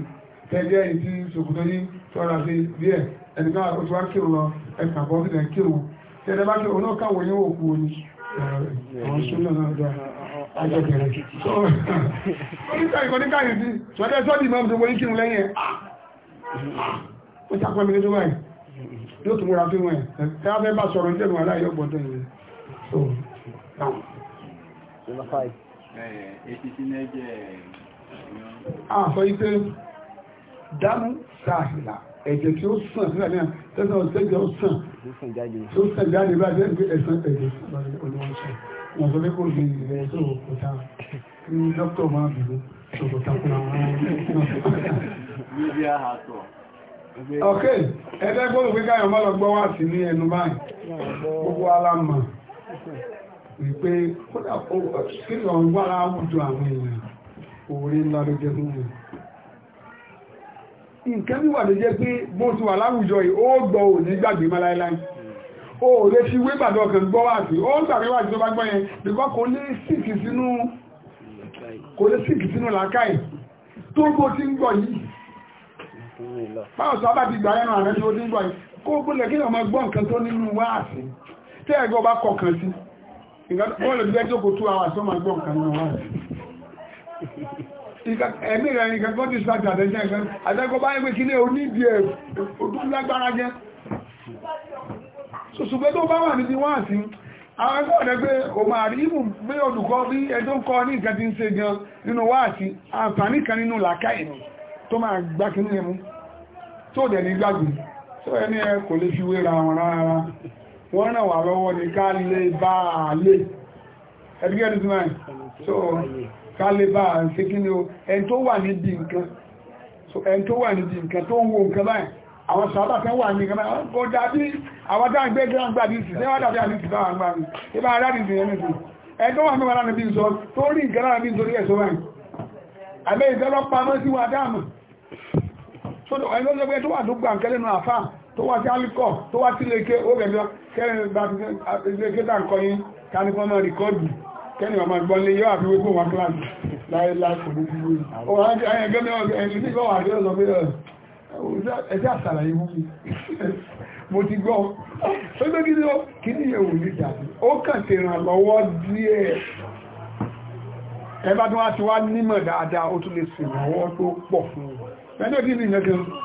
Speaker 1: tẹ́ jẹ́ ìyìn tí ṣòkòtò yín tọ́ra sí díẹ̀ ẹni ká oṣù wa kírun lọ ẹ̀ka bọ́ sílẹ̀ kírun tí ẹni bá kírun náà káwọn yín wò kú ni àwọn súnmọ́ náà dá ajọ bẹ̀rẹ̀ oníkà ìkọ́ ní káyìn sí ṣọ́dẹ́ sọ́dì máa
Speaker 4: Àṣọ eh,
Speaker 1: eh, ah, ìpé dámú sáàhìlà ẹ̀jẹ̀ tí ó sàn sílẹ̀ náà tẹ́sàn ọ̀sẹ́jẹ̀ ó sàn tí ó sàn jáde bá jẹ́ ìgbé ẹ̀sàn ẹ̀jẹ̀ olóòṣẹ́. Wọ́n sọ pé kò lè rẹ̀ tó òkúta ní dókítà máa bìí òkúta fún àwọn ọmọ ok ẹgbẹ́ gbọ́dọ̀ pé káyọ̀ mọ́ lọ gbọ́ wá sí ní ẹnu báyìí gbogbo alámọ̀ wípé kódà kílọ̀ ń wára àwùjọ àwọn èèyàn orí ńlá ló jẹ́ fún wọn nǹkan bí wà ló jẹ́ pé bó ti wà láwùjọ yìí ó gbọ́ ò ní gbàgbé má láíláí ó lè fi wé bàdọ̀ ọkàn gbọ́ wà sí ó gbàgbé wà sí tó bá gbọ́ yẹn bíkọ́ kò lè síkì sínú kò lè síkì sínú làákàì tó gbó tí ń gbọ́ yìí báwọn sọ bá ti gbà ẹnu àrẹ́ tó ti ń gbọ́ yìí kó gbọ́lẹ̀ kí ọmọ gbọ́ nǹkan tó nínú wá sí tẹ́ ẹ̀gbọ́ bá kọ̀ọ̀kan sí Bọ́ọ̀lù bí ẹjọ́ kò tú àwọn àṣọ́mà gbọ́n kan náà wà. Ẹ̀mí rẹ̀ nìkan kọ́ ti sáàtì àtẹ́jẹ́ nǹkan. Àtẹ́kọ́ bá ẹgbẹ́ kílé oníbi ẹ̀ òdún lágbára jẹ́. Sòṣùgbé tó bá wà níbi wá sí, àwọn ẹgbẹ́ ọ̀dẹ́ pé o máa rí ìmù bí olùkọ́ bí ẹjọ́ ń kọ́ ní nǹkan ti ń ṣe gan nínú wá sí, àǹfààní kan nínú làákàyè tó máa gbá kínú ẹmú tó dẹ̀ ní gbàgbé. Sọ ẹni ẹ kò lè fi wéra wọn rárá wọ́n ràn wà lọ́wọ́ ní ká lè bá a lè ẹgbẹ́rẹ́ tí máa so ká lè bá a ṣe kí ni o ẹn tó wà níbi nǹkan so ẹn tó wà níbi nǹkan tó ń wo nǹkan báyìí àwọn sàábà tán wà ní nǹkan báyìí kò dàbí àwọn tá ń gbé gbé àgbà bí ìsìn wọ́n dàbí àbí ìsìnkà àgbà mi ibà arábì ìsìn ẹni sí ẹn tó wà ní wàrà níbi ìsọ tó rí nǹkan lára bí ìsọrí ẹ̀sọ́ báyìí àbẹ́ ìsọlọ́pàá mọ́ sí wa dáàmù so ẹni tó wà tó gbà nǹkan lẹ́nu àfáà tó wá sí alukọ̀ tó wá sí léke ó rẹ̀ lọ kẹ́rin bá ti léke tà ń kọ́ yín káni fọ́n máa rìkọ́dù kẹ́ni wà máa gbọ́n lé yóò àfi wípé wọn kíláàsì láyé láti ní ti wí. ó wà ní ẹyẹ gẹ́gẹ́ ẹni tí wọ́n wà ní ọ̀sán pé ẹ̀sẹ̀ àṣàlàyé mú mi mo ti gbọ́ ó ló gidi ó kí ni ìyẹ̀wò ní ìdàbí ó kàn ti ràn lọ́wọ́ díẹ̀ ẹ bá tí wọ́n ti wá nímọ̀ dáadáa ó tún lè sìn lọ́wọ́ tó pọ̀ fún un